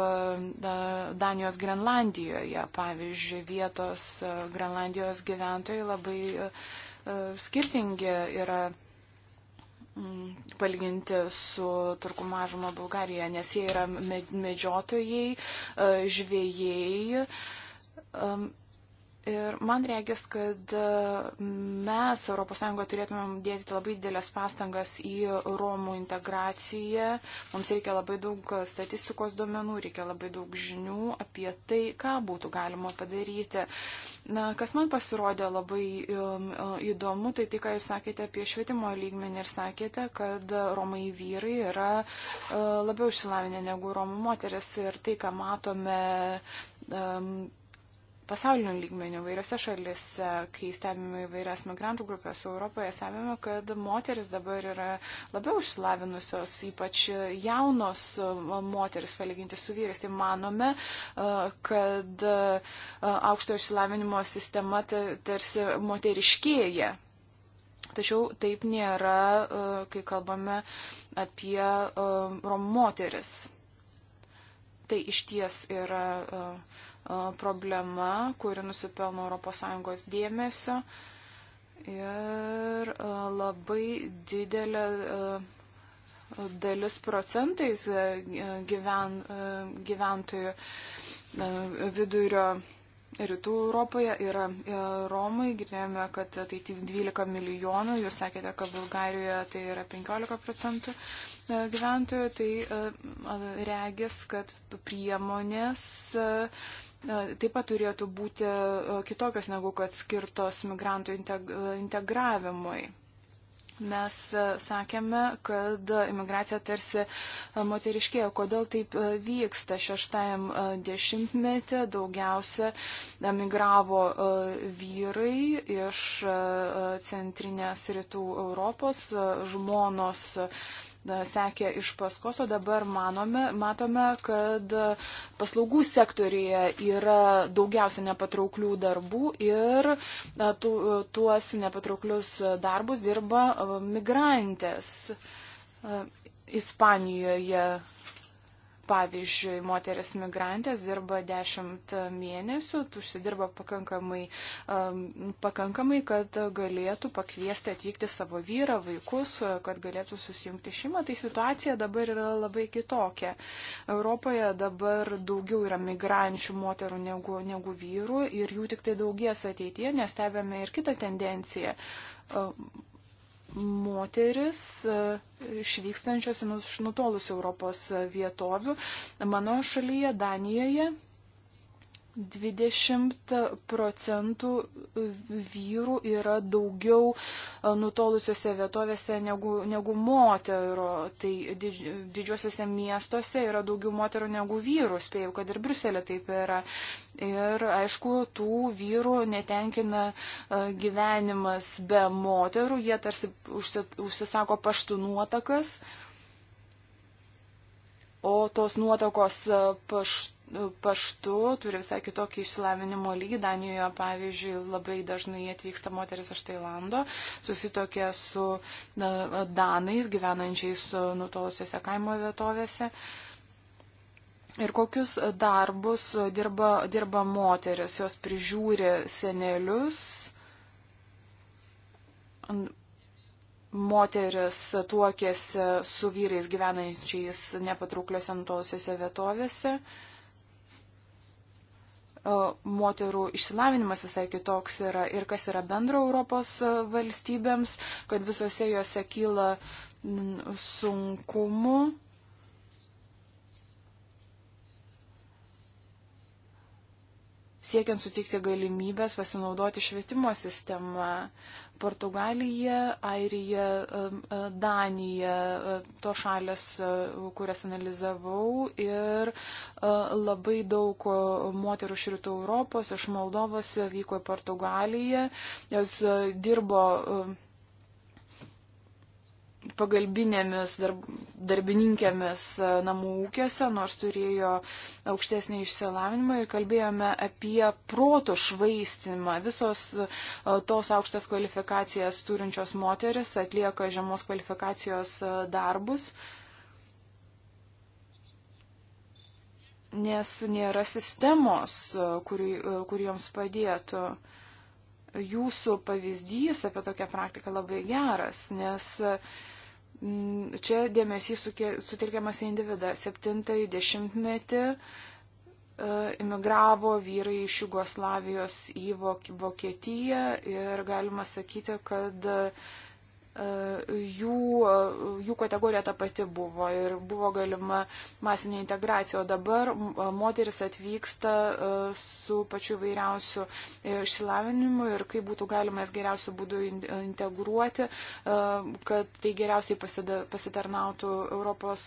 Danijos Grenlandijoje, pavyzdžiui, vietos Grenlandijos gyventojai labai skirtingi yra Mm, palyginti su turkų mažuma Bulgarijoje, nes jie yra medžiotojai, e, žvėjai. Ir man reikės, kad e, mes ES turėtumėm dėti labai didelės pastangas į Romų integraciją. Mums reikia labai daug statistikos duomenų, reikia labai daug žinių apie tai, ką būtų galima padaryti. Na, kas man pasirodė labai um, e, įdomu, tai tai, ką jūs sakėte apie švietimo lygmenį ir sakėte, kad Romai vyrai yra e, labiau išsilavinę negu Romų moteris ir tai, ką matome um, pasaulinio lygmenio vairiose šalise, kai stebime įvairias migrantų grupės Europoje, stebime, kad moteris dabar yra labiau išsilavinusios, ypač jaunos moteris palyginti su vyrais. Tai manome, e, kad e, aukšto išsilavinimo sistema tarsi moteriškėja. Tačiau taip nėra, e, kai kalbame apie rom moteris. Tai iš ties yra uh, problema, kuri nusipelno ES dėmesio ir labai didelė dalis procentais gyven, gyventojų vidurio rytų Europoje yra Romai. Girdėjome, kad tai tik 12 milijonų, jūs sakėte, kad Bulgarijoje tai yra 15 procentų gyventojų. Tai regis, kad priemonės taip pat turėtų būti e, kitokios negu kad skirtos migrantų integravimui. Mes e, sakėme, kad imigracija tarsi e, moteriškėjo. Kodėl taip vyksta? Šeštajam dešimtmetį daugiausia migravo vyrai iš centrinės rytų Europos, žmonos na, sekė iš paskos, o dabar manome, matome, kad paslaugų sektorija yra daugiausia nepatrauklių darbų ir na, tu, tuos nepatrauklius darbus dirba migrantės. E, Ispanijoje Pavyzdžiui, moteris migrantės dirba 10 mėnesių, užsidirba pakankamai, um, pakankamai, kad galėtų pakviesti atvykti savo vyrą, vaikus, kad galėtų susijungti šeimą. Tai situacija dabar yra labai kitokia. Europoje dabar daugiau yra migrančių moterų negu, negu vyrų ir jų tik tai daugies ateityje, nes stebėme ir kitą tendenciją um, moteris e, išvykstančios iš nutolusių Europos vietovių mano šalyje, Danijoje, 20 procentų vyrų yra daugiau e, nutolusiose vietovėse negu, negu moterų. Tai didž, didžiuosiuose miestuose yra daugiau moterų negu vyrų, spėjau, kad ir Bruselė taip yra. Ir aišku, tų vyrų netenkina e, gyvenimas be moterų, jie tarsi užsisako paštų nuotakas. O tos nuotakos e, paštų paštu, turi visai kitokį išsilavinimo lygį. Danijoje, pavyzdžiui, labai dažnai atvyksta moteris iš Tailando, susitokia su danais, gyvenančiais e, nutolusiuose kaimo vietovėse. Ir kokius darbus dirba, dirba moteris, jos prižiūri senelius, moteris tuokėsi su vyrais gyvenančiais nepatraukliuose nutolusiuose vietovėse. Uh, moterų išsilavinimas visai kitoks yra ir kas yra bendro Europos e, valstybėms, kad visose juose kyla sunkumų. Siekiant sutikti galimybės pasinaudoti švietimo sistemą, Portugalija, Airija, e, Danija, e, to šalės, e, kurias analizavau ir labai daug moterų iš Rytų Europos, iš Moldovos vyko į Portugaliją, jos dirbo pagalbinėmis darb, darbininkėmis e, namų ūkiuose, nors turėjo aukštesnį išsilavinimą ir kalbėjome apie proto švaistimą. Visos e, tos aukštas kvalifikacijas turinčios moteris atlieka žemos kvalifikacijos e, darbus. Nes nėra sistemos, kuri, kuri joms padėtų jūsų pavyzdys apie tokią praktiką labai geras, nes Mm, čia dėmesys sutelkiamas į individą. Septintąjį dešimtmetį e, imigravo vyrai iš Jugoslavijos į Vokietiją ir galima sakyti, kad jų, jų kategorija ta pati buvo ir buvo galima masinė integracija, o dabar moteris atvyksta e, su pačiu vairiausiu e, išsilavinimu ir kaip būtų galima jas geriausių būdų integruoti, e, kad tai geriausiai pasitarnautų Europos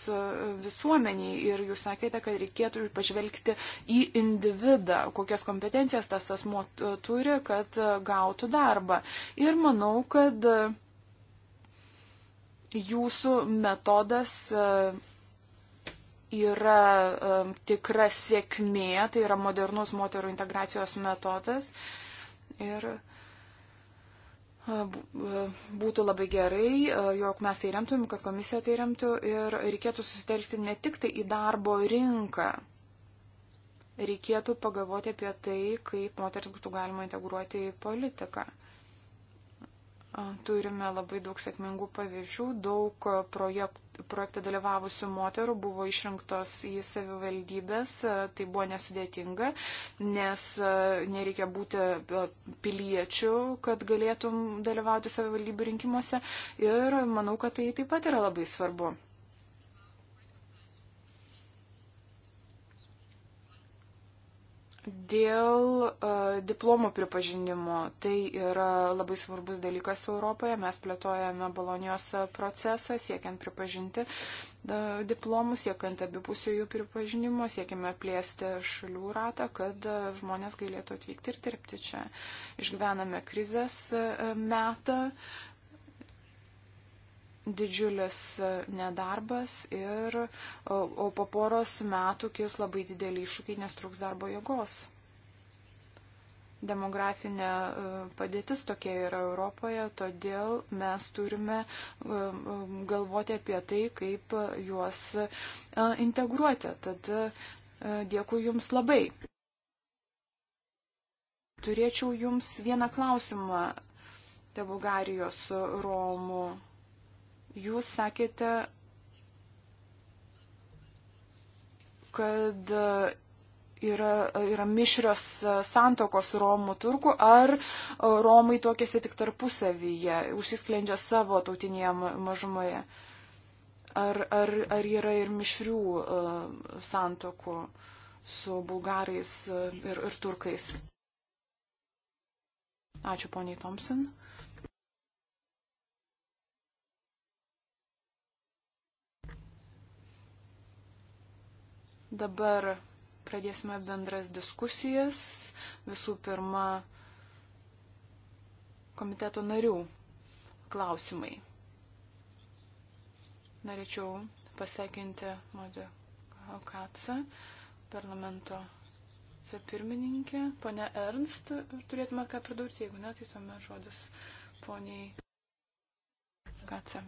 visuomeniai. Ir jūs sakėte, kad reikėtų pažvelgti į individą, kokias kompetencijas tas asmo turi, kad gautų darbą. Ir manau, kad jūsų metodas e, yra e, tikra sėkmė, tai yra modernus moterų integracijos metodas. Ir e, būtų labai gerai, jog mes tai remtumėm, kad komisija tai remtų ir reikėtų susitelkti ne tik tai į darbo rinką. Reikėtų pagalvoti apie tai, kaip moteris būtų galima integruoti į politiką. Turime labai daug sėkmingų pavyzdžių, daug projekt, projekte dalyvavusių moterų buvo išrinktos į savivaldybės, tai buvo nesudėtinga, nes e, nereikia būti e, piliečių, kad galėtum dalyvauti savivaldybių rinkimuose ir manau, kad tai taip pat yra labai svarbu. Dėl uh, e, diplomų pripažinimo tai yra labai svarbus dalykas Europoje. Mes plėtojame Bolonijos procesą, siekiant pripažinti uh, e, diplomus, siekiant abipusių jų pripažinimo, siekime plėsti šalių ratą, kad uh, žmonės galėtų atvykti ir dirbti čia. Išgyvename krizės uh, metą, uh, didžiulis e, nedarbas ir o, o po poros metų kils labai dideli iššūkiai, nes trūks darbo jėgos. Demografinė e, padėtis tokia yra Europoje, todėl mes turime e, galvoti apie tai, kaip juos integruoti. Tad dėkui Jums labai. Turėčiau Jums vieną klausimą dėl Bulgarijos Romų Jūs sakėte, kad yra, yra mišrios santokos Romų turkų, ar Romai tokiasi tik tarpusavyje, užsisklendžia savo tautinėje mažumoje. Ar, ar, ar yra ir mišrių uh, santokų su bulgarais e, ir, ir turkais? Ačiū poniai Thompson. Dabar pradėsime bendras diskusijas. Visų pirma, komiteto narių klausimai. Norėčiau pasveikinti Modę Katsą, parlamento pirmininkė, ponia Ernst, turėtume ką pridurti, jeigu ne, tai tuomet žodis poniai Katsą.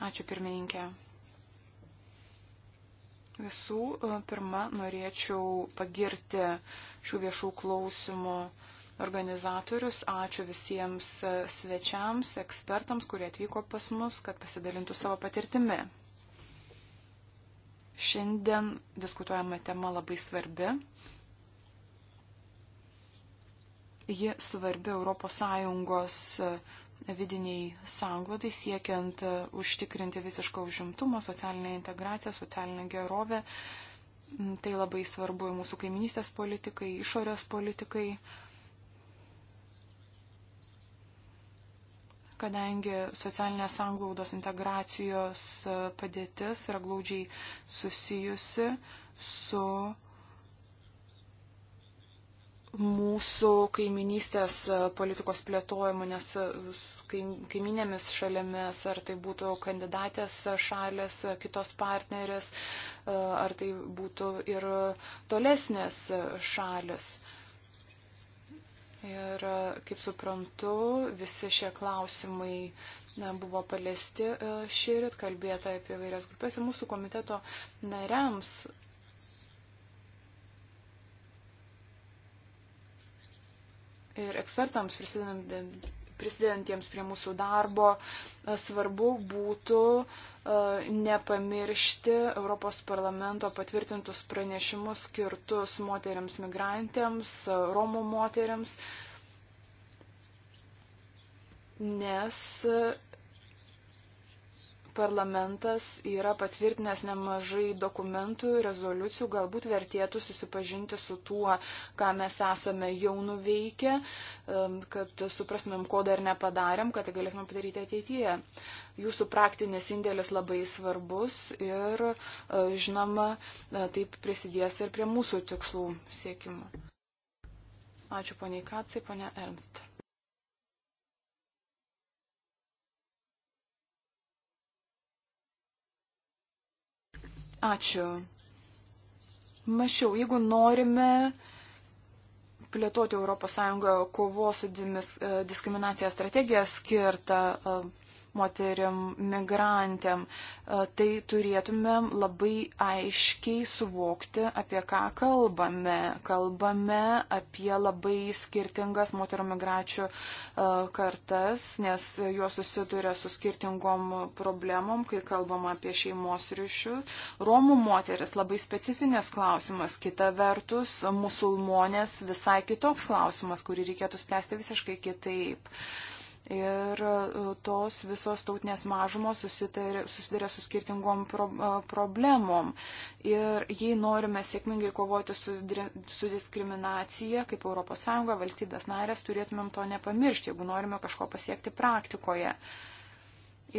Ačiū pirmininkė. Visų e, pirma, norėčiau pagirti šių viešų klausimų organizatorius. Ačiū visiems e, svečiams, ekspertams, kurie atvyko pas mus, kad pasidalintų savo patirtimi. Šiandien diskutuojama tema labai svarbi. Ji svarbi ES vidiniai sanglodai, siekiant e, užtikrinti visišką užimtumą, socialinę integraciją, socialinę gerovę. Mm, tai labai svarbu ir mūsų kaiminystės politikai, išorės politikai, kadangi socialinės sanglaudos integracijos e, padėtis yra glaudžiai susijusi su mūsų kaiminystės e, politikos plėtojimu, nes e, kaiminėmis šalėmis, ar tai būtų kandidatės šalės, e, kitos partnerės, ar tai būtų ir tolesnės šalis. Ir kaip suprantu, visi šie klausimai na, buvo paliesti šįryt, kalbėta apie vairias grupės ir mūsų komiteto nariams ir ekspertams prisidedantiems prie mūsų darbo, e, svarbu būtų e, nepamiršti Europos parlamento patvirtintus pranešimus skirtus moteriams migrantėms, e, Romų moteriams, nes parlamentas yra patvirtinęs nemažai dokumentų, rezoliucijų, galbūt vertėtų susipažinti su tuo, ką mes esame jau nuveikę, kad suprasmėm, ko dar nepadarėm, kad tai galėtume padaryti ateityje. Jūsų praktinis indėlis labai svarbus ir, e, žinoma, e, taip prisidės ir prie mūsų tikslų siekimo. Ačiū poniai Kacai, ponia Ernst. Ačiū. Mašiau, jeigu norime plėtoti ES kovos su e, diskriminacija strategiją skirtą e, moterim, migrantėm. E, tai turėtumėm labai aiškiai suvokti, apie ką kalbame. Kalbame apie labai skirtingas moterų migračių e, kartas, nes juos susiduria su skirtingom problemom, kai kalbama apie šeimos ryšių. Romų moteris labai specifinės klausimas. Kita vertus, musulmonės visai kitoks klausimas, kurį reikėtų spręsti visiškai kitaip. Uh, ir e, tos visos tautinės mažumos susiduria su skirtingom pro, e, problemom. Ir jei norime sėkmingai kovoti su, su diskriminacija, kaip ES, valstybės narės, turėtumėm to nepamiršti, jeigu norime kažko pasiekti praktikoje.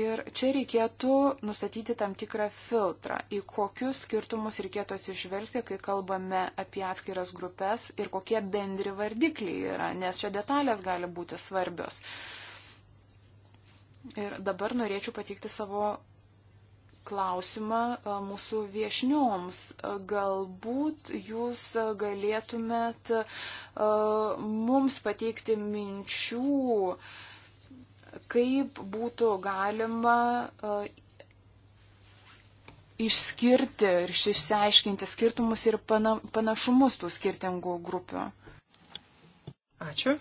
Ir čia reikėtų nustatyti tam tikrą filtrą, į kokius skirtumus reikėtų atsižvelgti, kai kalbame apie atskiras grupės ir kokie bendri vardikliai yra, nes čia detalės gali būti svarbios. Uh, Ir dabar norėčiau pateikti savo klausimą e, mūsų viešnioms. E, galbūt jūs galėtumėt e, mums pateikti minčių, kaip būtų galima išskirti ir išsiaiškinti skirtumus ir pana, panašumus tų skirtingų grupių. Ačiū.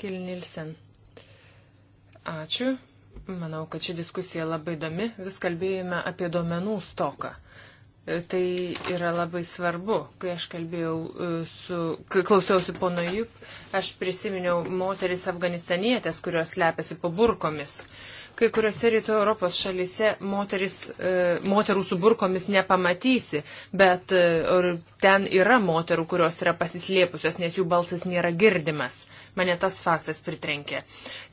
Kilnilsen. Ačiū. Manau, kad ši diskusija labai įdomi. Vis kalbėjome apie duomenų stoką. E, tai yra labai svarbu. Kai aš kalbėjau e, su, kai klausiausi pono Juk, aš prisiminiau moteris afganistanietės, kurios slepiasi po burkomis. Uh, Kai kuriuose rytų Europos šalise moteris, e, moterų su burkomis nepamatysi, bet e, ten yra moterų, kurios yra pasislėpusios, nes jų balsas nėra girdimas. Mane tas faktas pritrenkė.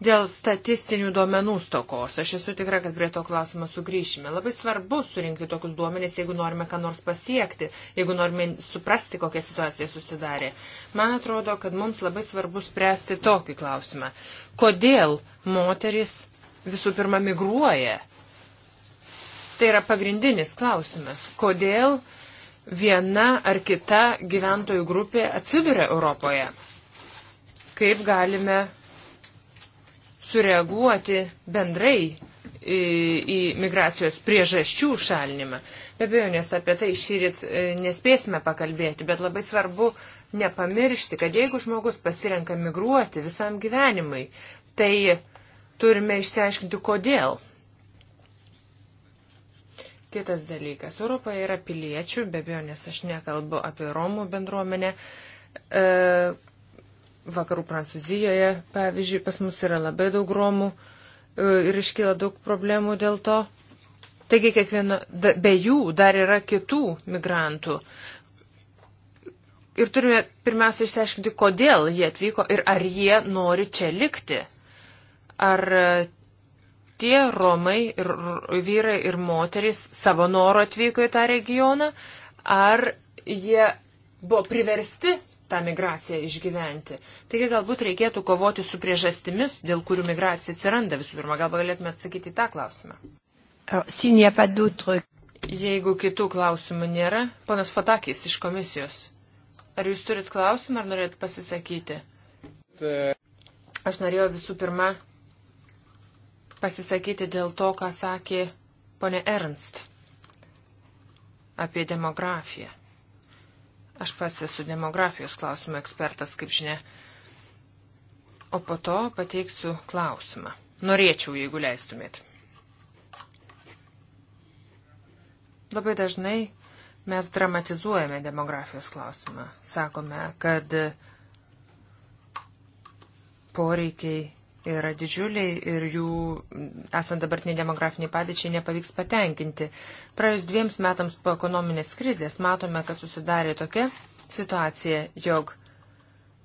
Dėl statistinių duomenų stokos, aš esu tikra, kad prie to klausimo sugrįšime. Labai svarbu surinkti tokius duomenys, jeigu norime ką nors pasiekti, jeigu norime suprasti, kokia situacija susidarė. Man atrodo, kad mums labai svarbu spręsti tokį klausimą. Kodėl moteris visų pirma migruoja. Tai yra pagrindinis klausimas. Kodėl viena ar kita gyventojų grupė atsiduria Europoje? Kaip galime sureaguoti bendrai į, į migracijos priežasčių šalinimą. Be abejo, nes apie tai šyrit e, nespėsime pakalbėti, bet labai svarbu nepamiršti, kad jeigu žmogus pasirenka migruoti visam gyvenimui, tai Turime išsiaiškinti, kodėl. Kitas dalykas. Europoje yra piliečių, be abejo, nes aš nekalbu apie Romų bendruomenę. E, vakarų Prancūzijoje, pavyzdžiui, pas mus yra labai daug Romų e, ir iškyla daug problemų dėl to. Taigi, kiekvieno, da, be jų dar yra kitų migrantų. Ir turime pirmiausia išsiaiškinti, kodėl jie atvyko ir ar jie nori čia likti ar tie romai, ir, vyrai ir moterys savo noro atvyko į tą regioną, ar jie buvo priversti tą migraciją išgyventi. Taigi galbūt reikėtų kovoti su priežastimis, dėl kurių migracija atsiranda visų pirma. Gal galėtume atsakyti į tą klausimą. Jeigu kitų klausimų nėra, panas Fatakis iš komisijos. Ar jūs turit klausimą, ar norėt pasisakyti? Aš norėjau visų pirma pasisakyti dėl to, ką sakė ponė Ernst apie demografiją. Aš pats esu demografijos klausimų ekspertas, kaip žinia. O po to pateiksiu klausimą. Norėčiau, jeigu leistumėt. Labai dažnai mes dramatizuojame demografijos klausimą. Sakome, kad poreikiai yra didžiuliai ir jų, esant dabartiniai demografiniai padėčiai, nepavyks patenkinti. Praėjus dviems metams po ekonominės krizės matome, kad susidarė tokia situacija, jog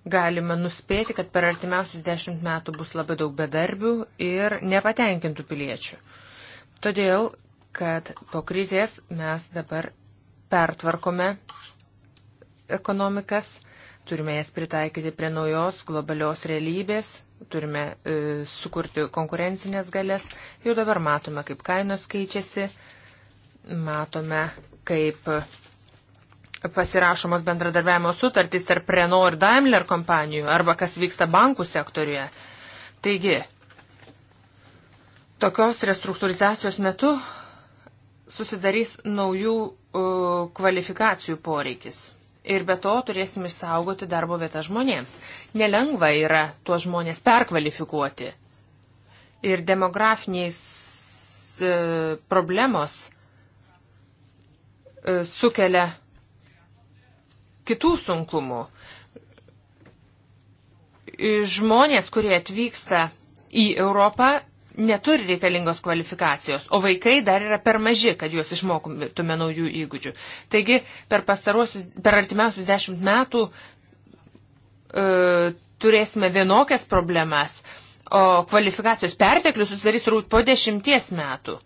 galime nuspėti, kad per artimiausius dešimt metų bus labai daug bedarbių ir nepatenkintų piliečių. Todėl, kad po krizės mes dabar pertvarkome ekonomikas, Turime jas pritaikyti prie naujos globalios realybės, turime e, sukurti konkurencinės galės. Jau dabar matome, kaip kainos keičiasi, matome, kaip pasirašomos bendradarbiavimo sutartys tarp Renault ir Daimler kompanijų arba kas vyksta bankų sektoriuje. Taigi, tokios restruktūrizacijos metu susidarys naujų uh, kvalifikacijų poreikis. Ir be to turėsim išsaugoti darbo vietą žmonėms. Nelengva yra tuos žmonės perkvalifikuoti. Ir demografiniais e, problemos e, sukelia kitų sunkumų. Žmonės, kurie atvyksta į Europą, neturi reikalingos kvalifikacijos, o vaikai dar yra per maži, kad juos išmokume naujų įgūdžių. Taigi per, per artimiausius dešimt metų e, turėsime vienokias problemas, o kvalifikacijos perteklius susidarys rūt po dešimties metų.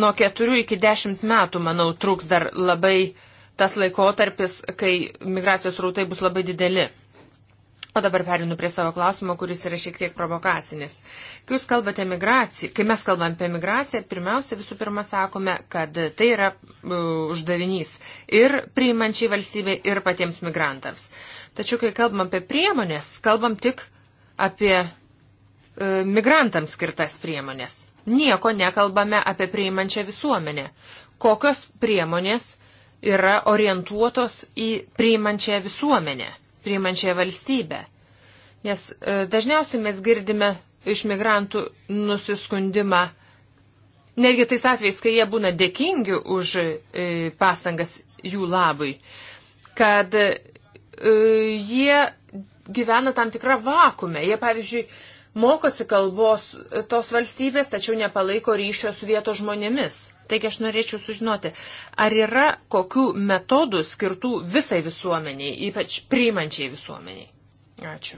Nuo keturių iki dešimt metų, manau, truks dar labai tas laikotarpis, kai migracijos rautai bus labai dideli. O dabar perinu prie savo klausimo, kuris yra šiek tiek provokacinis. Kai, jūs kalbate migraciją, kai mes kalbame apie migraciją, pirmiausia visų pirma sakome, kad tai yra uh, uždavinys ir priimančiai valstybė, ir patiems migrantams. Tačiau, kai kalbam apie priemonės, kalbam tik apie uh, migrantams skirtas priemonės. Nieko nekalbame apie priimančią visuomenę. Kokios priemonės yra orientuotos į priimančią visuomenę? priimančiąją valstybę. Nes e, dažniausiai mes girdime iš migrantų nusiskundimą, netgi tais atvejais, kai jie būna dėkingi už e, pastangas jų labui, kad e, jie gyvena tam tikrą vakume. Jie, pavyzdžiui, mokosi kalbos tos valstybės, tačiau nepalaiko ryšio su vietos žmonėmis. Taigi aš norėčiau sužinoti, ar yra kokių metodų skirtų visai visuomeniai, ypač priimančiai visuomeniai. Ačiū.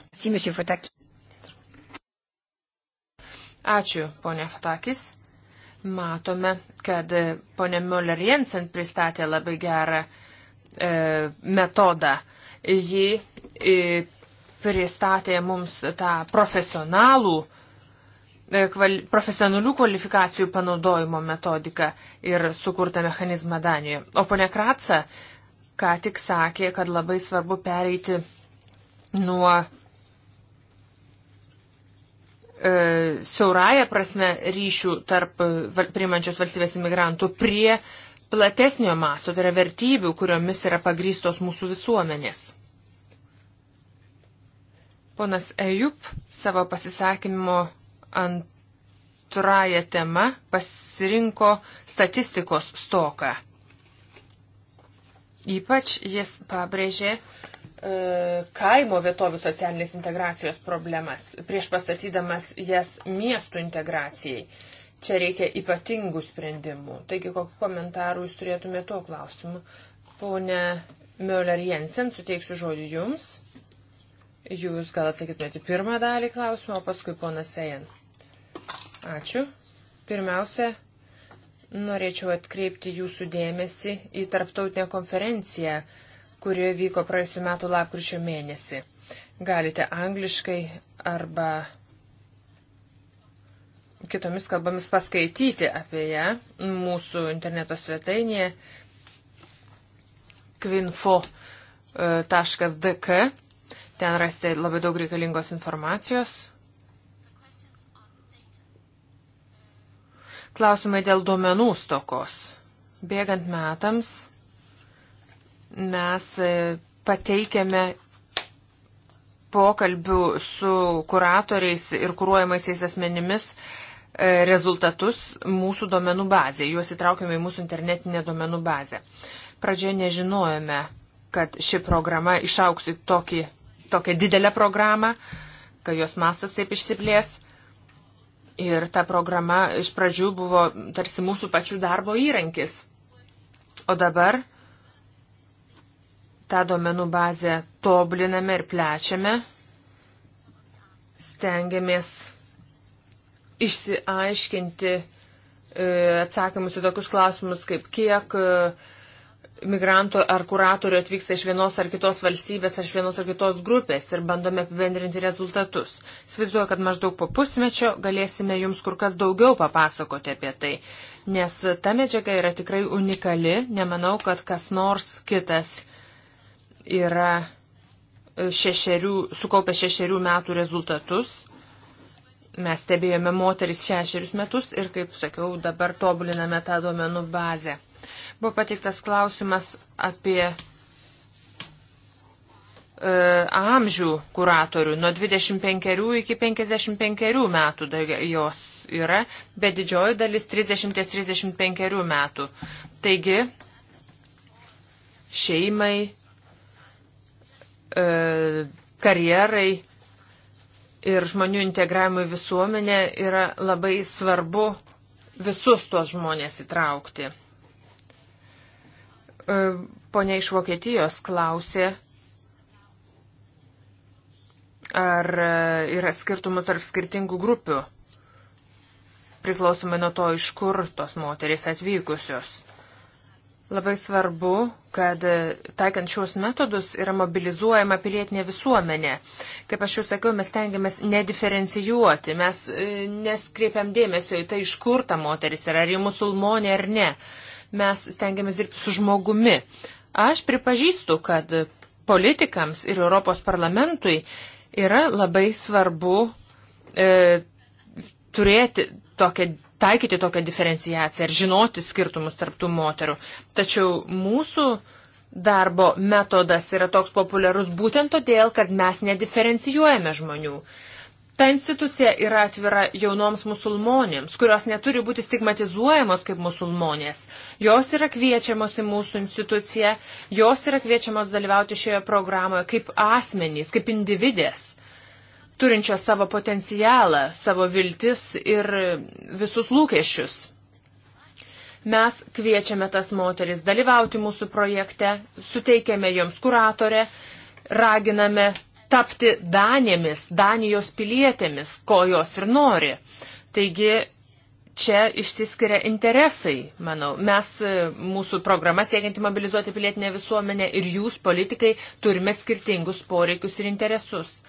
Ačiū, ponė Fatakis. Matome, kad ponė Müller Jensen pristatė labai gerą e, metodą. Ji e, pristatė mums tą profesionalų E, kvali profesionalių kvalifikacijų panaudojimo metodiką ir sukurtą mechanizmą Danijoje. O ponė Kratsa ką tik sakė, kad labai svarbu pereiti nuo e, siaurąją prasme ryšių tarp e, val, primančios valstybės imigrantų prie platesnio masto, tai yra vertybių, kuriomis yra pagrystos mūsų visuomenės. Ponas Ejup savo pasisakymo antrąją temą pasirinko statistikos stoką. Ypač jis pabrėžė e, kaimo vietovių socialinės integracijos problemas, prieš pastatydamas jas miestų integracijai. Čia reikia ypatingų sprendimų. Taigi, kokiu komentaru jūs turėtume tuo klausimu? Pone Müller Jensen, suteiksiu žodį jums. Jūs gal atsakytumėte pirmą dalį klausimo, o paskui ponas Sejan. Ačiū. Pirmiausia, norėčiau atkreipti jūsų dėmesį į tarptautinę konferenciją, kuri vyko praėjusiu metu lapkričio mėnesį. Galite angliškai arba kitomis kalbomis paskaityti apie ją mūsų interneto svetainėje quinfo.dk. E, Ten rasite labai daug reikalingos informacijos. Klausimai dėl duomenų stokos. Bėgant metams mes e, pateikėme pokalbių su kuratoriais ir kūruojamaisiais asmenimis e, rezultatus mūsų duomenų bazėje. Juos įtraukėme į mūsų internetinę duomenų bazę. Pradžioje nežinojome, kad ši programa išauks į tokį, tokią didelę programą, kad jos mastas taip išsiplės. Ir ta programa iš pradžių buvo tarsi mūsų pačių darbo įrankis. O dabar tą domenų bazę tobuliname ir plečiame. Stengiamės išsiaiškinti e, atsakymus į tokius klausimus, kaip kiek, e, migrantų ar kuratorių atvyksta iš vienos ar kitos valstybės, ar iš vienos ar kitos grupės ir bandome apibendrinti rezultatus. Svizduoju, kad maždaug po pusmečio galėsime jums kur kas daugiau papasakoti apie tai, nes ta medžiaga yra tikrai unikali, nemanau, kad kas nors kitas yra e, šešerių, sukaupę šešerių metų rezultatus. Mes stebėjome moteris šešerius metus ir, kaip sakiau, dabar tobuliname tą duomenų bazę. Buvo pateiktas klausimas apie e, amžių kuratorių. Nuo 25 iki 55 metų jos yra, bet didžioji dalis 30-35 metų. Taigi, šeimai, e, karjerai ir žmonių integravimui visuomenė yra labai svarbu visus tuos žmonės įtraukti. E, Pone iš Vokietijos klausė, ar e, yra skirtumų tarp skirtingų grupių, priklausomai nuo to, iš kur tos moterys atvykusios. Labai svarbu, kad e, taikant šios metodus yra mobilizuojama pilietinė visuomenė. Kaip aš jau sakiau, mes tengiamės nediferencijuoti, mes neskreipiam dėmesio į tai, iš kur ta moteris yra, ar ji musulmonė ar ne. Uh, mes stengiamės dirbti su žmogumi. Aš pripažįstu, kad politikams ir Europos parlamentui yra labai svarbu e, turėti tokią, taikyti tokią diferenciaciją ir žinoti skirtumus tarptų moterų. Tačiau mūsų darbo metodas yra toks populiarus būtent todėl, kad mes nediferencijuojame žmonių. Ta institucija yra atvira jaunoms musulmonėms, kurios neturi būti stigmatizuojamos kaip musulmonės. Jos yra kviečiamos į mūsų instituciją, jos yra kviečiamos dalyvauti šioje programoje kaip asmenys, kaip individės, turinčios savo potencialą, savo viltis ir visus lūkesčius. Mes kviečiame tas moteris dalyvauti mūsų projekte, suteikiame joms kuratorę, raginame tapti Danėmis, Danijos pilietėmis, ko jos ir nori. Taigi čia išsiskiria interesai, manau. Mes, e, mūsų programa siekianti mobilizuoti pilietinę visuomenę ir jūs, politikai, turime skirtingus poreikius ir interesus.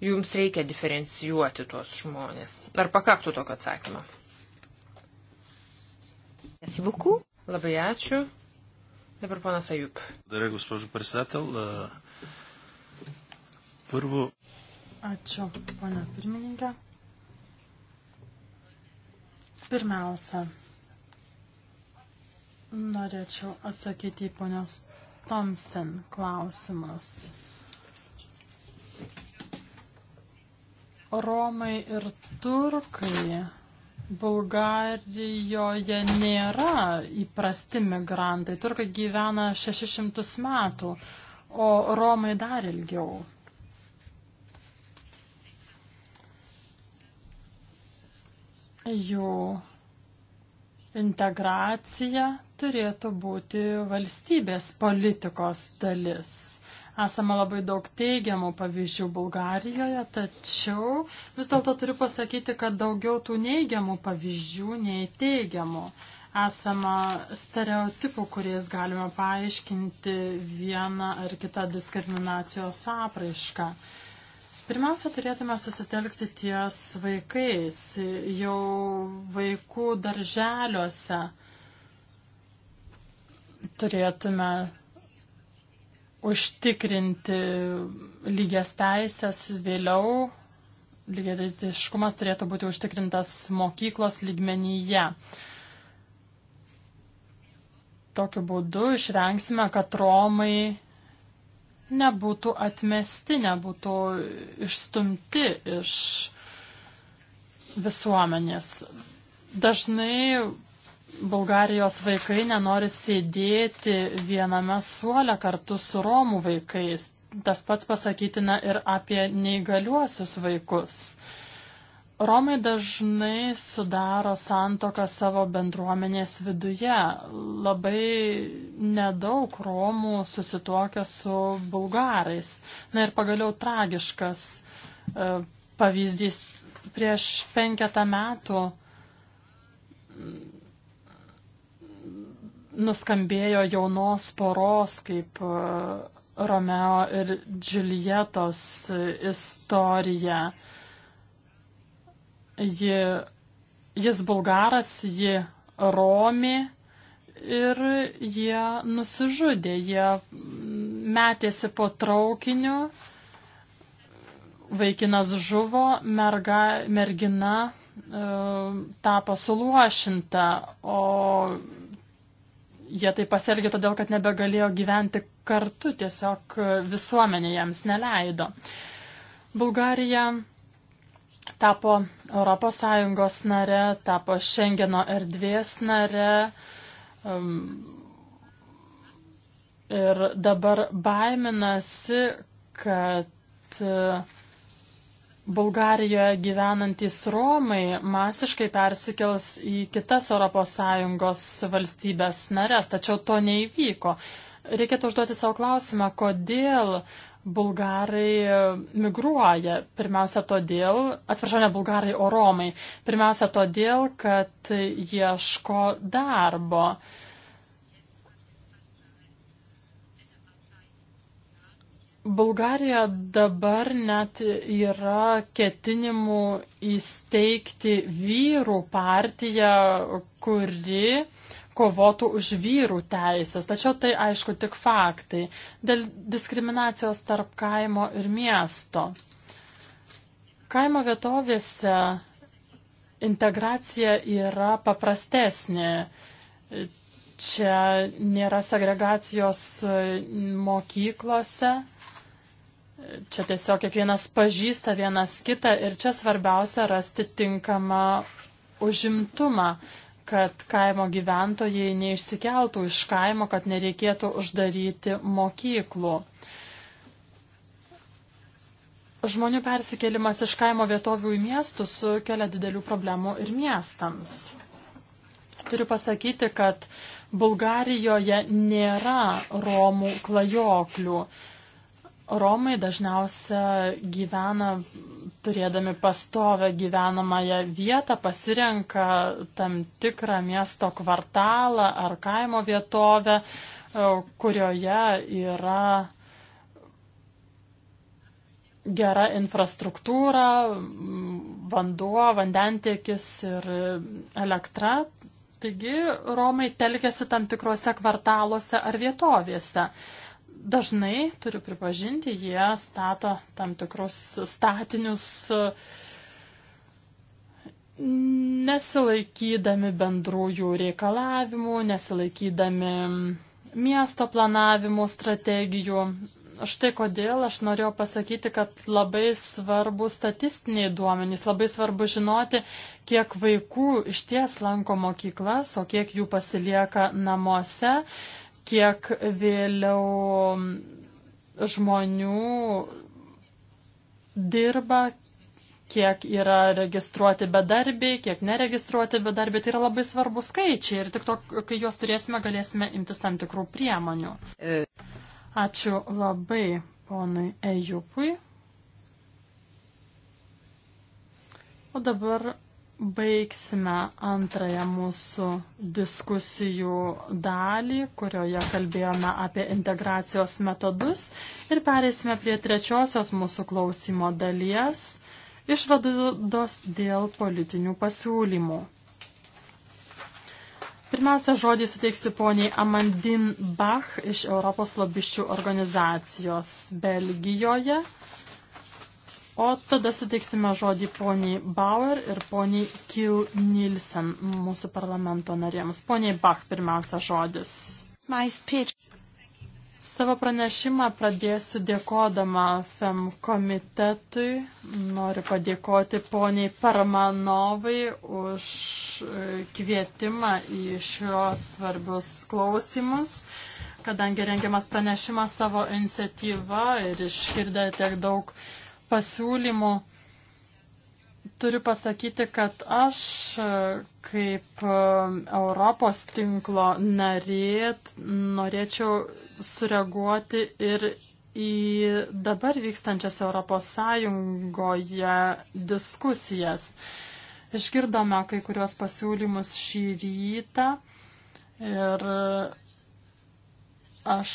Jums reikia diferencijuoti tuos žmonės. Ar pakaktų tokio atsakymo? Labai ačiū. Dabar panas Ajup. Darai, gospožų pristatel. Uh... Prvo. Ačiū, ponė pirmininkė. Pirmiausia, norėčiau atsakyti į ponios Thompson klausimus. Romai ir turkai Bulgarijoje nėra įprasti migrantai. Turkai gyvena 600 metų, o Romai dar ilgiau. jų integracija turėtų būti valstybės politikos dalis. Esame labai daug teigiamų pavyzdžių Bulgarijoje, tačiau vis dėlto turiu pasakyti, kad daugiau tų neigiamų pavyzdžių nei teigiamų. Esame stereotipų, kuriais galime paaiškinti vieną ar kitą diskriminacijos apraišką. Pirmiausia, turėtume susitelkti ties vaikais, jau vaikų darželiuose turėtume užtikrinti lygias teisės vėliau. Lygiateisiškumas turėtų būti užtikrintas mokyklos lygmenyje. Tokiu būdu išvengsime, kad Romai nebūtų atmesti, nebūtų išstumti iš visuomenės. Dažnai Bulgarijos vaikai nenori sėdėti viename suole kartu su Romų vaikais. Tas pats pasakytina ir apie neįgaliuosius vaikus. Romai dažnai sudaro santoką savo bendruomenės viduje. Labai nedaug Romų susituokia su bulgarais. Na ir pagaliau tragiškas e, pavyzdys. Prieš penketą metų nuskambėjo jaunos poros kaip e, Romeo ir Džiulietos istorija. Ji, jis bulgaras, ji romė ir jie nusižudė. Jie metėsi po traukiniu, vaikinas žuvo, merga, mergina e, tapo suluošinta, o jie tai pasielgė todėl, kad nebegalėjo gyventi kartu, tiesiog visuomenė jiems neleido. Bulgarija tapo ES nare, tapo Šengeno erdvės nare. Um, ir dabar baiminasi, kad uh, Bulgarijoje gyvenantys Romai masiškai persikels į kitas ES valstybės narės, tačiau to neįvyko. Reikėtų užduoti savo klausimą, kodėl bulgarai e, migruoja. Pirmiausia todėl, atsiprašau, ne bulgarai, o romai. Pirmiausia todėl, kad ieško darbo. Bulgarija dabar net yra ketinimų įsteigti vyrų partiją, kuri uh, kovotų už vyrų teisės, tačiau tai aišku tik faktai dėl diskriminacijos tarp kaimo ir miesto. Kaimo vietovėse integracija yra paprastesnė. Čia nėra segregacijos mokyklose. Čia tiesiog kiekvienas pažįsta vienas kitą ir čia svarbiausia rasti tinkamą užimtumą kad kaimo gyventojai neišsikeltų iš kaimo, kad nereikėtų uždaryti mokyklų. Žmonių persikėlimas iš kaimo vietovių į miestus kelia didelių problemų ir miestams. Turiu pasakyti, kad Bulgarijoje nėra Romų klajoklių. Romai dažniausia gyvena turėdami pastovę gyvenamąją vietą, pasirenka tam tikrą miesto kvartalą ar kaimo vietovę, e, kurioje yra gera infrastruktūra, vanduo, vandentiekis ir elektra. Taigi Romai telkėsi tam tikrose kvartaluose ar vietovėse dažnai, turiu pripažinti, jie stato tam tikrus statinius nesilaikydami bendrųjų reikalavimų, nesilaikydami miesto planavimo strategijų. Štai kodėl aš norėjau pasakyti, kad labai svarbu statistiniai duomenys, labai svarbu žinoti, kiek vaikų iš ties lanko mokyklas, o kiek jų pasilieka namuose. Uh, kiek vėliau žmonių dirba, kiek yra registruoti bedarbiai, kiek neregistruoti bedarbiai. Tai yra labai svarbus skaičiai ir tik to, kai juos turėsime, galėsime imtis tam tikrų priemonių. E. Ačiū labai ponui Ejupui. O dabar baigsime antrąją mūsų diskusijų dalį, kurioje kalbėjome apie integracijos metodus ir pereisime prie trečiosios mūsų klausimo dalies - išvados dėl politinių pasiūlymų. Pirmiausia, žodį suteiksiu poniai Amandin Bach iš Europos lobiščių organizacijos Belgijoje. O tada suteiksime žodį poniai Bauer ir poniai Kil Nielsen, mūsų parlamento narėms. Poniai Bach pirmiausia žodis. Savo pranešimą pradėsiu dėkodama FEM komitetui. Noriu padėkoti poniai Paramanovai už e, kvietimą į šios svarbius klausimus kadangi rengiamas pranešimas savo iniciatyva ir išgirdė tiek daug pasiūlymų, turiu pasakyti, kad aš e, kaip e, Europos tinklo narė norėčiau sureaguoti ir į dabar vykstančias Europos Sąjungoje diskusijas. Išgirdome kai kurios pasiūlymus šį rytą ir aš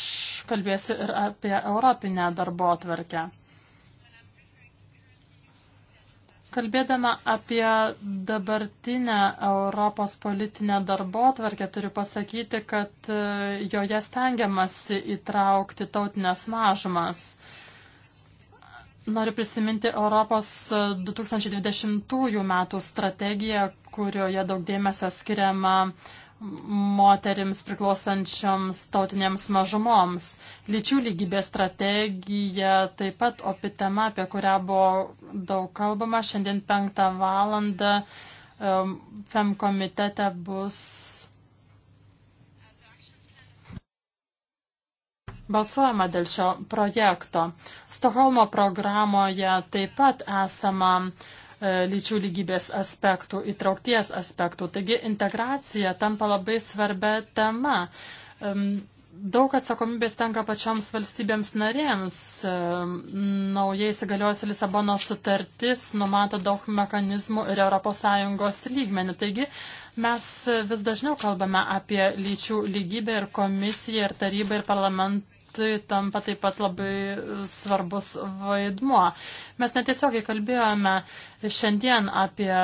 kalbėsiu ir apie europinę darbo atverkę. Kalbėdama apie dabartinę Europos politinę darbo tvarkę, turiu pasakyti, kad e, joje stengiamasi įtraukti tautinės mažumas. Noriu prisiminti Europos 2020 metų strategiją, kurioje daug dėmesio skiriama uh, moterims priklausančioms tautinėms mažumoms. Lyčių lygybės strategija taip pat opi tema, apie kurią buvo daug kalbama. Šiandien penktą valandą FEM e komitete bus balsuojama dėl šio projekto. Stokholmo programoje taip pat esama uh, E, lyčių lygybės aspektų, įtraukties aspektų. Taigi integracija tampa labai svarbia tema. Daug atsakomybės tenka pačioms valstybėms narėms. Naujai įsigaliojusi Lisabono sutartis numato daug mechanizmų ir ES lygmenį. Taigi mes vis dažniau kalbame apie lyčių lygybę ir komisiją ir tarybą ir parlamentą tai tampa taip pat labai svarbus vaidmuo. Mes netiesiogiai kalbėjome šiandien apie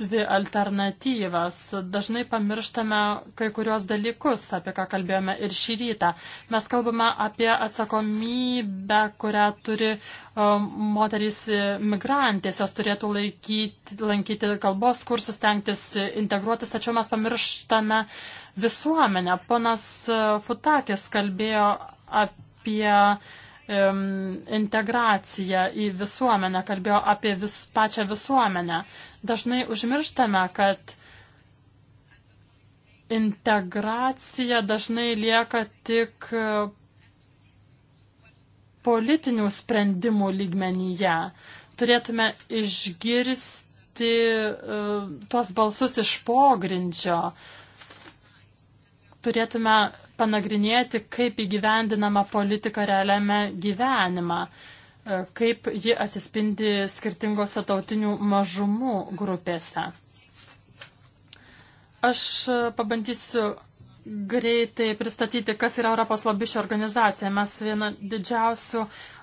dvi alternatyvas. Dažnai pamirštame kai kurios dalykus, apie ką kalbėjome ir šį rytą. Mes kalbame apie atsakomybę, kurią turi um, moterys migrantės. Jos turėtų laikyti, lankyti kalbos kursus, tenktis integruotis, tačiau mes pamirštame uh, visuomenę. Ponas e, Futakis kalbėjo apie integraciją į visuomenę, kalbėjo apie vis, pačią visuomenę. Dažnai užmirštame, kad integracija dažnai lieka tik e, politinių sprendimų lygmenyje. Turėtume išgirsti e, tuos balsus iš pogrindžio, turėtume panagrinėti, kaip įgyvendinama politika realiame gyvenime, e, kaip ji atsispindi skirtingose tautinių mažumų grupėse. Aš e, pabandysiu greitai pristatyti, kas yra Europos lobišio organizacija. Mes viena didžiausių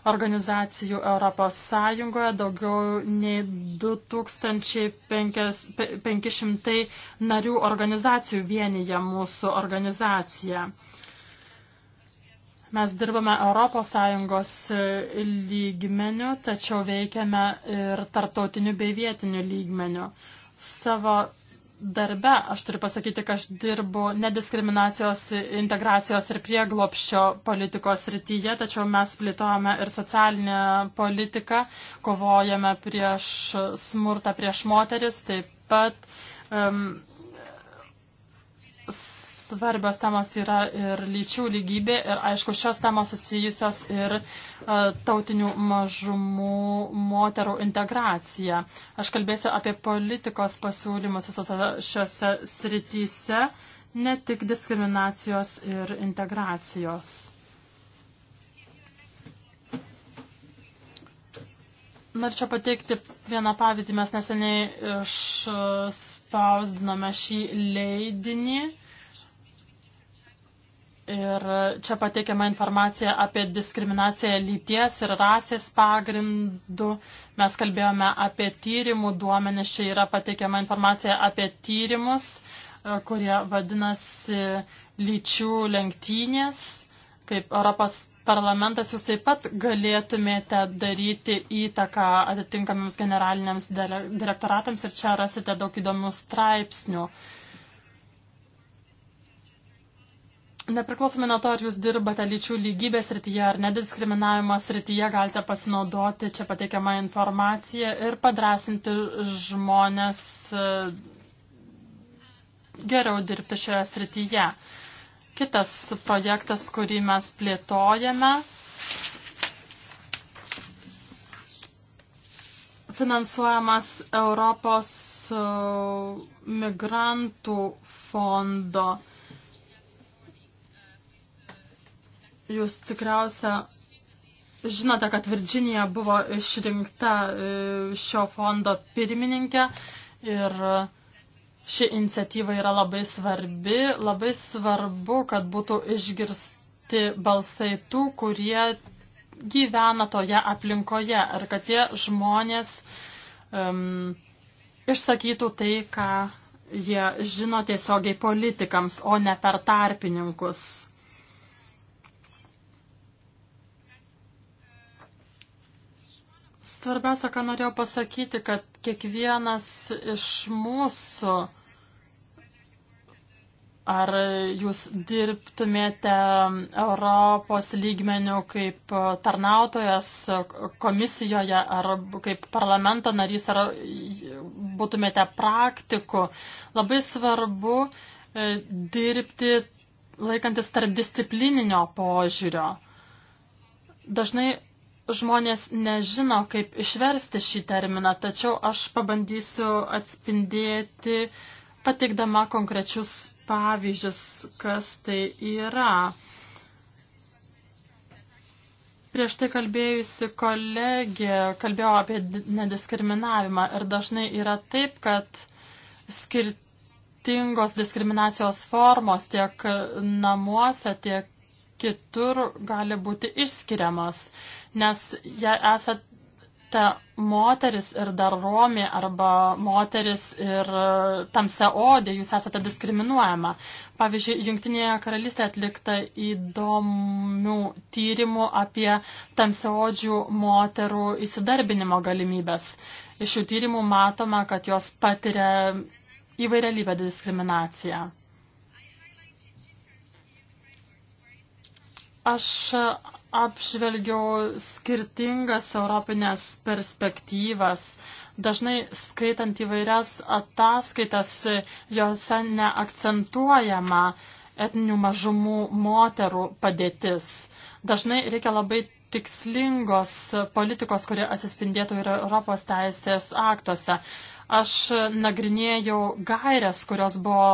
organizacijų Europos Sąjungoje, daugiau nei 2500 narių organizacijų vienyje mūsų organizacija. Mes dirbame Europos Sąjungos lygmeniu, tačiau veikiame ir tartautiniu bei vietiniu lygmeniu. Savo darbe aš turiu pasakyti, kad aš dirbu nediskriminacijos, integracijos ir prieglopščio politikos rytyje, tačiau mes plėtojame ir socialinę politiką, kovojame prieš smurtą prieš moteris, taip pat um, svarbios temos yra ir lyčių lygybė ir aišku šios temos susijusios ir e, tautinių mažumų moterų integracija. Aš kalbėsiu apie politikos pasiūlymus visose šiose srityse, ne tik diskriminacijos ir integracijos. Norėčiau pateikti vieną pavyzdį. Mes neseniai išspausdinome šį leidinį. Ir čia pateikiama informacija apie diskriminaciją lyties ir rasės pagrindų. Mes kalbėjome apie tyrimų duomenis, čia yra pateikiama informacija apie tyrimus, e, kurie vadinasi lyčių lenktynės. Kaip Europos parlamentas jūs taip pat galėtumėte daryti įtaką atitinkamiams generaliniams direktoratams ir čia rasite daug įdomių straipsnių. Uh, Nepriklausomai nuo to, ar jūs dirbate lyčių lygybės rytyje ar nediskriminavimo srityje, galite pasinaudoti čia pateikiamą informaciją ir padrasinti žmonės e, geriau dirbti šioje srityje. Kitas projektas, kurį mes plėtojame, finansuojamas Europos e, migrantų fondo Jūs tikriausia žinote, kad Virginija buvo išrinkta e, šio fondo pirmininkė ir ši iniciatyva yra labai svarbi. Labai svarbu, kad būtų išgirsti balsai tų, kurie gyvena toje aplinkoje ir kad tie žmonės um, išsakytų tai, ką jie žino tiesiogiai politikams, o ne per tarpininkus. Svarbiausia, ką norėjau pasakyti, kad kiekvienas iš mūsų, ar jūs dirbtumėte Europos lygmenių kaip tarnautojas komisijoje, ar kaip parlamento narys, ar būtumėte praktiku, labai svarbu e, dirbti laikantis tarp disciplininio požiūrio. Dažnai žmonės nežino, kaip išversti šį terminą, tačiau aš pabandysiu atspindėti, pateikdama konkrečius pavyzdžius, kas tai yra. Prieš tai kalbėjusi kolegė kalbėjo apie nediskriminavimą ir dažnai yra taip, kad skirtingos diskriminacijos formos tiek namuose, tiek kitur gali būti išskiriamas nes jei esate moteris ir dar romė arba moteris ir e, tamsia odė, jūs esate diskriminuojama. Pavyzdžiui, Junktinėje karalystėje atlikta įdomių tyrimų apie tamsiaodžių moterų įsidarbinimo galimybės. Iš šių tyrimų matoma, kad jos patiria įvairialybę diskriminaciją. Aš apžvelgiau skirtingas europinės perspektyvas. Dažnai skaitant įvairias ataskaitas, jose neakcentuojama etninių mažumų moterų padėtis. Dažnai reikia labai tikslingos politikos, kurie atsispindėtų ir Europos teisės aktuose. Aš nagrinėjau gairias, kurios buvo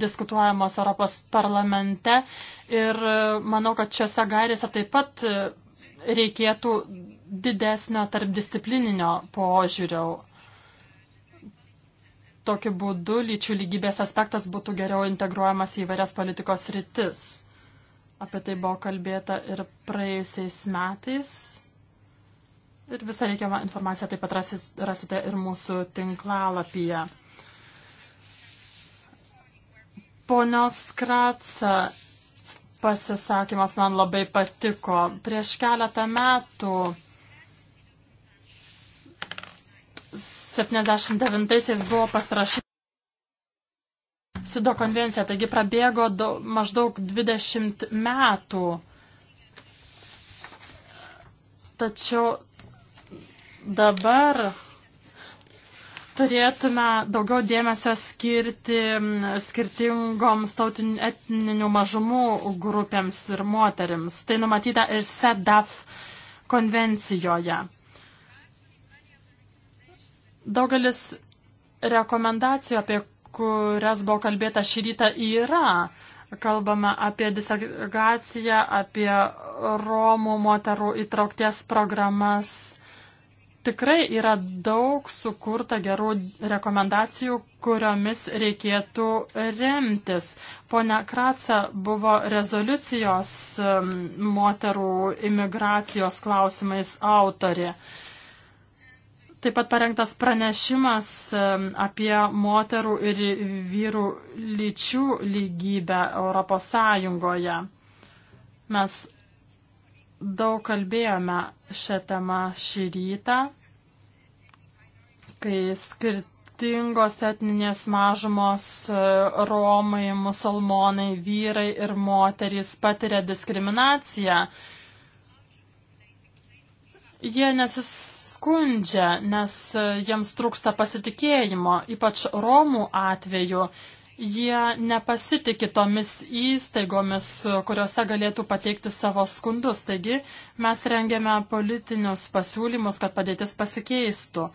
diskutuojamos Europos parlamente. Ir e, manau, kad šiuose gairėse taip pat e, reikėtų didesnio tarpdisciplininio požiūrio. Tokiu būdu lyčių lygybės aspektas būtų geriau integruojamas į vairias politikos rytis. Apie tai buvo kalbėta ir praėjusiais metais. Ir visą reikiamą informaciją taip pat rasite ir mūsų tinklalapyje. Ponios Kratsa pasisakymas man labai patiko. Prieš keletą metų 79-aisiais buvo pasirašyta Sido konvencija, taigi prabėgo daug, maždaug 20 metų. Tačiau dabar turėtume daugiau dėmesio skirti skirtingoms tautinių etninių mažumų grupėms ir moterims. Tai numatyta ir SEDAF konvencijoje. Daugelis rekomendacijų, apie kurias buvo kalbėta šį rytą, yra. Kalbame apie disagregaciją, apie Romų moterų įtraukties programas tikrai yra daug sukurta gerų rekomendacijų, kuriomis reikėtų remtis. Pone Kratsa buvo rezoliucijos moterų imigracijos klausimais autorė. Taip pat parengtas pranešimas apie moterų ir vyrų lyčių lygybę Europos Sąjungoje. Mes daug kalbėjome šią temą šį rytą, kai skirtingos etninės mažumos e, romai, musulmonai, vyrai ir moterys patiria diskriminaciją. Jie nesiskundžia, nes e, jiems trūksta pasitikėjimo, ypač romų atveju jie nepasitikė tomis įstaigomis, kuriuose galėtų pateikti savo skundus. Taigi mes rengėme politinius pasiūlymus, kad padėtis pasikeistų.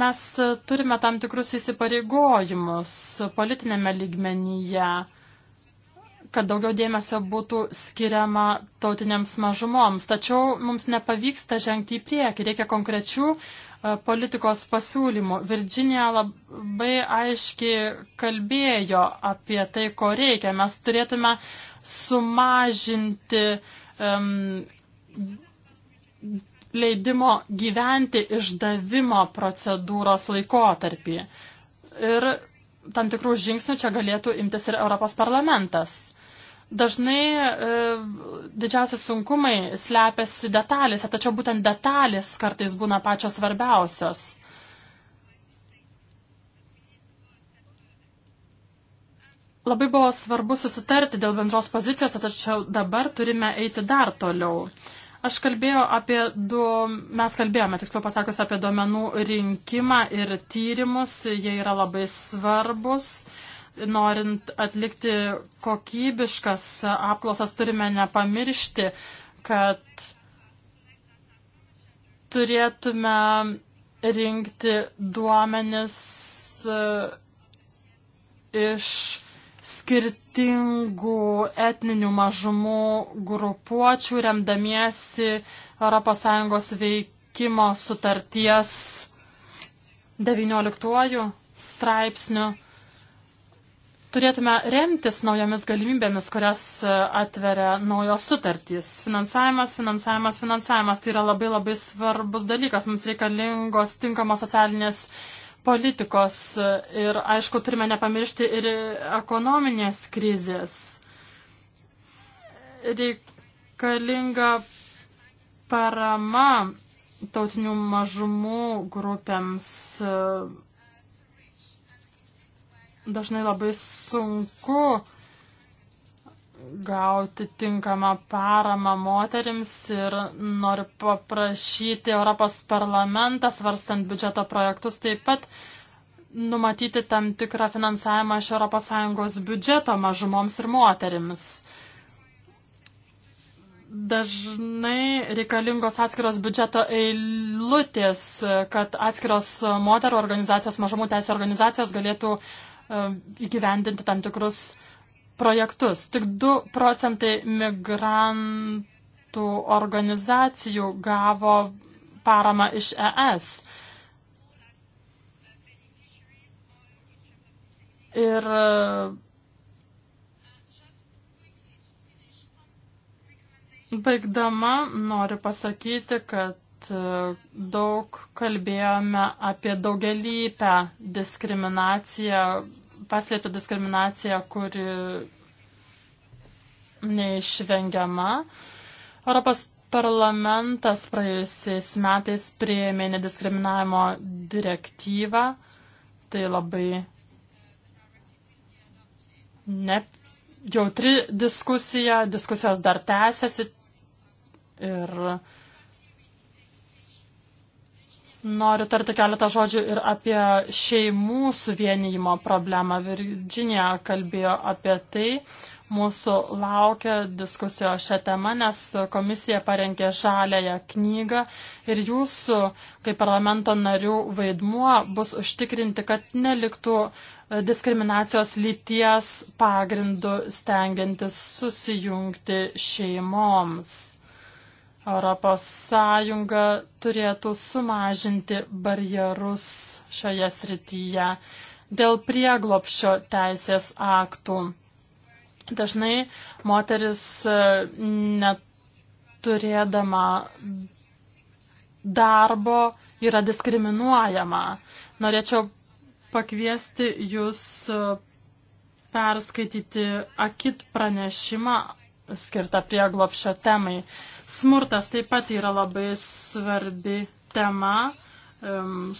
Mes turime tam tikrus įsipareigojimus politinėme lygmenyje, kad daugiau dėmesio būtų skiriama tautinėms mažumoms. Tačiau mums nepavyksta žengti į priekį. Reikia konkrečių uh, E, politikos pasiūlymų. Virginija labai aiškiai kalbėjo apie tai, ko reikia. Mes turėtume sumažinti um, leidimo gyventi išdavimo procedūros laikotarpį. Ir tam tikrų žingsnių čia galėtų imtis ir Europos parlamentas. Dažnai e, didžiausias sunkumai slepiasi detalėse, tačiau būtent detalės kartais būna pačios svarbiausios. Labai buvo svarbu susitarti dėl bendros pozicijos, tačiau dabar turime eiti dar toliau. Aš kalbėjau apie du, mes kalbėjome, tiksliau pasakius, apie duomenų rinkimą ir tyrimus, jie yra labai svarbus. E, norint atlikti kokybiškas apklausas, turime nepamiršti, kad turėtume rinkti duomenis e, iš skirtingų etninių mažumų grupuočių, remdamiesi ES veikimo sutarties 19 straipsniu turėtume remtis naujomis galimybėmis, kurias e, atveria naujos sutartys. Finansavimas, finansavimas, finansavimas tai yra labai labai svarbus dalykas. Mums reikalingos tinkamos socialinės politikos e, ir, aišku, turime nepamiršti ir ekonominės krizės. Reikalinga parama tautinių mažumų grupėms e, dažnai labai sunku gauti tinkamą paramą moterims ir noriu paprašyti Europos parlamentą, svarstant biudžeto projektus, taip pat numatyti tam tikrą finansavimą iš ES biudžeto mažumoms ir moterims. Dažnai reikalingos atskiros biudžeto eilutės, kad atskiros moterų organizacijos, mažumų teisų organizacijos galėtų uh, E, įgyvendinti tam tikrus projektus. Tik 2 procentai migrantų organizacijų gavo paramą iš ES. Ir e, baigdama noriu pasakyti, kad E, daug kalbėjome apie daugelįpę diskriminaciją, paslėptą diskriminaciją, kuri neišvengiama. Europos parlamentas praėjusiais metais prieėmė nediskriminavimo direktyvą. Tai labai ne, jautri diskusija, diskusijos dar tęsiasi ir uh, Noriu tarti keletą žodžių ir apie šeimų suvienijimo problemą. Virginija kalbėjo apie tai. Mūsų laukia diskusija šią temą, nes komisija parengė žalėją knygą ir jūsų, kaip parlamento narių, vaidmuo bus užtikrinti, kad neliktų e, diskriminacijos lyties pagrindų stengiantis susijungti šeimoms. Europos Sąjunga turėtų sumažinti barjerus šioje srityje dėl prieglopšio teisės aktų. Dažnai moteris e, neturėdama darbo yra diskriminuojama. Norėčiau pakviesti jūs e, perskaityti akit pranešimą skirtą prieglopšio temai. Smurtas taip pat yra labai svarbi tema.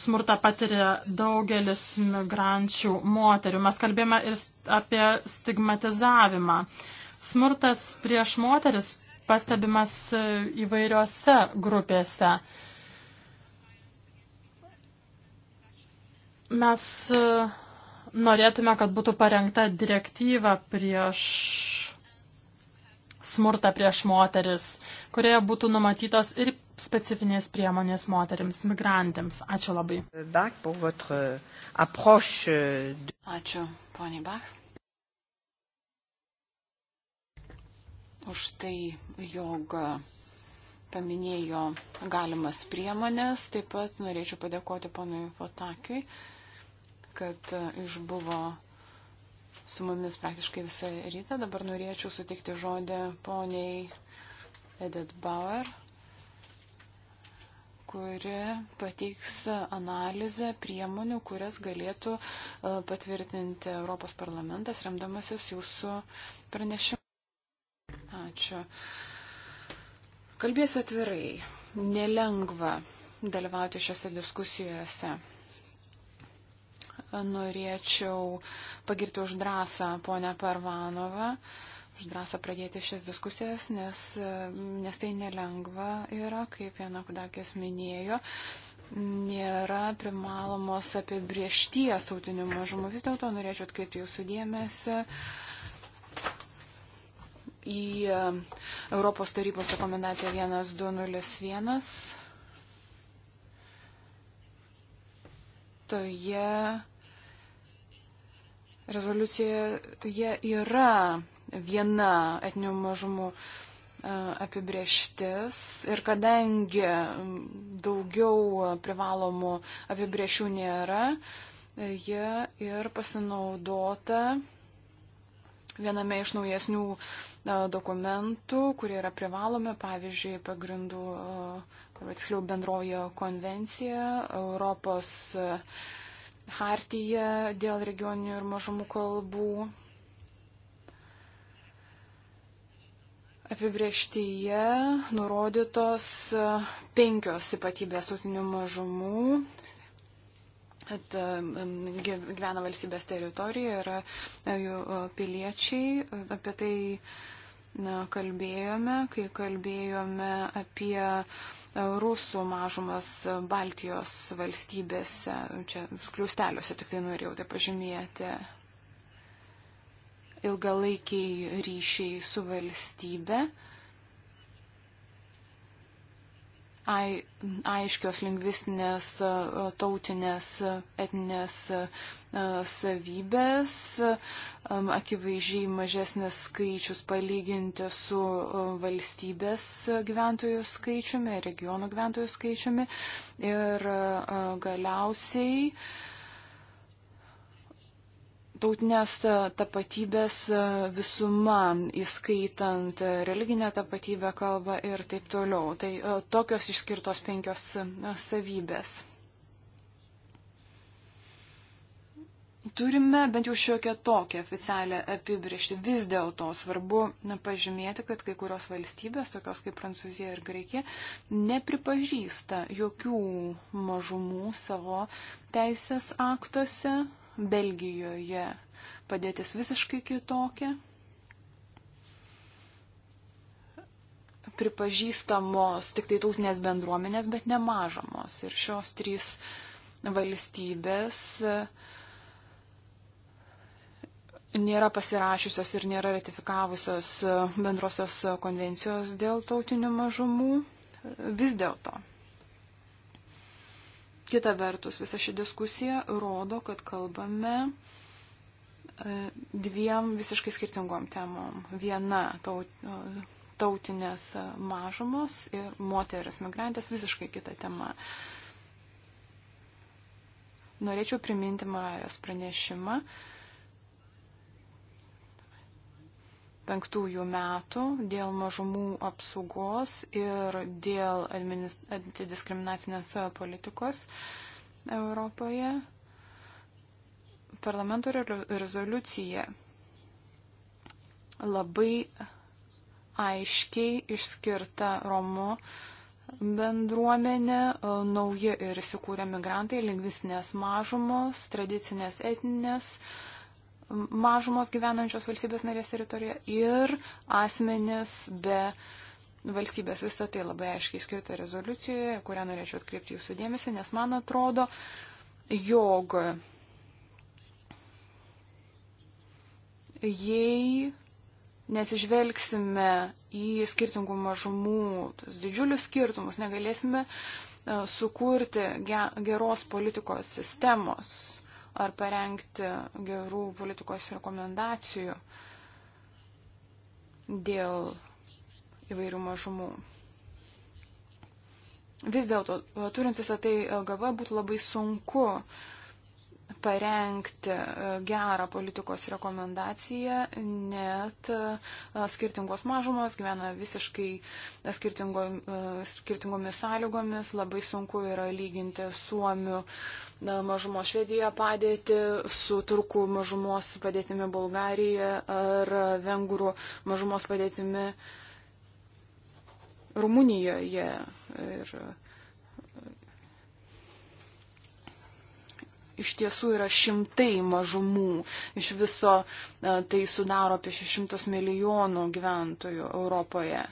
Smurta patiria daugelis migrančių moterių. Mes kalbėjome ir apie stigmatizavimą. Smurtas prieš moteris pastebimas e, įvairiose grupėse. Mes e, norėtume, kad būtų parengta direktyva prieš smurtą prieš moteris, kurioje būtų numatytos ir specifinės priemonės moteriams migrantėms. Ačiū labai. Euh, euh, Ačiū, poniai Bach. Už tai, jog uh, paminėjo galimas priemonės, taip pat norėčiau padėkoti ponui Votakiui, kad uh, išbuvo su mumis praktiškai visą rytą. Dabar norėčiau sutikti žodį poniai Edith Bauer, kuri pateiks analizę priemonių, kurias galėtų e, patvirtinti Europos parlamentas, remdamasis jūsų pranešimu. Ačiū. Kalbėsiu atvirai. Nelengva dalyvauti šiuose diskusijose norėčiau pagirti už drąsą ponę Parvanovą, už drąsą pradėti šias diskusijas, nes, nes tai nelengva yra, kaip Jana Kudakės minėjo. Nėra primalomos apibriešties tautinių mažumų. Vis dėlto norėčiau atkreipti jūsų dėmesį į Europos tarybos rekomendaciją 1201. toje Rezoliucijoje yra viena etnių mažumų e, apibrieštis ir kadangi daugiau privalomų apibriešių nėra, e, jie ir pasinaudota viename iš naujesnių e, dokumentų, kurie yra privalomi, pavyzdžiui, pagrindų, tiksliau bendrojo konvencija, Europos hartiją dėl regioninių ir mažumų kalbų. Apibrieštyje nurodytos penkios ypatybės tautinių mažumų, kad gyvena valstybės teritorija, yra e, jų e, piliečiai. Apie tai na, kalbėjome, kai kalbėjome apie rusų mažumas Baltijos valstybėse, čia skliausteliuose tik tai norėjau tai pažymėti, ilgalaikiai ryšiai su valstybe ai, aiškios lingvistinės, e, tautinės, etinės e, savybės, e, akivaizdžiai mažesnis skaičius palyginti su valstybės gyventojų skaičiumi, regionų gyventojų skaičiumi ir galiausiai tautinės e, tapatybės e, visuma, įskaitant e, religinę tapatybę, kalbą ir taip toliau. Tai tokios išskirtos penkios savybės. Turime bent jau šiokią tokią oficialią apibriežtį. Vis dėlto svarbu pažymėti, kad kai kurios valstybės, tokios kaip Prancūzija ir Graikija, nepripažįsta jokių mažumų savo teisės aktuose Belgijoje padėtis visiškai kitokia. Pripažįstamos tik tai tautinės bendruomenės, bet nemažamos. Ir šios trys valstybės e, nėra pasirašiusios ir nėra ratifikavusios e, bendrosios konvencijos dėl tautinių mažumų. Vis dėlto Kita vertus, visa ši diskusija rodo, kad kalbame e, dviem visiškai skirtingom temom. Viena e, tautinės mažumos ir moteris migrantės visiškai kita tema. Norėčiau priminti Moralės pranešimą, 2005 metų dėl mažumų apsaugos ir dėl antidiskriminacinės politikos Europoje parlamento rezoliucija labai aiškiai išskirta Romų bendruomenė, nauji ir įsikūrę migrantai, lingvistinės mažumos, tradicinės etinės uh, mažumos gyvenančios valstybės narės teritorijoje ir asmenis be valstybės. Visą tai labai aiškiai skirta rezoliucijoje, kurią norėčiau atkreipti jūsų dėmesį, nes man atrodo, jog jei nesižvelgsime į skirtingų mažumų, tos didžiulius skirtumus, negalėsime e, sukurti geros politikos sistemos ar parengti gerų politikos rekomendacijų dėl įvairių mažumų. Vis dėlto, turint visą tai e, galvoje, būtų labai sunku uh, parengti e, gerą politikos rekomendaciją, net e, skirtingos mažumos gyvena visiškai skirtingo, e, skirtingomis sąlygomis, labai sunku yra lyginti suomių mažumo Švedijoje padėti su turkų mažumos padėtimi Bulgarija ar vengrų mažumos padėtimi Rumunijoje. Ir, iš tiesų yra šimtai mažumų. Iš viso e, tai sudaro apie 600 milijonų gyventojų Europoje.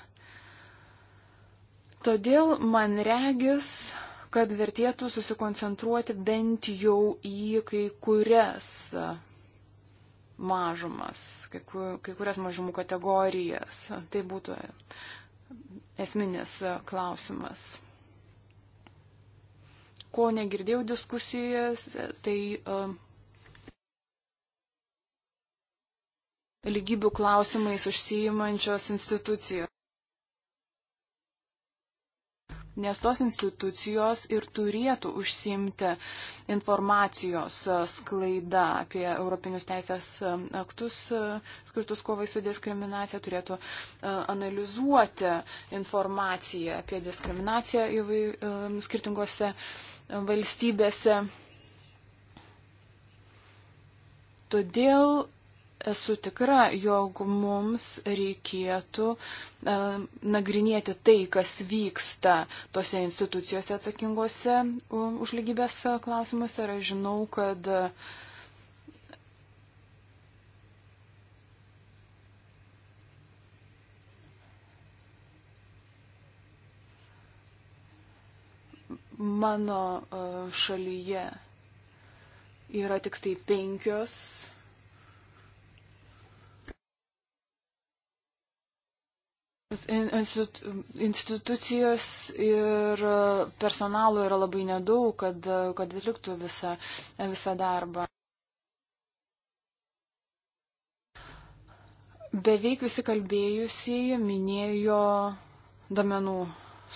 Todėl man regis, kad vertėtų susikoncentruoti bent jau į kai kurias e, mažumas, kai, kai kurias mažumų kategorijas. Tai būtų esminis e, klausimas ko negirdėjau diskusijose, tai e, lygybių klausimais užsijimančios institucijos. Nes tos institucijos ir turėtų užsimti informacijos e, sklaida apie Europinius teisės e, aktus skirtus kovai su diskriminacija, turėtų analizuoti informaciją apie diskriminaciją įvai, skirtingose valstybėse. Todėl esu tikra, jog mums reikėtų e, nagrinėti tai, kas vyksta tose institucijose atsakingose už lygybės klausimus. Ir aš žinau, kad e, Mano e, šalyje yra tik tai penkios. Institucijos ir e, personalo yra labai nedaug, kad, e, kad atliktų visą, visą darbą. Beveik visi kalbėjusieji minėjo domenų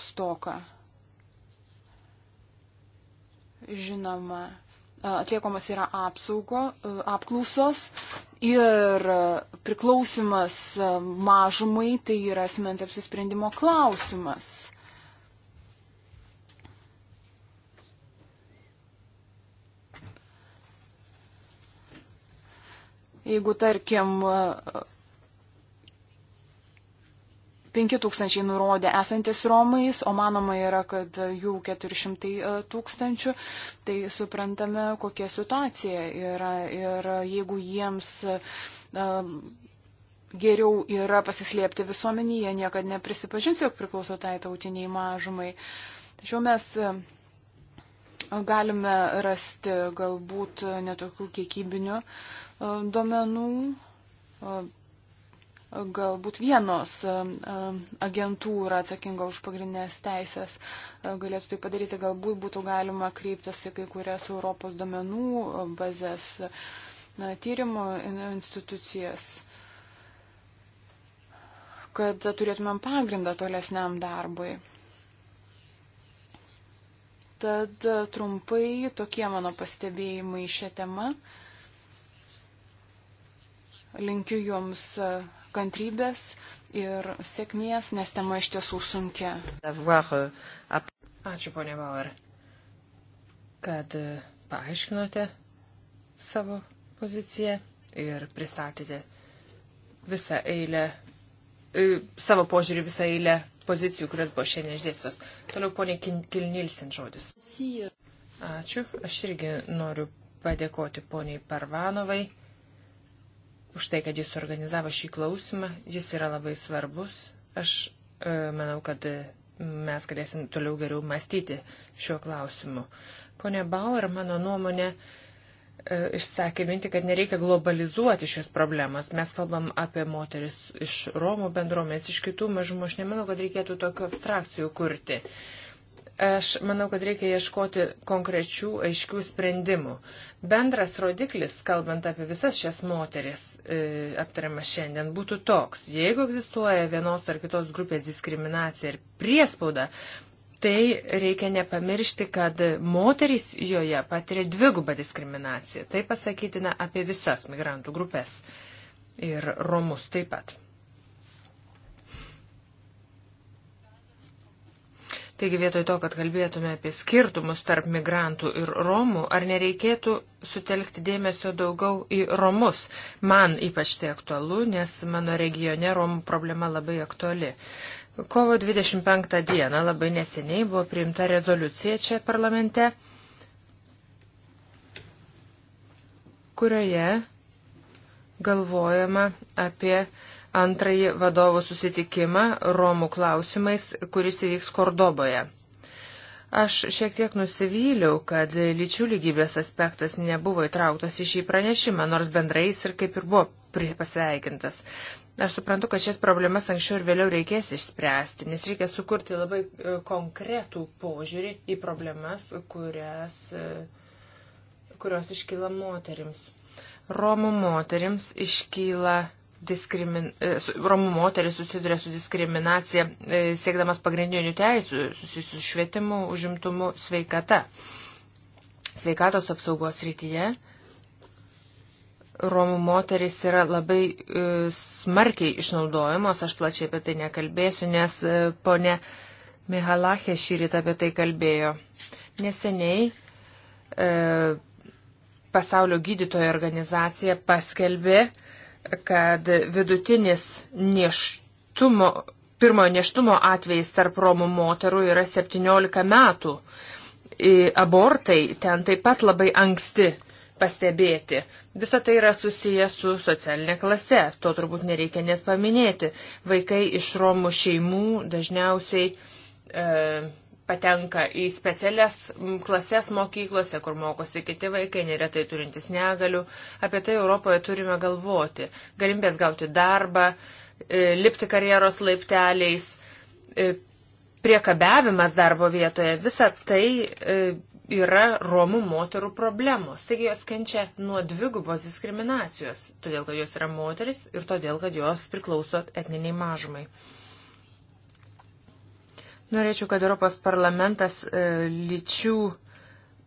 stoką žinoma, atliekamos yra apsaugo, apklausos ir priklausimas mažumai tai yra asmens apsisprendimo klausimas. Jeigu, tarkim, 5000 nurodė esantis Romais, o manoma yra, kad jų 400 e, tūkstančių. Tai suprantame, kokia situacija yra. Ir jeigu jiems e, geriau yra pasislėpti visuomenėje, niekada neprisipažins, jog priklauso tai tautiniai mažumai. Tačiau mes e, galime rasti galbūt netokių kiekybinių duomenų, galbūt vienos e, e, agentūra atsakinga už pagrindinės teisės e, galėtų tai padaryti, galbūt būtų galima kreiptis į kai kurias Europos domenų bazės tyrimo institucijas kad turėtumėm pagrindą tolesniam darbui. Tad trumpai tokie mano pastebėjimai šią temą. Linkiu Jums kantrybės ir sėkmės, nes tema iš tiesų sunkia. Euh, Ačiū, ponė Bauer, kad e, paaiškinote savo poziciją ir pristatėte visą eilę, e, savo požiūrį visą eilę pozicijų, kurios buvo šiandien išdėstos. Toliau ponė Kilnilsin žodis. Ačiū. Aš irgi noriu padėkoti poniai Parvanovai už tai, kad jis organizavo šį klausimą. Jis yra labai svarbus. Aš e, manau, kad e, mes galėsim toliau geriau mąstyti šiuo klausimu. Pone Bauer, mano nuomonė, e, išsakė minti, kad nereikia globalizuoti šios problemas. Mes kalbam apie moteris iš Romų bendruomenės, iš kitų mažumų. Aš nemanau, kad reikėtų tokių abstrakcijų kurti. E, Aš manau, kad reikia ieškoti konkrečių, aiškių sprendimų. Bendras rodiklis, kalbant apie visas šias moteris e, aptariamas šiandien, būtų toks. Jeigu egzistuoja vienos ar kitos grupės diskriminacija ir priespauda, tai reikia nepamiršti, kad moterys joje patiria dvigubą diskriminaciją. Tai pasakytina apie visas migrantų grupės ir romus taip pat. Taigi vietoj to, kad kalbėtume apie skirtumus tarp migrantų ir romų, ar nereikėtų sutelkti dėmesio daugiau į romus? Man ypač tai aktualu, nes mano regione romų problema labai aktuali. Kovo 25 dieną labai neseniai buvo priimta rezoliucija čia parlamente, kurioje galvojama apie antrąjį vadovų susitikimą Romų klausimais, kuris įvyks Kordoboje. Aš šiek tiek nusivyliau, kad lyčių lygybės aspektas nebuvo įtrauktas į šį pranešimą, nors bendrais ir kaip ir buvo pasveikintas. Aš suprantu, kad šias problemas anksčiau ir vėliau reikės išspręsti, nes reikia sukurti labai e, konkretų požiūrį į problemas, kurias, e, kurios iškyla moterims. Romų moterims iškyla diskrimin... E, romų moteris susiduria su diskriminacija, e, siekdamas pagrindinių teisų susijusių su švietimu, užimtumu, sveikata. Sveikatos apsaugos rytyje Romų moteris yra labai e, smarkiai išnaudojamos, aš plačiai apie tai nekalbėsiu, nes ponė Mihalachė šį rytą apie tai kalbėjo. Neseniai e, pasaulio gydytojo organizacija paskelbė, e, kad vidutinis neštumo, pirmojo neštumo atvejais tarp romų moterų yra 17 metų. Abortai ten taip pat labai anksti pastebėti. Visa tai yra susiję su socialinė klase, to turbūt nereikia net paminėti. Vaikai iš romų šeimų dažniausiai e, patenka į specialias klases mokyklose, kur mokosi kiti vaikai, neretai turintys negalių. Apie tai Europoje turime galvoti. Galimybės gauti darbą, e, lipti karjeros laipteliais, e, priekabiavimas darbo vietoje, visa tai e, yra romų moterų problemos. Taigi jos kenčia nuo dvigubos diskriminacijos, todėl kad jos yra moteris ir todėl kad jos priklauso etniniai mažumai. Norėčiau, kad Europos parlamentas e, lyčių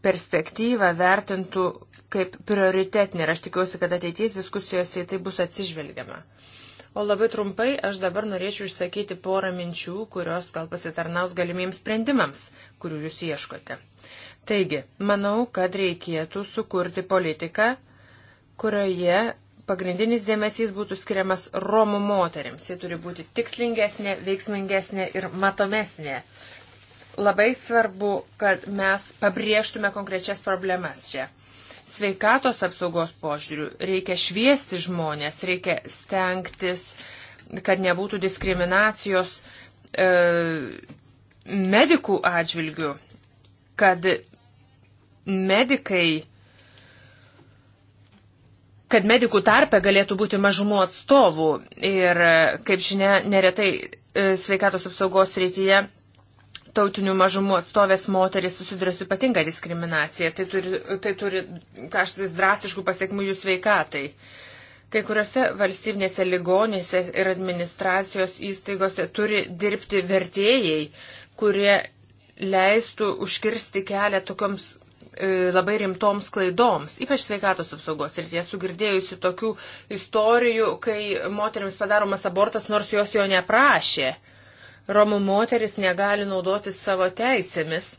perspektyvą vertintų kaip prioritetinį ir aš tikiuosi, kad ateities diskusijose į tai bus atsižvelgiama. O labai trumpai aš dabar norėčiau išsakyti porą minčių, kurios gal pasitarnaus galimiems sprendimams, kurių jūs ieškote. Taigi, manau, kad reikėtų sukurti politiką, kurioje pagrindinis dėmesys būtų skiriamas Romų moteriams. Ji turi būti tikslingesnė, veiksmingesnė ir matomesnė. Labai svarbu, kad mes pabrėžtume konkrečias problemas čia. Sveikatos apsaugos požiūrių reikia šviesti žmonės, reikia stengtis, kad nebūtų diskriminacijos e, medikų atžvilgių, kad medikai kad medikų tarpe galėtų būti mažumų atstovų ir, kaip žinia, neretai e, sveikatos apsaugos rytyje tautinių mažumų atstovės moteris susiduria su ypatinga diskriminacija. Tai turi, tai turi kažkokius drastiškų pasiekmių jų sveikatai. Kai kuriuose valstybinėse ligonėse ir administracijos įstaigose turi dirbti vertėjai, kurie leistų užkirsti kelią tokioms E, labai rimtoms klaidoms, ypač sveikatos apsaugos ir jie sugirdėjusi tokių istorijų, kai moteriams padaromas abortas, nors jos jo neprašė. Romų moteris negali naudotis savo teisėmis.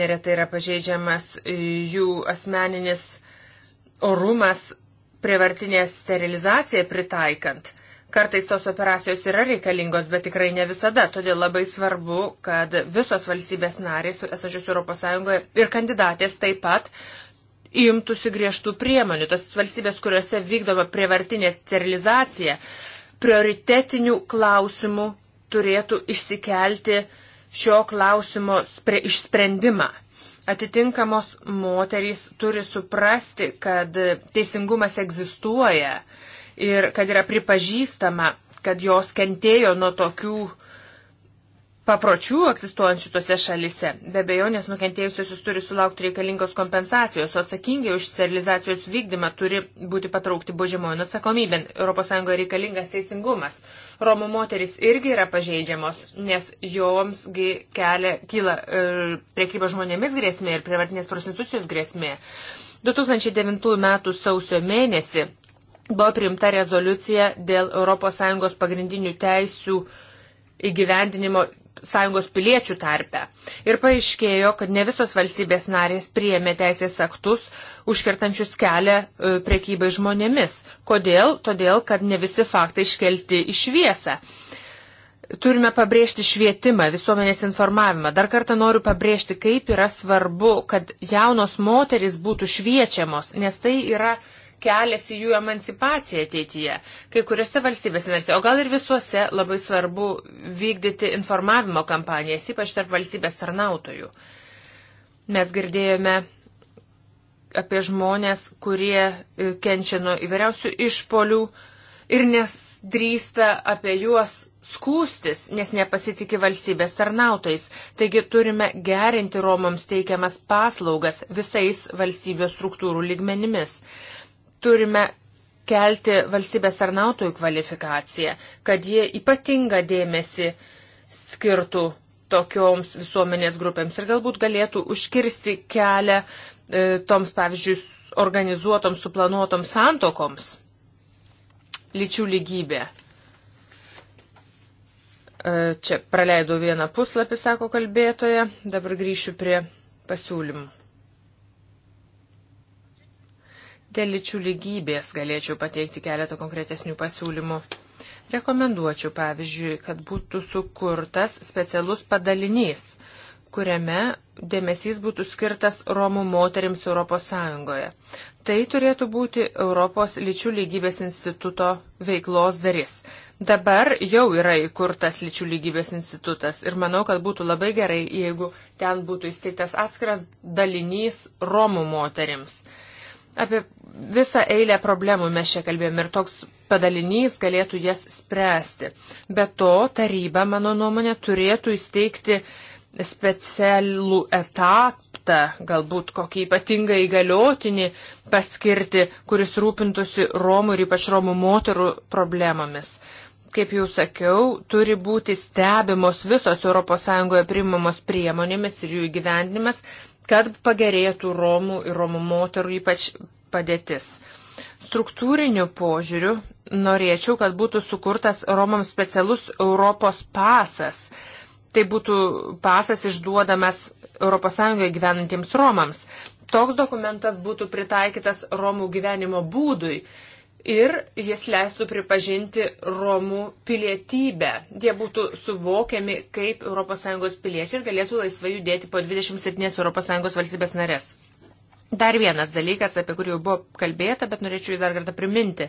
Neretai yra pažeidžiamas jų asmeninis orumas prievartinės sterilizaciją pritaikant. Kartais tos operacijos yra reikalingos, bet tikrai ne visada. Todėl labai svarbu, kad visos valstybės narės, esančios ES ir kandidatės taip pat imtųsi griežtų priemonių. Tos valstybės, kuriuose vykdoma prievartinė sterilizacija, prioritetinių klausimų turėtų išsikelti šio klausimo išsprendimą atitinkamos moterys turi suprasti, kad teisingumas egzistuoja ir kad yra pripažįstama, kad jos kentėjo nuo tokių papročių egzistuojančių tose šalise. Be bejonės nukentėjusiosius turi sulaukti reikalingos kompensacijos, o atsakingi už sterilizacijos vykdymą turi būti patraukti baudžiamojo atsakomybėn. ES reikalingas teisingumas. Romų moteris irgi yra pažeidžiamos, nes joms kelia, kyla e, priekyba žmonėmis grėsmė ir prievartinės prostitucijos grėsmė. 2009 m. sausio mėnesį buvo priimta rezoliucija dėl ES pagrindinių teisių įgyvendinimo sąjungos piliečių tarpe. Ir paaiškėjo, kad ne visos valstybės narės priėmė teisės aktus, užkirtančius kelią e, priekybai žmonėmis. Kodėl? Todėl, kad ne visi faktai iškelti į šviesą. Turime pabrėžti švietimą, visuomenės informavimą. Dar kartą noriu pabrėžti, kaip yra svarbu, kad jaunos moteris būtų šviečiamos, nes tai yra uh, kelias į jų emancipaciją ateityje. Kai kuriuose valstybės narėse, o gal ir visuose, labai svarbu vykdyti informavimo kampanijas, ypač tarp valstybės tarnautojų. Mes girdėjome apie žmonės, kurie e, kenčia nuo įvairiausių išpolių ir nesdrįsta apie juos skūstis, nes nepasitikė valstybės tarnautais. Taigi turime gerinti Romams teikiamas paslaugas visais valstybės struktūrų lygmenimis turime kelti valstybės tarnautojų kvalifikaciją, kad jie ypatingą dėmesį skirtų tokioms visuomenės grupėms ir galbūt galėtų užkirsti kelią e, toms, pavyzdžiui, organizuotoms, suplanuotoms santokoms. Lyčių lygybė. E, čia praleidau vieną puslapį, sako kalbėtoja, dabar grįšiu prie pasiūlymų. Dėl lyčių lygybės galėčiau pateikti keletą konkretesnių pasiūlymų. Rekomenduočiau, pavyzdžiui, kad būtų sukurtas specialus padalinys, kuriame dėmesys būtų skirtas Romų moterims ES. Tai turėtų būti Europos lyčių lygybės instituto veiklos dalis. Dabar jau yra įkurtas lyčių lygybės institutas ir manau, kad būtų labai gerai, jeigu ten būtų įsteigtas atskiras dalinys Romų moterims. Apie visą eilę problemų mes čia kalbėjom ir toks padalinys galėtų jas spręsti. Be to, taryba, mano nuomonė, turėtų įsteigti specialų etapą, galbūt kokį ypatingą įgaliotinį paskirti, kuris rūpintųsi Romų ir ypač Romų moterų problemomis. Kaip jau sakiau, turi būti stebimos visos ES primamos priemonėmis ir jų įgyvendinimas, kad pagerėtų Romų ir Romų moterų ypač padėtis. Struktūriniu požiūriu norėčiau, kad būtų sukurtas Romams specialus Europos pasas. Tai būtų pasas išduodamas ES gyvenantiems Romams. Toks dokumentas būtų pritaikytas Romų gyvenimo būdui ir jis leistų pripažinti Romų pilietybę. Jie būtų suvokiami kaip ES piliečiai ir galėtų laisvai judėti po 27 ES valstybės narės. Dar vienas dalykas, apie kurį jau buvo kalbėta, bet norėčiau jį dar kartą priminti.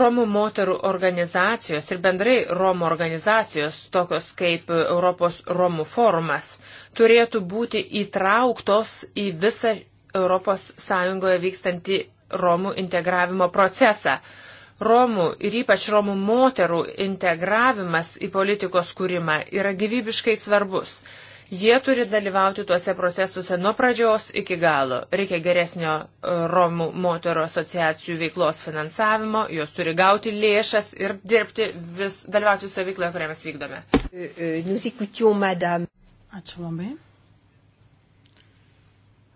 Romų moterų organizacijos ir bendrai Romų organizacijos, tokios kaip Europos Romų forumas, turėtų būti įtrauktos į visą ES vykstantį Romų integravimo procesą. Romų ir ypač Romų moterų integravimas į politikos kūrimą yra gyvybiškai svarbus. Jie turi dalyvauti tuose procesuose nuo pradžios iki galo. Reikia geresnio e, Romų moterų asociacijų veiklos finansavimo, jos turi gauti lėšas ir dirbti vis dalyvauti visoje veikloje, kurią mes vykdome. E, e, Ačiū labai.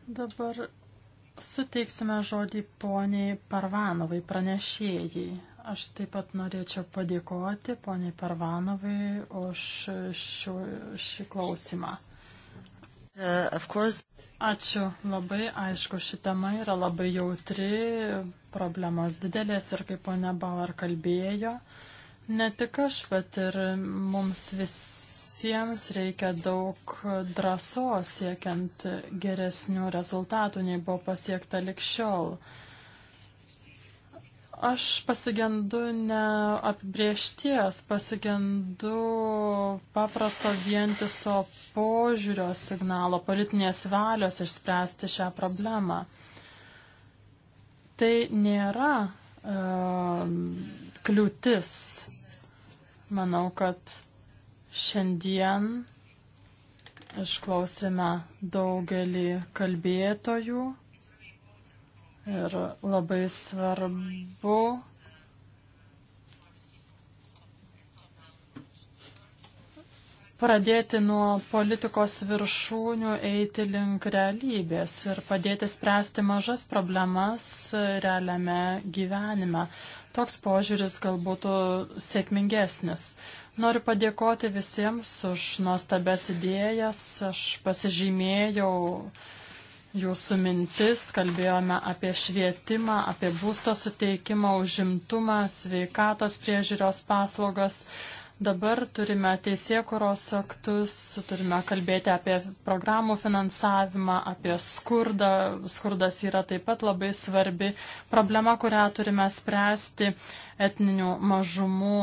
Dabar suteiksime žodį poniai Parvanovai pranešėjai. Aš taip pat norėčiau padėkoti poniai Parvanovai už šiu, šį klausimą. Uh, Ačiū labai, aišku, ši tema yra labai jautri, problemos didelės ir kaip ponia Bauer kalbėjo, ne tik aš, bet ir mums visiems reikia daug drąsos siekiant geresnių rezultatų, nei buvo pasiekta likščiol. šiol. Aš pasigendu neapibriešties, pasigendu paprasto vientiso požiūrio signalo, politinės valios išspręsti šią problemą. Tai nėra e, kliūtis. Manau, kad šiandien išklausime daugelį kalbėtojų. Ir labai svarbu pradėti nuo politikos viršūnių eiti link realybės ir padėti spręsti mažas problemas realiame gyvenime. Toks požiūris gal būtų sėkmingesnis. Noriu padėkoti visiems už nuostabes idėjas. Aš pasižymėjau uh, jūsų mintis, kalbėjome apie švietimą, apie būsto suteikimą, užimtumą, sveikatos priežiūros paslaugas. Dabar turime teisėkuros aktus, turime kalbėti apie programų finansavimą, apie skurdą. Skurdas yra taip pat labai svarbi problema, kurią turime spręsti etninių mažumų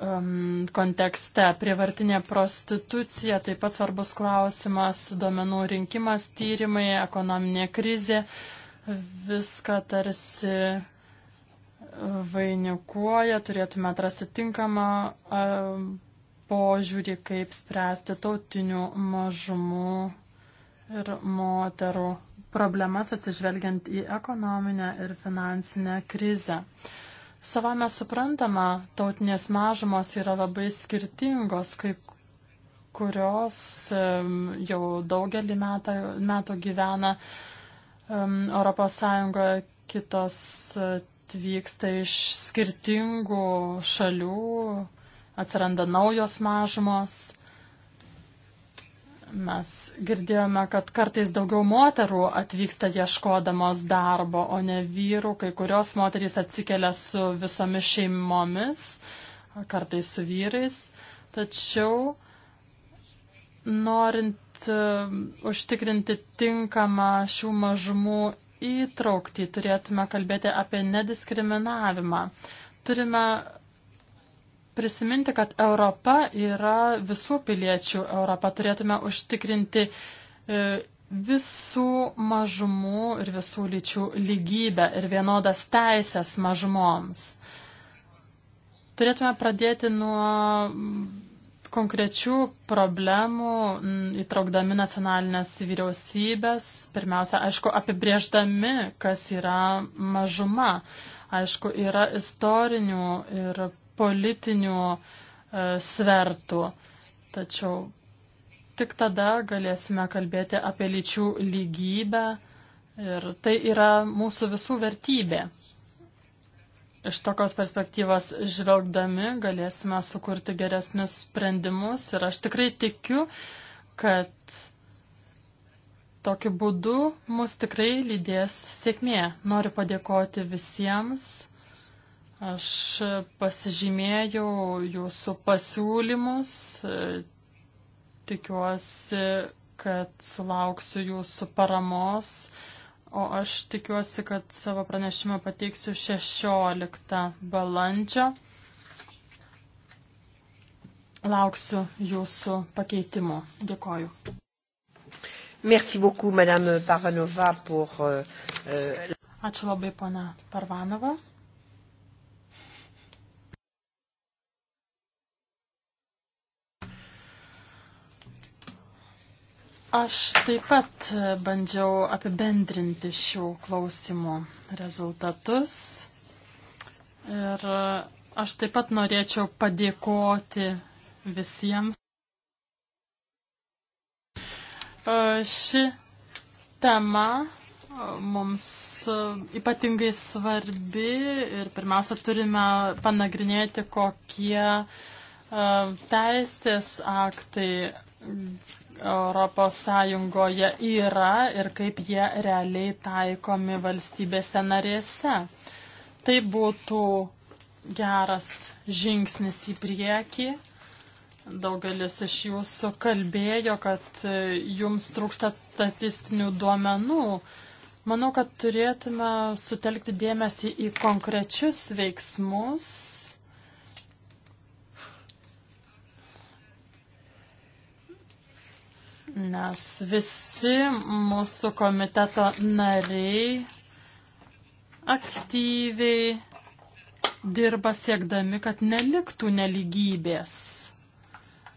um, kontekste. Prievartinė prostitucija, taip pat svarbus klausimas, duomenų rinkimas, tyrimai, ekonominė krizė, viską tarsi vainikuoja, turėtume atrasti tinkamą um, požiūrį, kaip spręsti tautinių mažumų ir moterų problemas atsižvelgiant į ekonominę ir finansinę krizę. Uh, Savame suprantama, tautinės mažumos yra labai skirtingos, kai kurios jau daugelį metą, metų gyvena Europos Sąjungoje, kitos e, atvyksta iš skirtingų šalių, atsiranda naujos mažumos. Mes girdėjome, kad kartais daugiau moterų atvyksta ieškodamos darbo, o ne vyrų. Kai kurios moterys atsikelia su visomis šeimomis, kartais su vyrais. Tačiau norint e, užtikrinti tinkamą šių mažumų įtraukti, turėtume kalbėti apie nediskriminavimą. Turime prisiminti, kad Europa yra visų piliečių Europa. Turėtume užtikrinti e, visų mažumų ir visų lyčių lygybę ir vienodas teisės mažumoms. Turėtume pradėti nuo konkrečių problemų, įtraukdami nacionalinės vyriausybės, pirmiausia, aišku, apibrėždami, kas yra mažuma. Aišku, yra istorinių ir politinių e, svertų. Tačiau tik tada galėsime kalbėti apie lyčių lygybę ir tai yra mūsų visų vertybė. Iš tokios perspektyvos žvelgdami galėsime sukurti geresnius sprendimus ir aš tikrai tikiu, kad tokiu būdu mus tikrai lydės sėkmė. Noriu padėkoti visiems Aš pasižymėjau jūsų pasiūlymus, tikiuosi, kad sulauksiu jūsų paramos, o aš tikiuosi, kad savo pranešimą pateiksiu 16 balandžio. Lauksiu jūsų pakeitimų. Dėkoju. Merci beaucoup, Madame Parvanova, pour. Euh, euh Ačiū labai, pana Parvanova. Aš taip pat bandžiau apibendrinti šių klausimų rezultatus. Ir aš taip pat norėčiau padėkoti visiems. E, ši tema e, mums e, ypatingai svarbi ir pirmiausia turime panagrinėti, kokie teisės aktai ES yra ir kaip jie realiai taikomi valstybėse narėse. Tai būtų geras žingsnis į priekį. Daugelis iš jūsų kalbėjo, kad e, jums trūksta statistinių duomenų. Manau, kad turėtume sutelkti dėmesį į konkrečius veiksmus nes visi mūsų komiteto nariai aktyviai dirba siekdami, kad neliktų neligybės.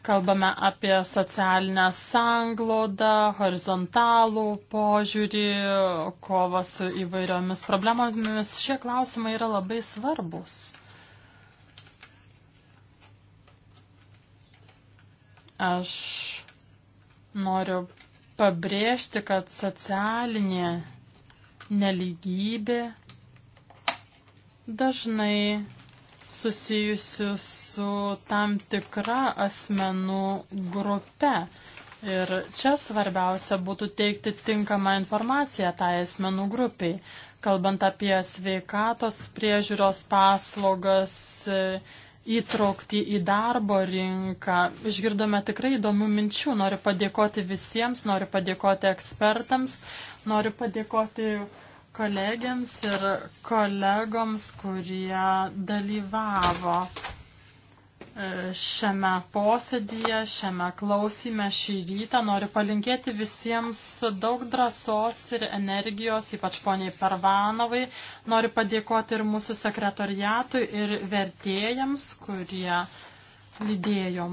Kalbame apie socialinę sanglodą, horizontalų požiūrį, kovą su įvairiomis problemomis. Šie klausimai yra labai svarbus. Aš Noriu pabrėžti, kad socialinė neligybė dažnai susijusi su tam tikra asmenų grupe. Ir čia svarbiausia būtų teikti tinkamą informaciją tai asmenų grupiai, kalbant apie sveikatos priežiūros paslaugas, e, įtraukti į darbo rinką. Išgirdome tikrai įdomių minčių. Noriu padėkoti visiems, noriu padėkoti ekspertams, noriu padėkoti kolegiams ir kolegoms, kurie dalyvavo šiame posėdyje, šiame klausime šį rytą. Noriu palinkėti visiems daug drąsos ir energijos, ypač poniai Parvanovai. Noriu padėkoti ir mūsų sekretoriatui ir vertėjams, kurie lydėjo.